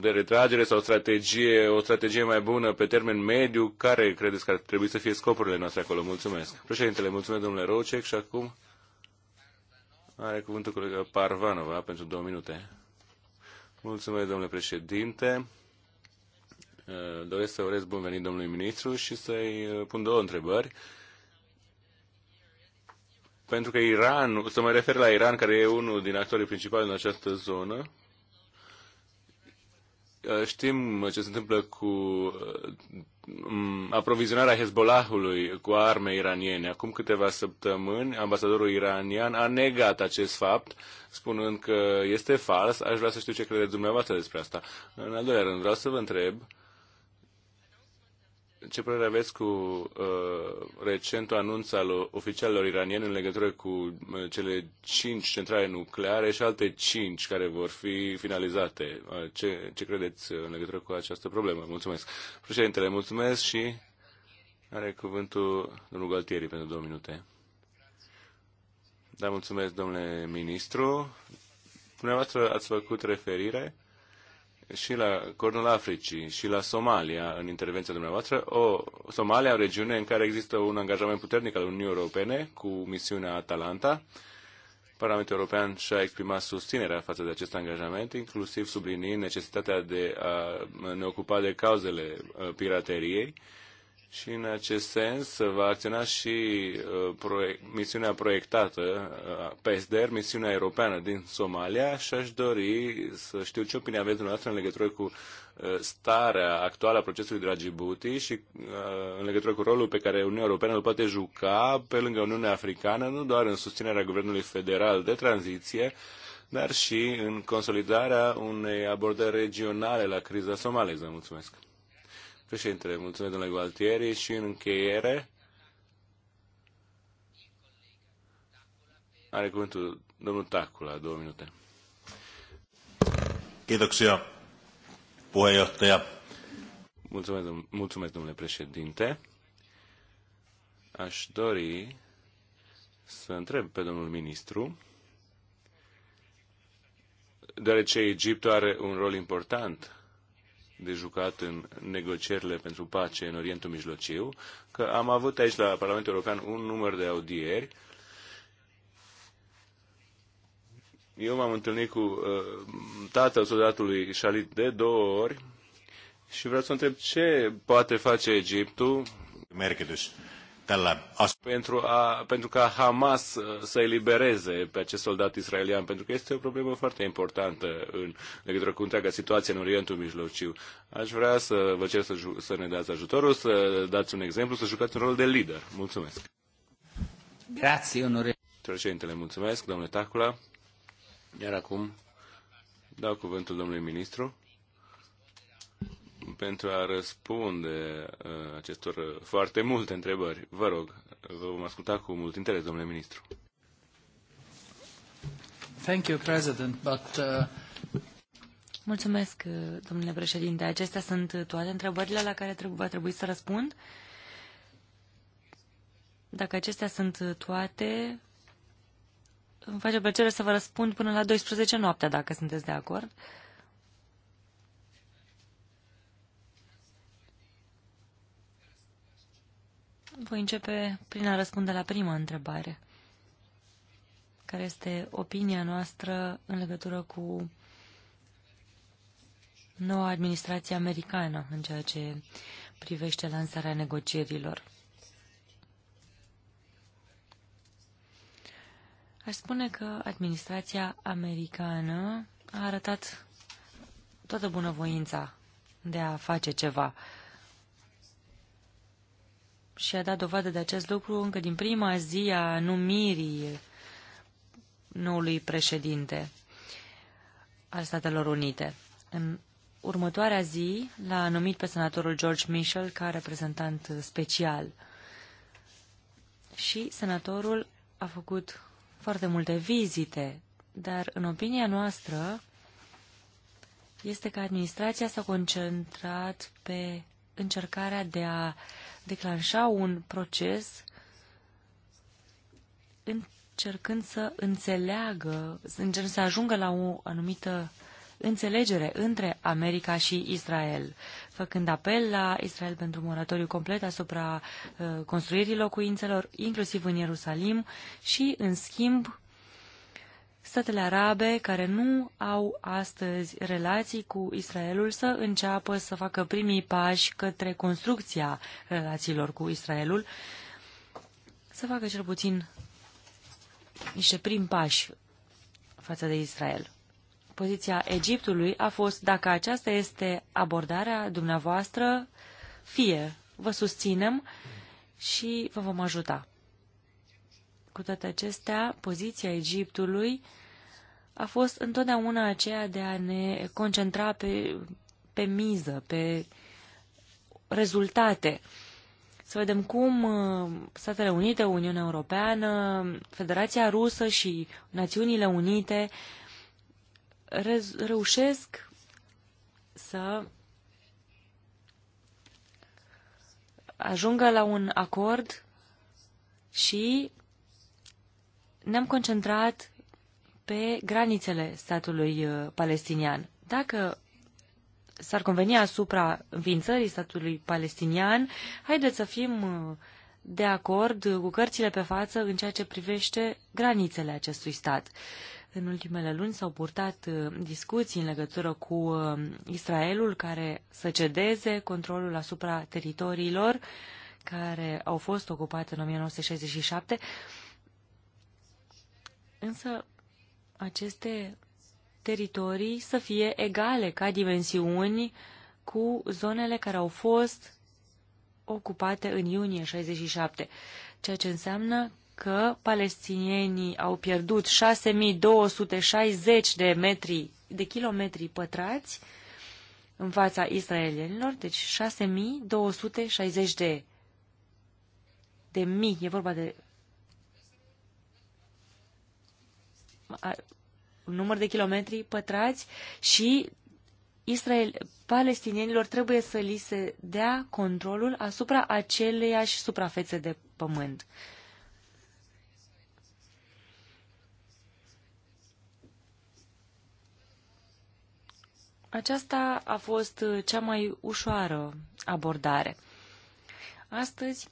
de retragere sau strategie, o strategie mai bună pe termen mediu? Care credeți că ar trebui să fie scopurile noastre acolo? Mulțumesc. Președintele, mulțumesc domnule Rocek și acum are cuvântul colega Parvanova pentru două minute. Mulțumesc, domnule președinte. Uh, doresc să urez bun venit domnului ministru și să-i uh, pun două întrebări. Pentru că Iran, să mă refer la Iran, care e unul din actorii principali în această zonă, uh, știm ce se întâmplă cu uh, aprovizionarea Hezbollahului cu arme iraniene. Acum câteva săptămâni, ambasadorul iranian a negat acest fapt, spunând că este fals. Aș vrea să știu ce credeți dumneavoastră despre asta. În al doilea rând, vreau să vă întreb uh, ce părere aveți cu uh, recentul anunț al oficialilor iranieni în legătură cu uh, cele cinci centrale nucleare și alte cinci care vor fi finalizate? Uh, ce, ce credeți în legătură cu această problemă? Mulțumesc. Președintele, mulțumesc și are cuvântul domnul Galtieri pentru două minute. Da, mulțumesc, domnule ministru. Dumneavoastră ați făcut referire și la Cornul Africii și la Somalia în intervenția dumneavoastră. O, Somalia, o regiune în care există un angajament puternic al Uniunii Europene cu misiunea Atalanta. Parlamentul European și-a exprimat susținerea față de acest angajament, inclusiv subliniind necesitatea de a ne ocupa de cauzele uh, pirateriei și în acest sens va acționa și uh, proiect, misiunea proiectată uh, PSDR, misiunea europeană din Somalia și aș dori să știu ce opinie aveți dumneavoastră în legătură cu uh, starea actuală a procesului de la Djibouti și uh, în legătură cu rolul pe care Uniunea Europeană îl poate juca pe lângă Uniunea Africană, nu doar în susținerea Guvernului Federal de tranziție, dar și în consolidarea unei abordări regionale la criza somaleză. Mulțumesc! Președintele, mulțumesc domnule Gualtieri și în încheiere are cuvântul domnul Tacula, două minute. Kiitoksia, puheenjohtaja. Mulțumesc, mulțumesc, domnule președinte. Aș dori să întreb pe domnul ministru, deoarece Egiptul are un rol important de jucat în negocierile pentru pace în Orientul Mijlociu, că am avut aici la Parlamentul European un număr de audieri. Eu m-am întâlnit cu uh, tatăl soldatului Shalit de două ori și vreau să întreb ce poate face Egiptul mergedes pentru, a, pentru ca Hamas uh, să elibereze pe acest soldat israelian, pentru că este o problemă foarte importantă în legătură cu întreaga situație în Orientul Mijlociu. Aș vrea să vă cer să, să ne dați ajutorul, să dați un exemplu, să jucați un rol de lider. Mulțumesc! Grazie, onore. Președintele, mulțumesc, domnule Tacula. Iar acum dau cuvântul domnului ministru pentru a răspunde uh, acestor uh, foarte multe întrebări. Vă rog, vă vom asculta cu mult interes, domnule ministru. Thank you, President, but, uh... Mulțumesc, uh, domnule președinte. Acestea sunt toate întrebările la care va trebui să răspund. Dacă acestea sunt toate, îmi face plăcere să vă răspund până la 12 noaptea, dacă sunteți de acord. Uh, Voi începe prin a răspunde la prima întrebare, care este opinia noastră în legătură cu noua administrație americană în ceea ce privește lansarea negocierilor. Aș spune că administrația americană a arătat toată bunăvoința de a face ceva și a dat dovadă de acest lucru încă din prima zi a numirii noului președinte al Statelor Unite. În următoarea zi l-a numit pe senatorul George Michel ca reprezentant special. Și senatorul a făcut foarte multe vizite, dar în opinia noastră este că administrația s-a concentrat pe încercarea de a declanșa un proces încercând să înțeleagă, încercând să ajungă la o anumită înțelegere între America și Israel, făcând apel la Israel pentru moratoriu complet asupra uh, construirii locuințelor, inclusiv în Ierusalim, și, în schimb, statele arabe care nu au astăzi relații cu Israelul să înceapă să facă primii pași către construcția relațiilor cu Israelul, să facă cel puțin niște prim pași față de Israel. Poziția Egiptului a fost, dacă aceasta este abordarea dumneavoastră, fie vă susținem și vă vom ajuta. Cu toate acestea, poziția Egiptului a fost întotdeauna aceea de a ne concentra pe, pe miză, pe rezultate. Să vedem cum uh, Statele Unite, Uniunea Europeană, Federația Rusă și Națiunile Unite reușesc să ajungă la un acord și ne-am concentrat pe granițele statului uh, palestinian. Dacă s-ar conveni asupra înființării statului palestinian, haideți să fim uh, de acord cu cărțile pe față în ceea ce privește granițele acestui stat. În ultimele luni s-au purtat uh, discuții în legătură cu Israelul care să cedeze controlul asupra teritoriilor care au fost ocupate în 1967 Însă aceste teritorii să fie egale ca dimensiuni cu zonele care au fost ocupate în iunie 67, ceea ce înseamnă că palestinienii au pierdut 6260 de metri de kilometri pătrați în fața israelienilor, deci 6260 de de mii, e vorba de număr de kilometri pătrați și Israel, palestinienilor trebuie să li se dea controlul asupra aceleiași suprafețe de pământ. Aceasta a fost cea mai ușoară abordare. Astăzi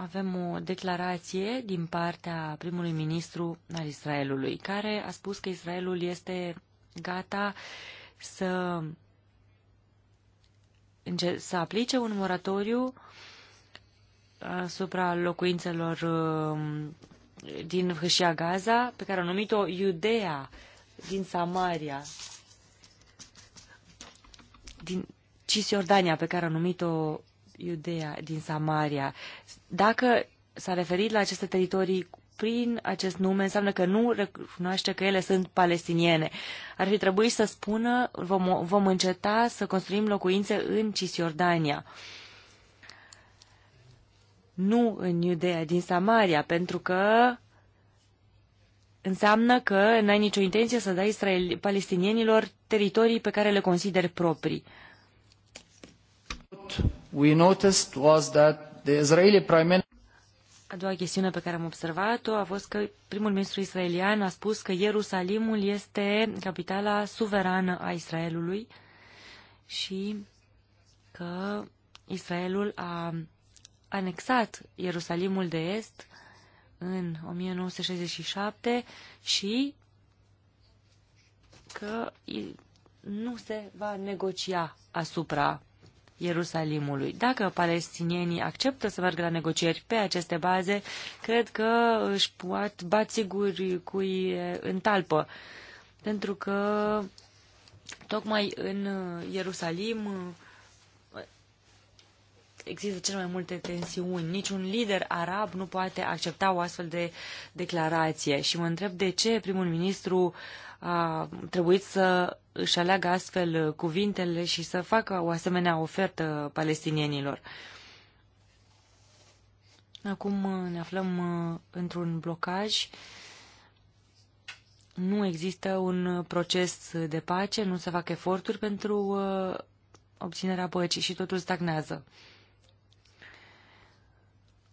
avem o declarație din partea primului ministru al Israelului, care a spus că Israelul este gata să, să aplice un moratoriu uh, asupra locuințelor um, din Hâșia Gaza, pe care a numit-o Iudea din Samaria, din Cisjordania, pe care a numit-o Iudea din Samaria. Dacă s-a referit la aceste teritorii prin acest nume, înseamnă că nu recunoaște că ele sunt palestiniene. Ar fi trebuit să spună vom, vom înceta să construim locuințe în Cisjordania nu în Iudea, din Samaria, pentru că înseamnă că n-ai nicio intenție să dai palestinienilor teritorii pe care le consideri proprii we noticed was that the Israeli Prime Minister a doua chestiune pe care am observat-o a fost că primul ministru israelian a spus că Ierusalimul este capitala suverană a Israelului și că Israelul a anexat Ierusalimul de Est în 1967 și că nu se va negocia asupra Ierusalimului. Dacă palestinienii acceptă să meargă la negocieri pe aceste baze, cred că își pot bat siguri cu în talpă, pentru că tocmai în Ierusalim există cel mai multe tensiuni. Niciun lider arab nu poate accepta o astfel de declarație. Și mă întreb de ce primul ministru a trebuit să își aleagă astfel cuvintele și să facă o asemenea ofertă palestinienilor. Acum ne aflăm uh, într-un blocaj. Nu există un proces de pace, nu se fac eforturi pentru uh, obținerea păcii și totul stagnează.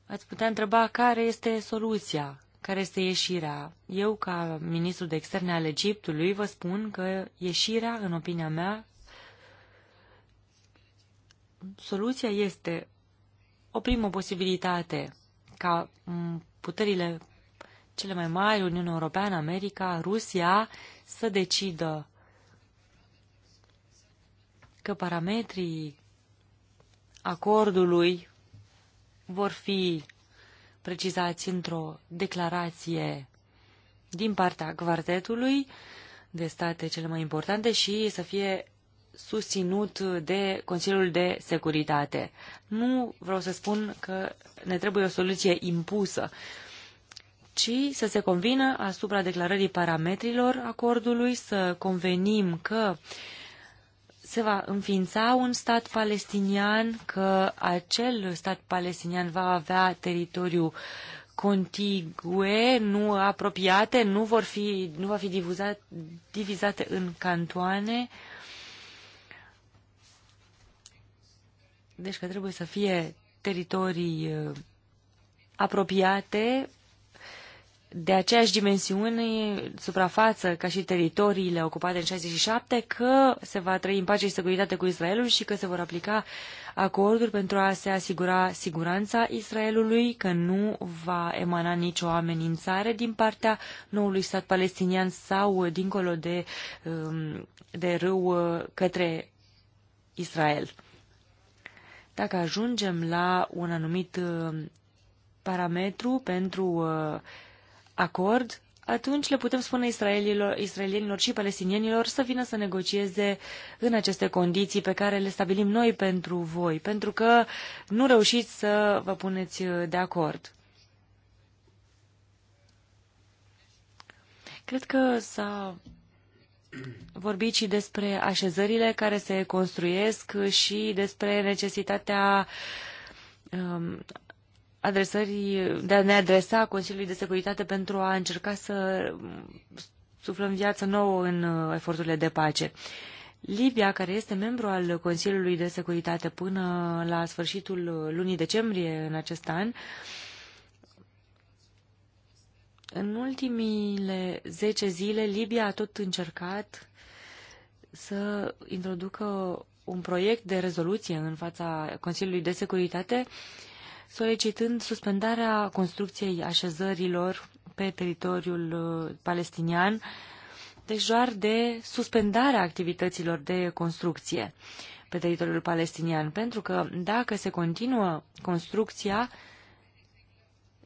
Ați putea întreba care este soluția care este ieșirea. Eu, ca ministru de externe al Egiptului, vă spun că ieșirea, în opinia mea, soluția este o primă posibilitate ca puterile cele mai mari, Uniunea Europeană, America, Rusia, să decidă că parametrii acordului vor fi precizați într-o declarație din partea Gvardetului de state cele mai importante și să fie susținut de Consiliul de Securitate. Nu vreau să spun că ne trebuie o soluție impusă, ci să se convină asupra declarării parametrilor acordului, să convenim că uh, se va înființa un stat palestinian, că acel stat palestinian va avea teritoriu contigue, nu apropiate, nu, vor fi, nu va fi divuzat, divizate în cantoane. Deci că trebuie să fie teritorii uh, apropiate de aceeași dimensiune, suprafață ca și teritoriile ocupate în 67, că se va trăi în pace și securitate cu Israelul și că se vor aplica acorduri pentru a se asigura siguranța Israelului, că nu va emana nicio amenințare din partea noului stat palestinian sau dincolo de, um, de râu uh, către Israel. Dacă ajungem la un anumit uh, parametru pentru uh, acord, atunci le putem spune israelilor, israelienilor și palestinienilor să vină să negocieze în aceste condiții pe care le stabilim noi pentru voi, pentru că nu reușiți să vă puneți de acord. Cred că s-a vorbit și despre așezările care se construiesc și despre necesitatea um, adresării, de a ne adresa Consiliului de Securitate pentru a încerca să suflăm viață nouă în uh, eforturile de pace. Libia, care este membru al Consiliului de Securitate până la sfârșitul lunii decembrie în acest an, în ultimile 10 zile, Libia a tot încercat să introducă un proiect de rezoluție în fața Consiliului de Securitate uh, solicitând suspendarea construcției așezărilor pe teritoriul uh, palestinian, deci doar de suspendarea activităților de construcție pe teritoriul palestinian, pentru că dacă se continuă construcția,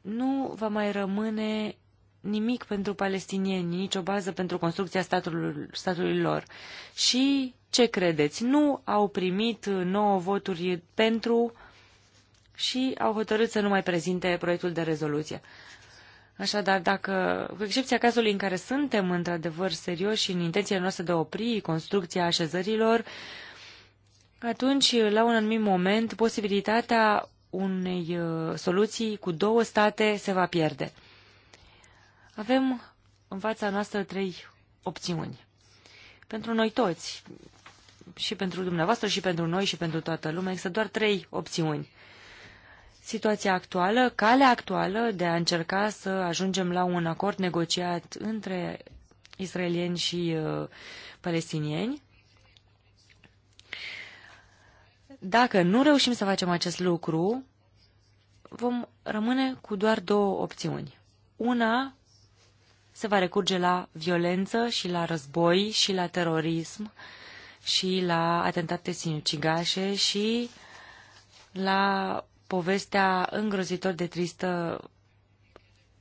nu va mai rămâne nimic pentru palestinieni, nicio bază pentru construcția statului, statului lor. Și ce credeți? Nu au primit uh, nouă voturi pentru și au hotărât să nu mai prezinte proiectul de rezoluție. Așadar, dacă, cu excepția cazului în care suntem într-adevăr serioși și în intenția noastră de a opri construcția așezărilor, atunci, la un anumit moment, posibilitatea unei uh, soluții cu două state se va pierde. Avem în fața noastră trei opțiuni. Pentru noi toți, și pentru dumneavoastră, și pentru noi, și pentru toată lumea, există doar trei opțiuni situația actuală, calea actuală de a încerca să ajungem la un acord negociat între israelieni și uh, palestinieni. Dacă nu reușim să facem acest lucru, vom rămâne cu doar două opțiuni. Una se va recurge la violență și la război și la terorism și la atentate sinucigașe și la povestea îngrozitor de tristă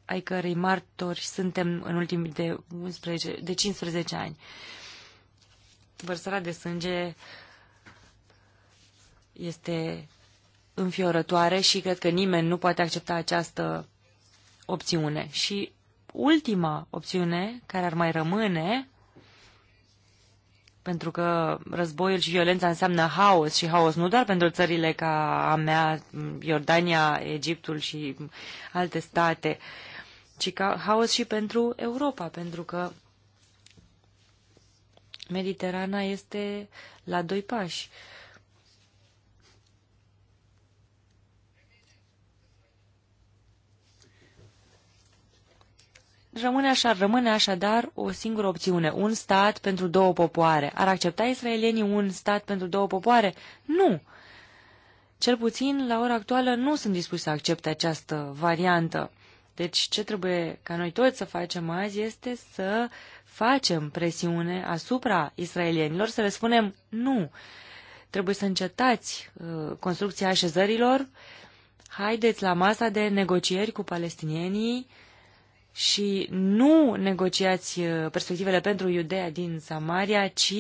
ai cărei martori suntem în ultimii de, 11, de 15 ani. Vărsarea de sânge este înfiorătoare și cred că nimeni nu poate accepta această opțiune. Și ultima opțiune care ar mai rămâne pentru că războiul și violența înseamnă haos și haos nu doar pentru țările ca a mea, Iordania, Egiptul și alte state, ci ca haos și pentru Europa, pentru că Mediterana este la doi pași. Uh, Rămâne așa, rămâne așadar o singură opțiune, un stat pentru două popoare. Ar accepta israelienii un stat pentru două popoare? Nu! Cel puțin, la ora actuală, nu sunt dispuși să accepte această variantă. Deci, ce trebuie ca noi toți să facem azi este să facem presiune asupra israelienilor, să le spunem nu. Trebuie să încetați uh, construcția așezărilor, haideți la masa de negocieri cu palestinienii, uh, și nu negociați uh, perspectivele pentru Iudea din Samaria, ci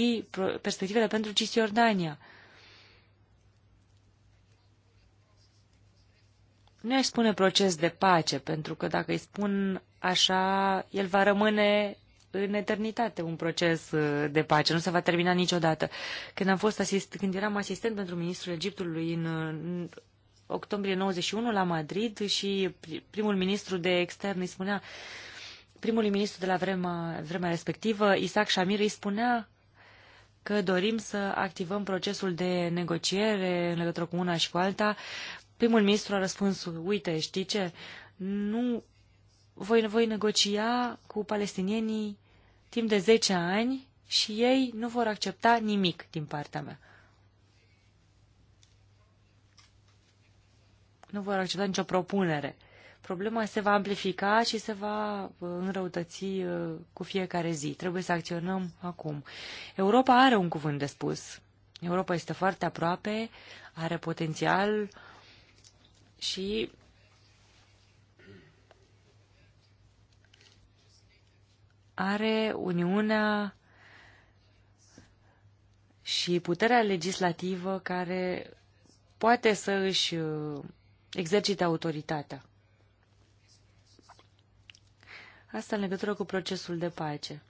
perspectivele pentru Cisjordania. Nu aș spune proces de pace, pentru că dacă îi spun așa, el va rămâne în eternitate un proces uh, de pace, nu se va termina niciodată. Când am fost asist, când eram asistent pentru ministrul Egiptului în octombrie 91 la Madrid și primul ministru de extern îi spunea, primul ministru de la vremea, vremea respectivă, Isaac Shamir, îi spunea că dorim să activăm procesul de negociere în legătură cu una și cu alta. Primul ministru a răspuns, uite, știi ce, nu voi, voi negocia cu palestinienii timp de 10 ani și ei nu vor accepta nimic din partea mea. nu vor accepta nicio propunere. Problema se va amplifica și se va uh, înrăutăți uh, cu fiecare zi. Trebuie să acționăm acum. Europa are un cuvânt de spus. Europa este foarte aproape, are potențial și are Uniunea și puterea legislativă care poate să își uh, exercite autoritatea. Asta în legătură cu procesul de pace.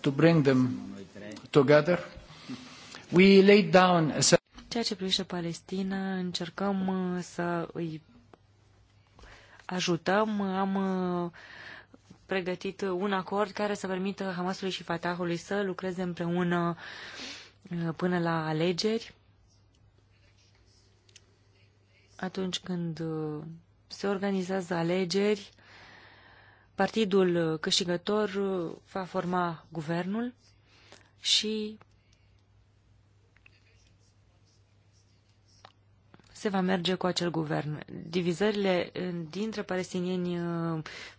To bring them together, we laid down a ceea ce privește Palestina, încercăm uh, să îi ajutăm. Am uh, pregătit un acord care să permită Hamasului și Fatahului să lucreze împreună uh, până la alegeri atunci când uh, se organizează alegeri, partidul câștigător uh, va forma guvernul și se va merge cu acel guvern. Divizările uh, dintre palestinieni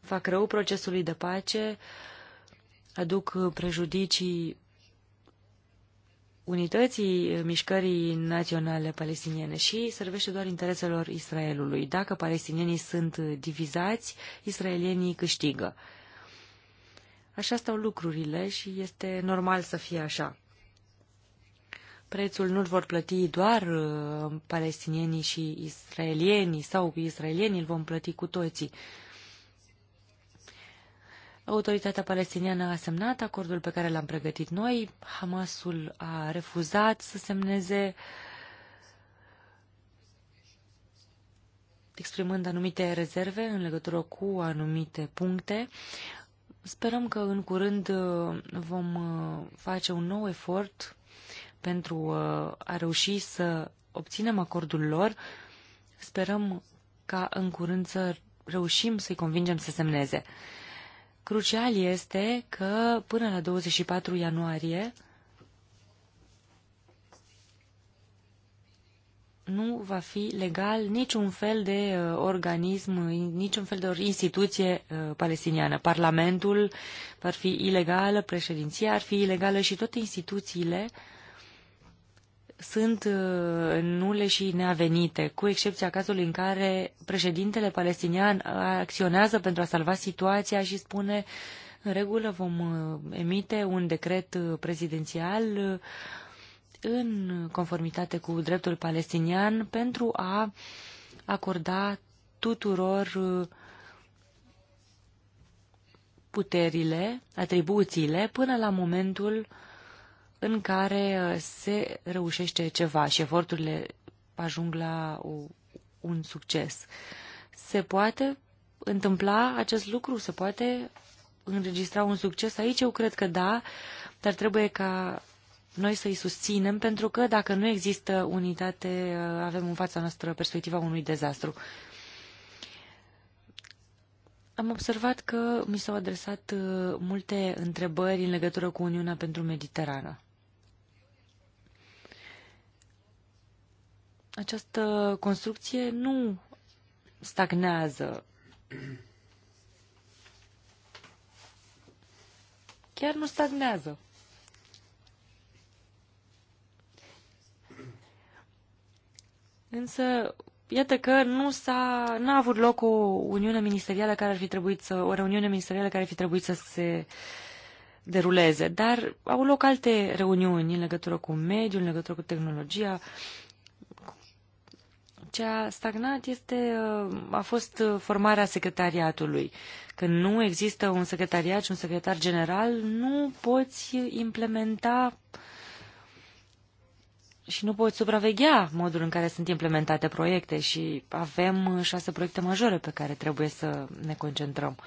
fac rău procesului de pace, aduc prejudicii unității mișcării naționale palestiniene și servește doar intereselor Israelului. Dacă palestinienii sunt divizați, israelienii câștigă. Așa stau lucrurile și este normal să fie așa. Prețul nu-l vor plăti doar uh, palestinienii și israelienii sau israelienii îl vom plăti cu toții. Autoritatea palestiniană a semnat acordul pe care l-am pregătit noi. Hamasul a refuzat să semneze exprimând anumite rezerve în legătură cu anumite puncte. Sperăm că în curând uh, vom uh, face un nou efort pentru uh, a reuși să obținem acordul lor. Sperăm ca în curând să reușim să-i convingem să semneze. Crucial este că până la 24 ianuarie nu va fi legal niciun fel de uh, organism, niciun fel de instituție uh, palestiniană. Parlamentul va fi ilegală, președinția ar fi ilegală și toate instituțiile uh, sunt uh, nule și neavenite, cu excepția cazului în care președintele palestinian uh, acționează pentru a salva situația și spune în regulă vom uh, emite un decret prezidențial în conformitate cu dreptul palestinian pentru a acorda tuturor puterile, atribuțiile, până la momentul uh, în care uh, se reușește ceva și eforturile ajung la un succes. Se poate întâmpla acest lucru? Se poate înregistra un succes aici? Eu cred că da, dar trebuie ca noi să-i susținem, pentru că dacă nu există unitate, uh, avem în fața noastră perspectiva unui dezastru. Am observat că mi s-au adresat uh, multe întrebări în legătură cu Uniunea pentru Mediterană. această construcție nu stagnează. Chiar nu stagnează. Însă, iată că nu s-a, n-a avut loc o uniune ministerială care ar fi trebuit să, o reuniune ministerială care ar fi trebuit să se deruleze, dar au loc alte reuniuni în legătură cu mediul, în legătură cu tehnologia, ce a stagnat este, uh, a fost uh, formarea secretariatului. Când nu există un secretariat și un secretar general, nu poți implementa și nu poți supraveghea modul în care sunt implementate proiecte și avem uh, șase proiecte majore pe care trebuie să ne concentrăm.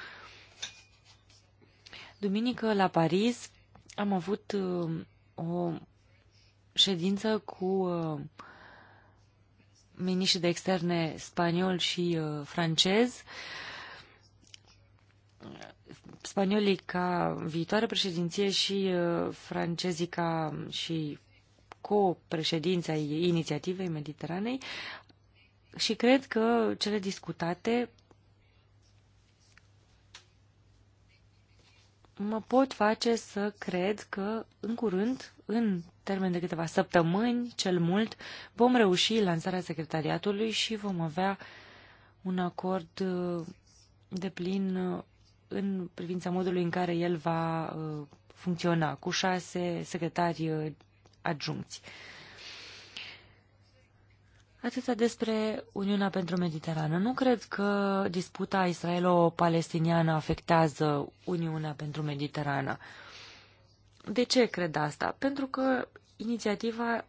Duminică la Paris am avut o ședință cu uh, miniștri de externe spaniol și uh, francez. Spaniolii ca viitoare președinție și uh, francezii ca um, și co-președința inițiativei Mediteranei și cred că cele discutate mă pot face să cred că în curând, în termen de câteva săptămâni, cel mult, vom reuși lansarea secretariatului și vom avea un acord uh, de plin uh, în privința modului în care el va uh, funcționa, cu șase secretari adjuncți. Atâta despre Uniunea pentru Mediterană. Nu cred că disputa israelo-palestiniană afectează Uniunea pentru Mediterană. De ce cred asta? Pentru că inițiativa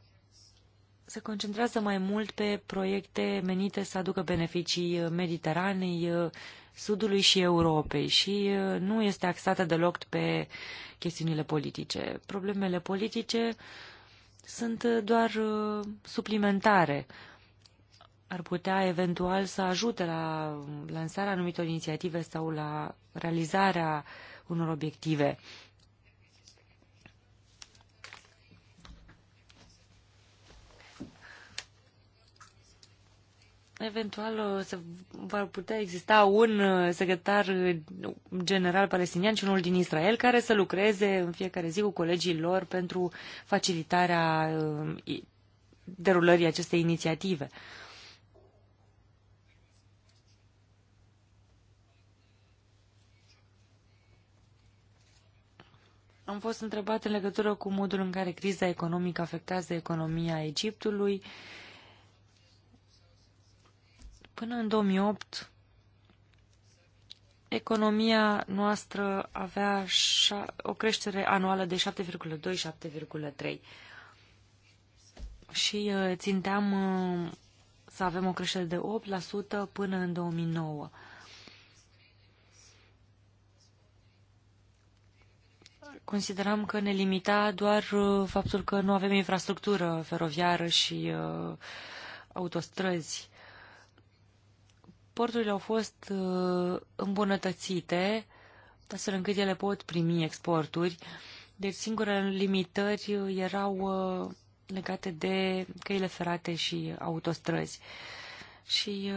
se concentrează mai mult pe proiecte menite să aducă beneficii Mediteranei, Sudului și Europei și uh, nu este axată deloc pe chestiunile politice. Problemele politice sunt uh, doar uh, suplimentare. Ar putea eventual să ajute la lansarea anumitor inițiative sau la realizarea unor obiective Eventual să va putea exista un uh, secretar uh, general palestinian și unul din Israel care să lucreze în fiecare zi cu colegii lor pentru facilitarea uh, derulării acestei inițiative. Am fost întrebat în legătură cu modul în care criza economică afectează economia Egiptului. Uh, Până în 2008, economia noastră avea o creștere anuală de 7,2-7,3 și uh, ținteam uh, să avem o creștere de 8% până în 2009. Consideram că ne limita doar uh, faptul că nu avem infrastructură feroviară și autostrăzi porturile au fost uh, îmbunătățite astfel încât ele pot primi exporturi. Deci singurele limitări uh, erau uh, legate de căile ferate și autostrăzi. Și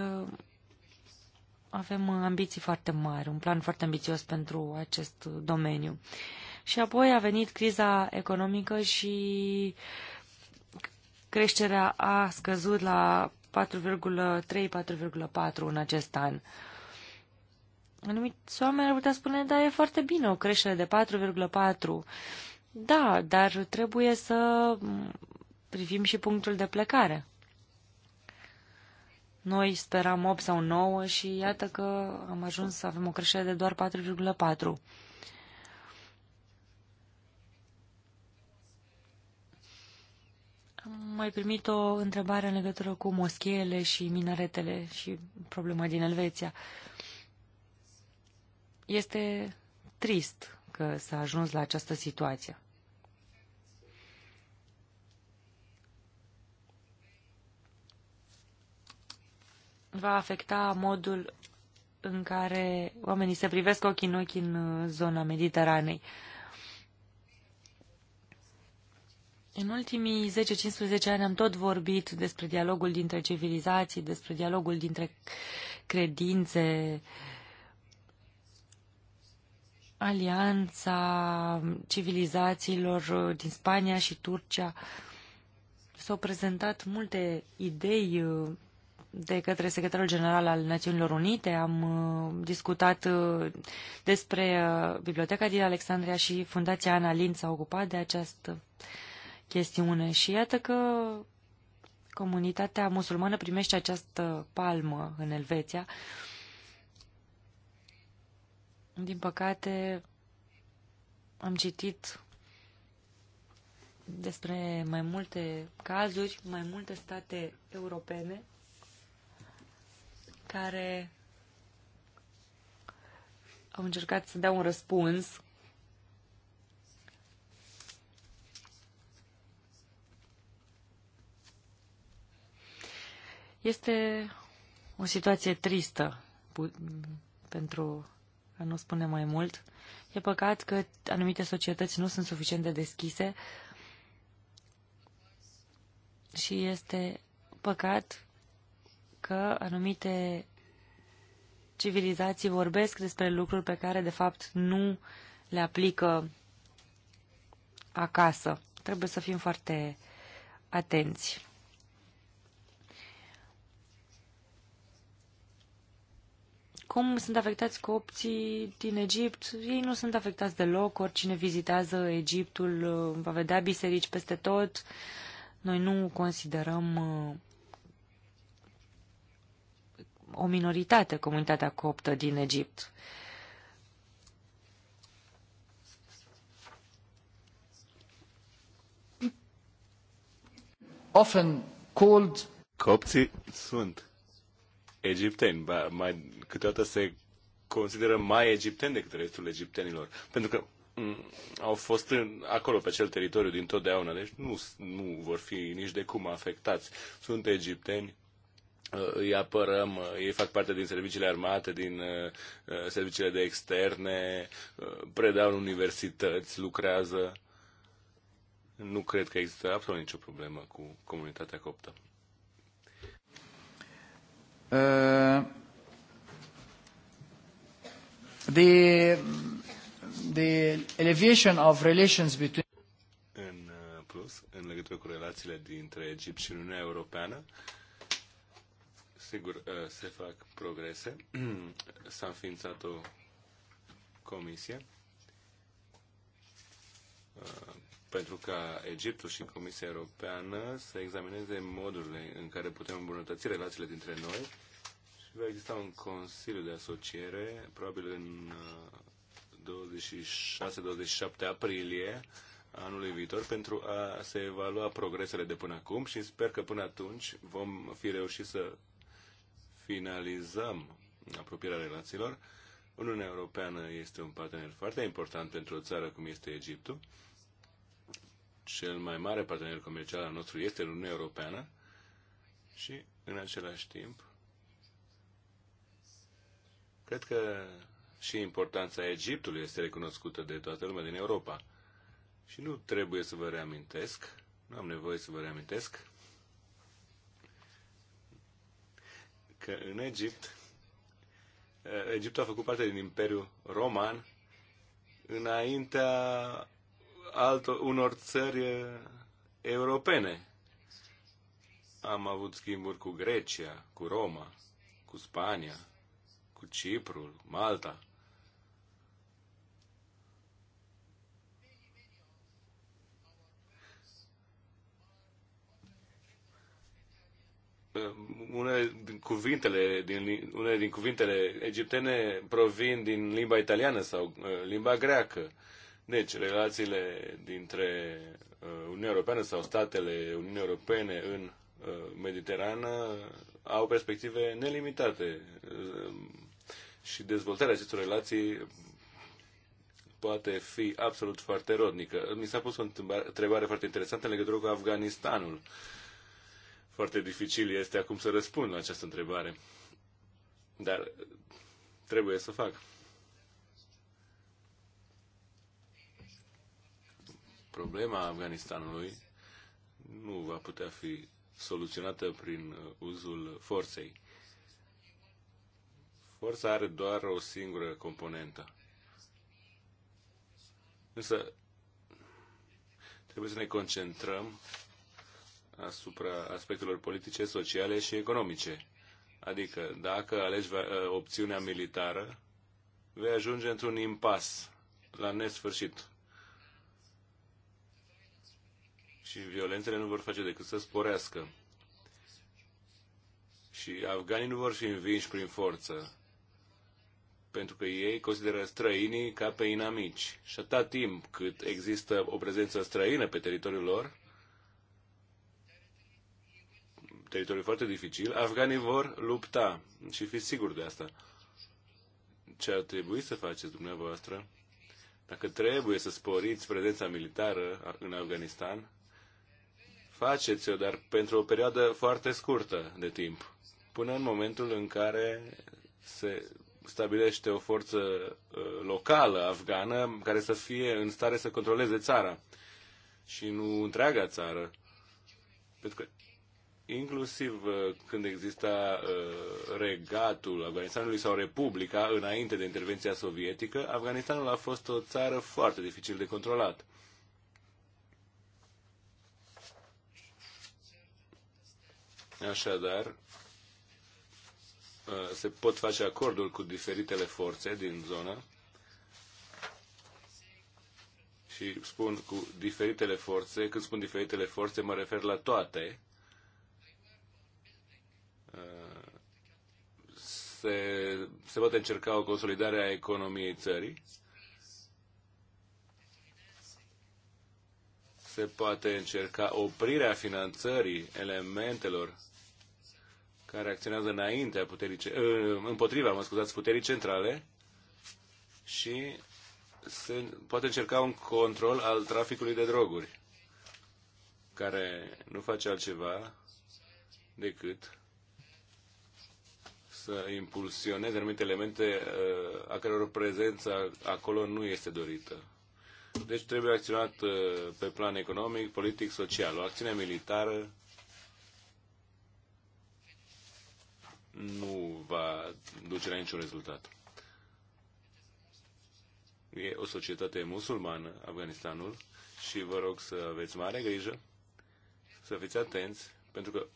avem ambiții foarte mari, un plan foarte ambițios pentru acest domeniu. Și apoi a venit criza economică și creșterea a scăzut la 4,3-4,4 în acest an. Anumiți oameni ar putea spune, da, e foarte bine o creștere de 4,4. Da, dar trebuie să privim și punctul de plecare. Noi speram 8 sau 9 și iată că am ajuns să avem o creștere de doar 4,4. mai primit o întrebare în legătură cu moscheele și minaretele și problema din Elveția. Este trist că s-a ajuns la această situație. Va afecta modul în care oamenii se privesc ochii în ochi în zona Mediteranei. Uh, În ultimii 10-15 ani am tot vorbit despre dialogul dintre civilizații, despre dialogul dintre credințe, alianța civilizațiilor din Spania și Turcia. S-au prezentat multe idei uh, de către secretarul general al Națiunilor Unite. Am uh, discutat uh, despre Biblioteca din Alexandria și Fundația Ana Lind s-a ocupat de această chestiune și iată că comunitatea musulmană primește această palmă în Elveția. Din păcate, am citit despre mai multe cazuri, mai multe state europene care au încercat să dea un răspuns Este o situație tristă pentru a nu spune mai mult. E păcat că anumite societăți nu sunt suficient de deschise și este păcat că anumite civilizații vorbesc despre lucruri pe care, de fapt, nu le aplică acasă. Trebuie să fim foarte atenți. Cum sunt afectați copții din Egipt. Ei nu sunt afectați deloc. Oricine vizitează Egiptul uh, va vedea biserici peste tot. Noi nu considerăm uh, o minoritate comunitatea coptă din Egipt. Often called Copții sunt egipteni. Ba, mai, câteodată se consideră mai egipteni decât restul egiptenilor. Pentru că mm, au fost în, acolo pe acel teritoriu din totdeauna, deci nu, nu vor fi nici de cum afectați. Sunt egipteni, uh, îi apărăm, uh, ei fac parte din serviciile armate, din uh, serviciile de externe, predau în universități, lucrează. Nu cred că există absolut nicio problemă cu comunitatea coptă. Uh, the, the elevation of relations between în uh, plus, în legătură cu relațiile dintre Egipt și Uniunea Europeană, sigur, uh, se fac progrese. [CLEARS THROAT] S-a înființat o comisie pentru ca Egiptul și Comisia Europeană să examineze modurile în care putem îmbunătăți relațiile dintre noi și va exista un Consiliu de Asociere, probabil în 26-27 uh, aprilie anului viitor, pentru a se evalua progresele de până acum și sper că până atunci vom fi reușit să finalizăm apropierea relațiilor. Uniunea Europeană este un partener foarte important pentru o țară cum este Egiptul cel mai mare partener comercial al nostru este Uniunea Europeană și, în același timp, cred că și importanța Egiptului este recunoscută de toată lumea din Europa. Și nu trebuie să vă reamintesc, nu am nevoie să vă reamintesc, că în Egipt, Egiptul a făcut parte din Imperiul Roman înaintea altor, unor țări europene. Am avut schimburi cu Grecia, cu Roma, cu Spania, cu Ciprul, Malta. unele din cuvintele, din, unele din cuvintele egiptene provin din limba italiană sau limba greacă. Deci, relațiile dintre uh, Uniunea Europeană sau statele Uniunii Europene în uh, Mediterană au perspective nelimitate uh, și dezvoltarea acestor relații poate fi absolut foarte rodnică. Mi s-a pus o întrebare foarte interesantă în legătură cu Afganistanul. Foarte dificil este acum să răspund la această întrebare, dar trebuie să fac. problema Afganistanului nu va putea fi soluționată prin uh, uzul forței. Forța are doar o singură componentă. Însă trebuie să ne concentrăm asupra aspectelor politice, sociale și economice. Adică, dacă alegi uh, opțiunea militară, vei ajunge într-un impas la nesfârșit. și violențele nu vor face decât să sporească. Și afganii nu vor fi învinși prin forță, pentru că ei consideră străinii ca pe inamici. Și atâta timp cât există o prezență străină pe teritoriul lor, teritoriu foarte dificil, afganii vor lupta. Și fiți siguri de asta. Ce ar trebui să faceți dumneavoastră? Dacă trebuie să sporiți prezența militară în Afganistan, faceți-o, dar pentru o perioadă foarte scurtă de timp, până în momentul în care se stabilește o forță uh, locală afgană care să fie în stare să controleze țara și nu întreaga țară. Pentru că inclusiv uh, când exista uh, regatul Afganistanului sau Republica înainte de intervenția sovietică, Afganistanul a fost o țară foarte dificil de controlat. Așadar, uh, se pot face acordul cu diferitele forțe din zonă și spun cu diferitele forțe, când spun diferitele forțe, mă refer la toate. Uh, se, se poate încerca o consolidare a economiei țării. Se poate încerca oprirea finanțării elementelor care acționează înaintea puterii, uh, împotriva, mă scuzați, puterii centrale și se poate încerca un control al traficului de droguri, care nu face altceva decât să impulsioneze anumite elemente uh, a căror prezența acolo nu este dorită. Deci trebuie acționat uh, pe plan economic, politic, social. O acțiune militară nu va duce la niciun rezultat. E o societate musulmană, Afganistanul, și vă rog să aveți mare grijă, să fiți atenți, pentru că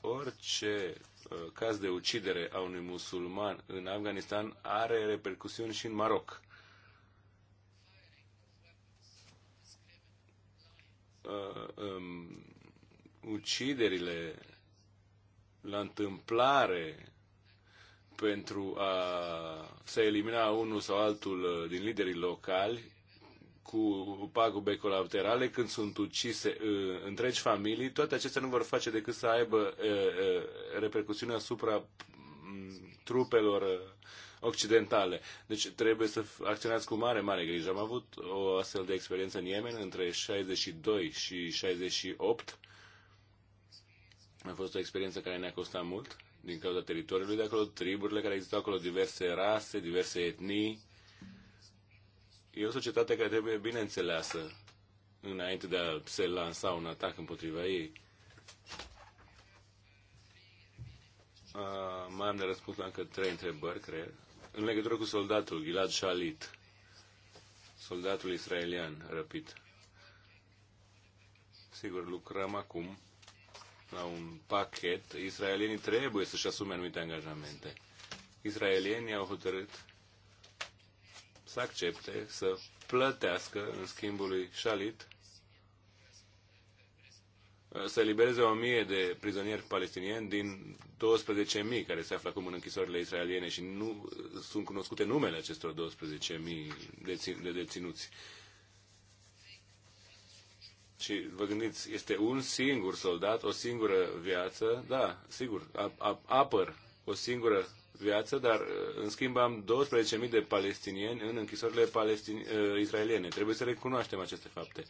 orice uh, caz de ucidere a unui musulman în Afganistan are repercusiuni și în Maroc. Uh, um, uciderile la întâmplare pentru a se elimina unul sau altul uh, din liderii locali cu pagube colaterale, când sunt ucise uh, întregi familii, toate acestea nu vor face decât să aibă uh, uh, repercusiuni asupra mm, trupelor uh, occidentale. Deci trebuie să acționați cu mare, mare grijă. Am avut o astfel de experiență în Yemen între 62 și 68 a fost o experiență care ne-a costat mult din cauza teritoriului de acolo, triburile care existau acolo, diverse rase, diverse etnii. E o societate care trebuie bine înțeleasă înainte de a se lansa un atac împotriva ei. Uh, mai am de răspuns la încă trei întrebări, cred. În legătură cu soldatul Gilad Shalit, soldatul israelian răpit. Sigur, lucrăm acum la un pachet, israelienii trebuie să-și asume anumite angajamente. Israelienii au hotărât să accepte, să plătească în schimbul lui Shalit, să elibereze o mie de prizonieri palestinieni din 12.000 care se află acum în închisorile israeliene și nu sunt cunoscute numele acestor 12.000 de deținuți. Și vă gândiți, este un singur soldat, o singură viață, da, sigur, apăr o singură viață, dar uh, în schimb am 12.000 de palestinieni în închisorile palestin- uh, israeliene. Trebuie să recunoaștem aceste fapte.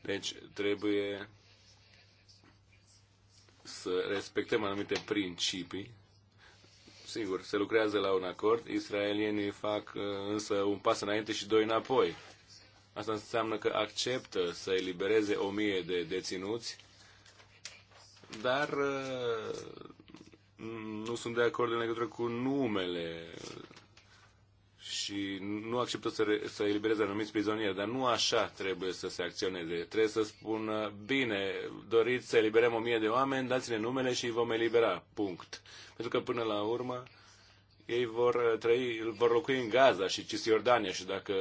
Deci trebuie să respectăm anumite principii Sigur, se lucrează la un acord, israelienii fac uh, însă un pas înainte și doi înapoi. Asta înseamnă că acceptă să elibereze o mie de deținuți, dar uh, nu sunt de acord în legătură cu numele și nu acceptă să, re, să elibereze anumiți prizonieri, dar nu așa trebuie să se acționeze. Trebuie să spună, bine, doriți să eliberăm o mie de oameni, dați-ne numele și îi vom elibera. Punct. Pentru că până la urmă ei vor uh, trăi, vor locui în Gaza și Cisjordania și dacă,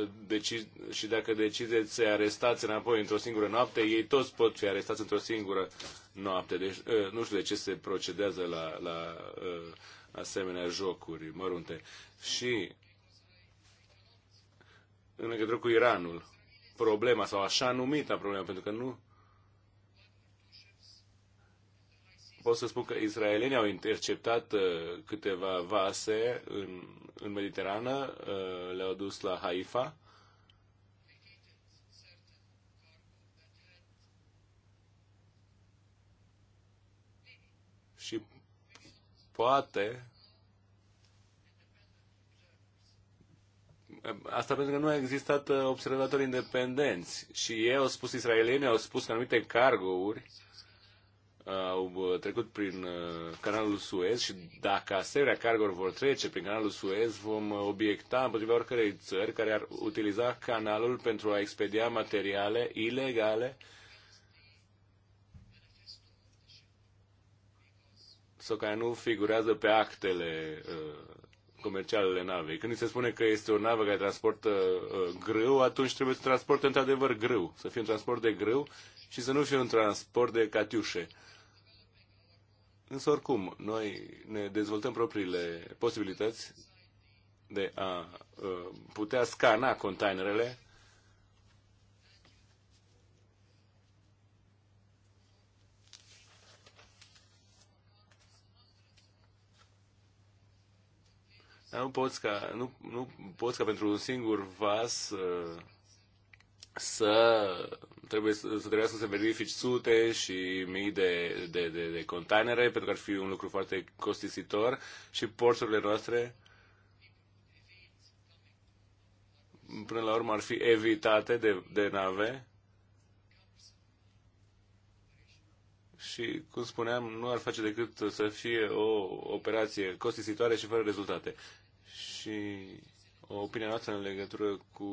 uh, deci, și dacă decideți să-i arestați înapoi într-o singură noapte, ei toți pot fi arestați într-o singură noapte. Deci, uh, nu știu de ce se procedează la, la asemenea jocuri mărunte. Și în legătură cu Iranul, problema sau așa numita problema, pentru că nu pot să spun că israelienii au interceptat uh, câteva vase în, în Mediterană, uh, le-au dus la Haifa. Și poate Asta pentru că nu a existat uh, observatori independenți. Și ei au spus, israelienii au spus că anumite cargouri uh, au uh, trecut prin canalul Suez și dacă asemenea cargouri vor trece prin canalul Suez, vom obiecta împotriva oricărei țări care ar utiliza canalul pentru a expedia materiale ilegale sau care nu figurează pe actele uh, comercialele navei. Când se spune că este o navă care transportă uh, grâu, atunci trebuie să transporte într-adevăr grâu, să fie un transport de grâu și să nu fie un transport de catiușe. Însă oricum, noi ne dezvoltăm propriile posibilități de a uh, putea scana containerele Dar nu poți ca, nu, nu poți ca pentru un singur vas uh, să trebuie să, să trebuiască să verifici sute și mii de, de, de, de containere, pentru că ar fi un lucru foarte costisitor și porturile noastre până la urmă ar fi evitate de, de nave și, cum spuneam, nu ar face decât să fie o operație costisitoare și fără rezultate și o opinia noastră în legătură cu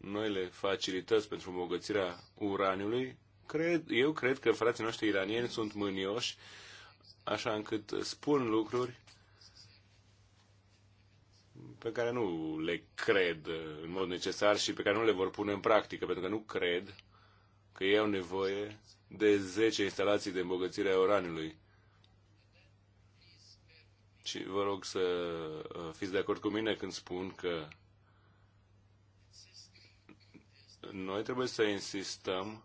noile facilități pentru îmbogățirea uraniului. Cred, eu cred că frații noștri iranieni sunt mânioși, așa încât spun lucruri pe care nu le cred în mod necesar și pe care nu le vor pune în practică, pentru că nu cred că ei au nevoie de 10 instalații de îmbogățire a uraniului. Și vă rog să uh, fiți de acord cu mine când spun că noi trebuie să insistăm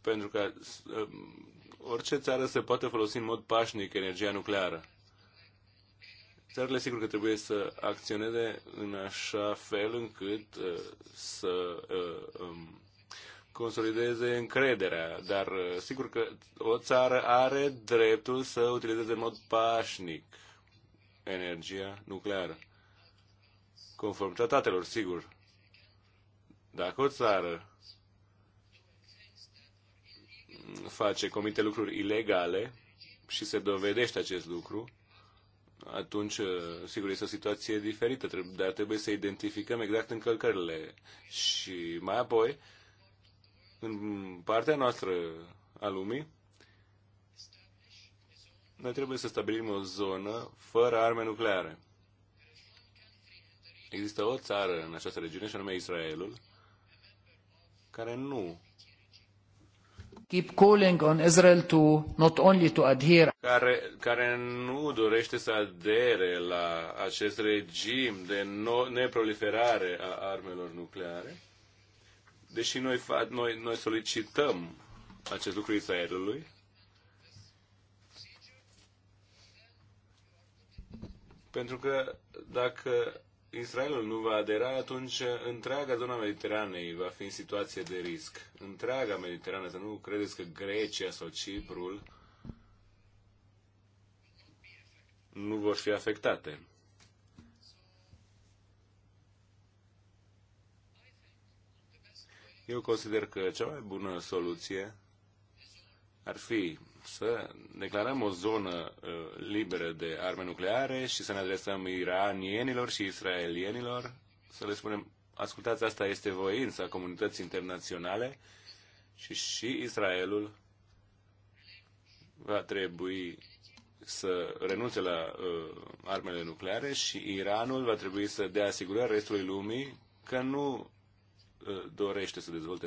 pentru că uh, orice țară se poate folosi în mod pașnic energia nucleară. Țările sigur că trebuie să acționeze în așa fel încât uh, să uh, um, consolideze încrederea, dar uh, sigur că o țară are dreptul să utilizeze în mod pașnic energia nucleară, conform tratatelor, sigur. Dacă o țară face, comite lucruri ilegale și se dovedește acest lucru, atunci, uh, sigur, este o situație diferită, dar trebuie să identificăm exact încălcările. Și mai apoi, în partea noastră a lumii, noi trebuie să stabilim o zonă fără arme nucleare. Există o țară în această regiune, și anume Israelul, care nu keep calling on Israel to not only to adhere care, care nu dorește să adere la acest regim de no, neproliferare a armelor nucleare deși noi, noi, noi solicităm acest lucru Israelului, pentru că dacă Israelul nu va adera, atunci întreaga zona Mediteranei va fi în situație de risc. Întreaga Mediterană, să nu credeți că Grecia sau Ciprul nu vor fi afectate. Eu consider că cea mai bună soluție ar fi să declarăm o zonă uh, liberă de arme nucleare și să ne adresăm iranienilor și israelienilor, să le spunem, ascultați, asta este voința comunității internaționale și și Israelul va trebui să renunțe la uh, armele nucleare și Iranul va trebui să dea asigurări restului lumii că nu dorește să dezvolte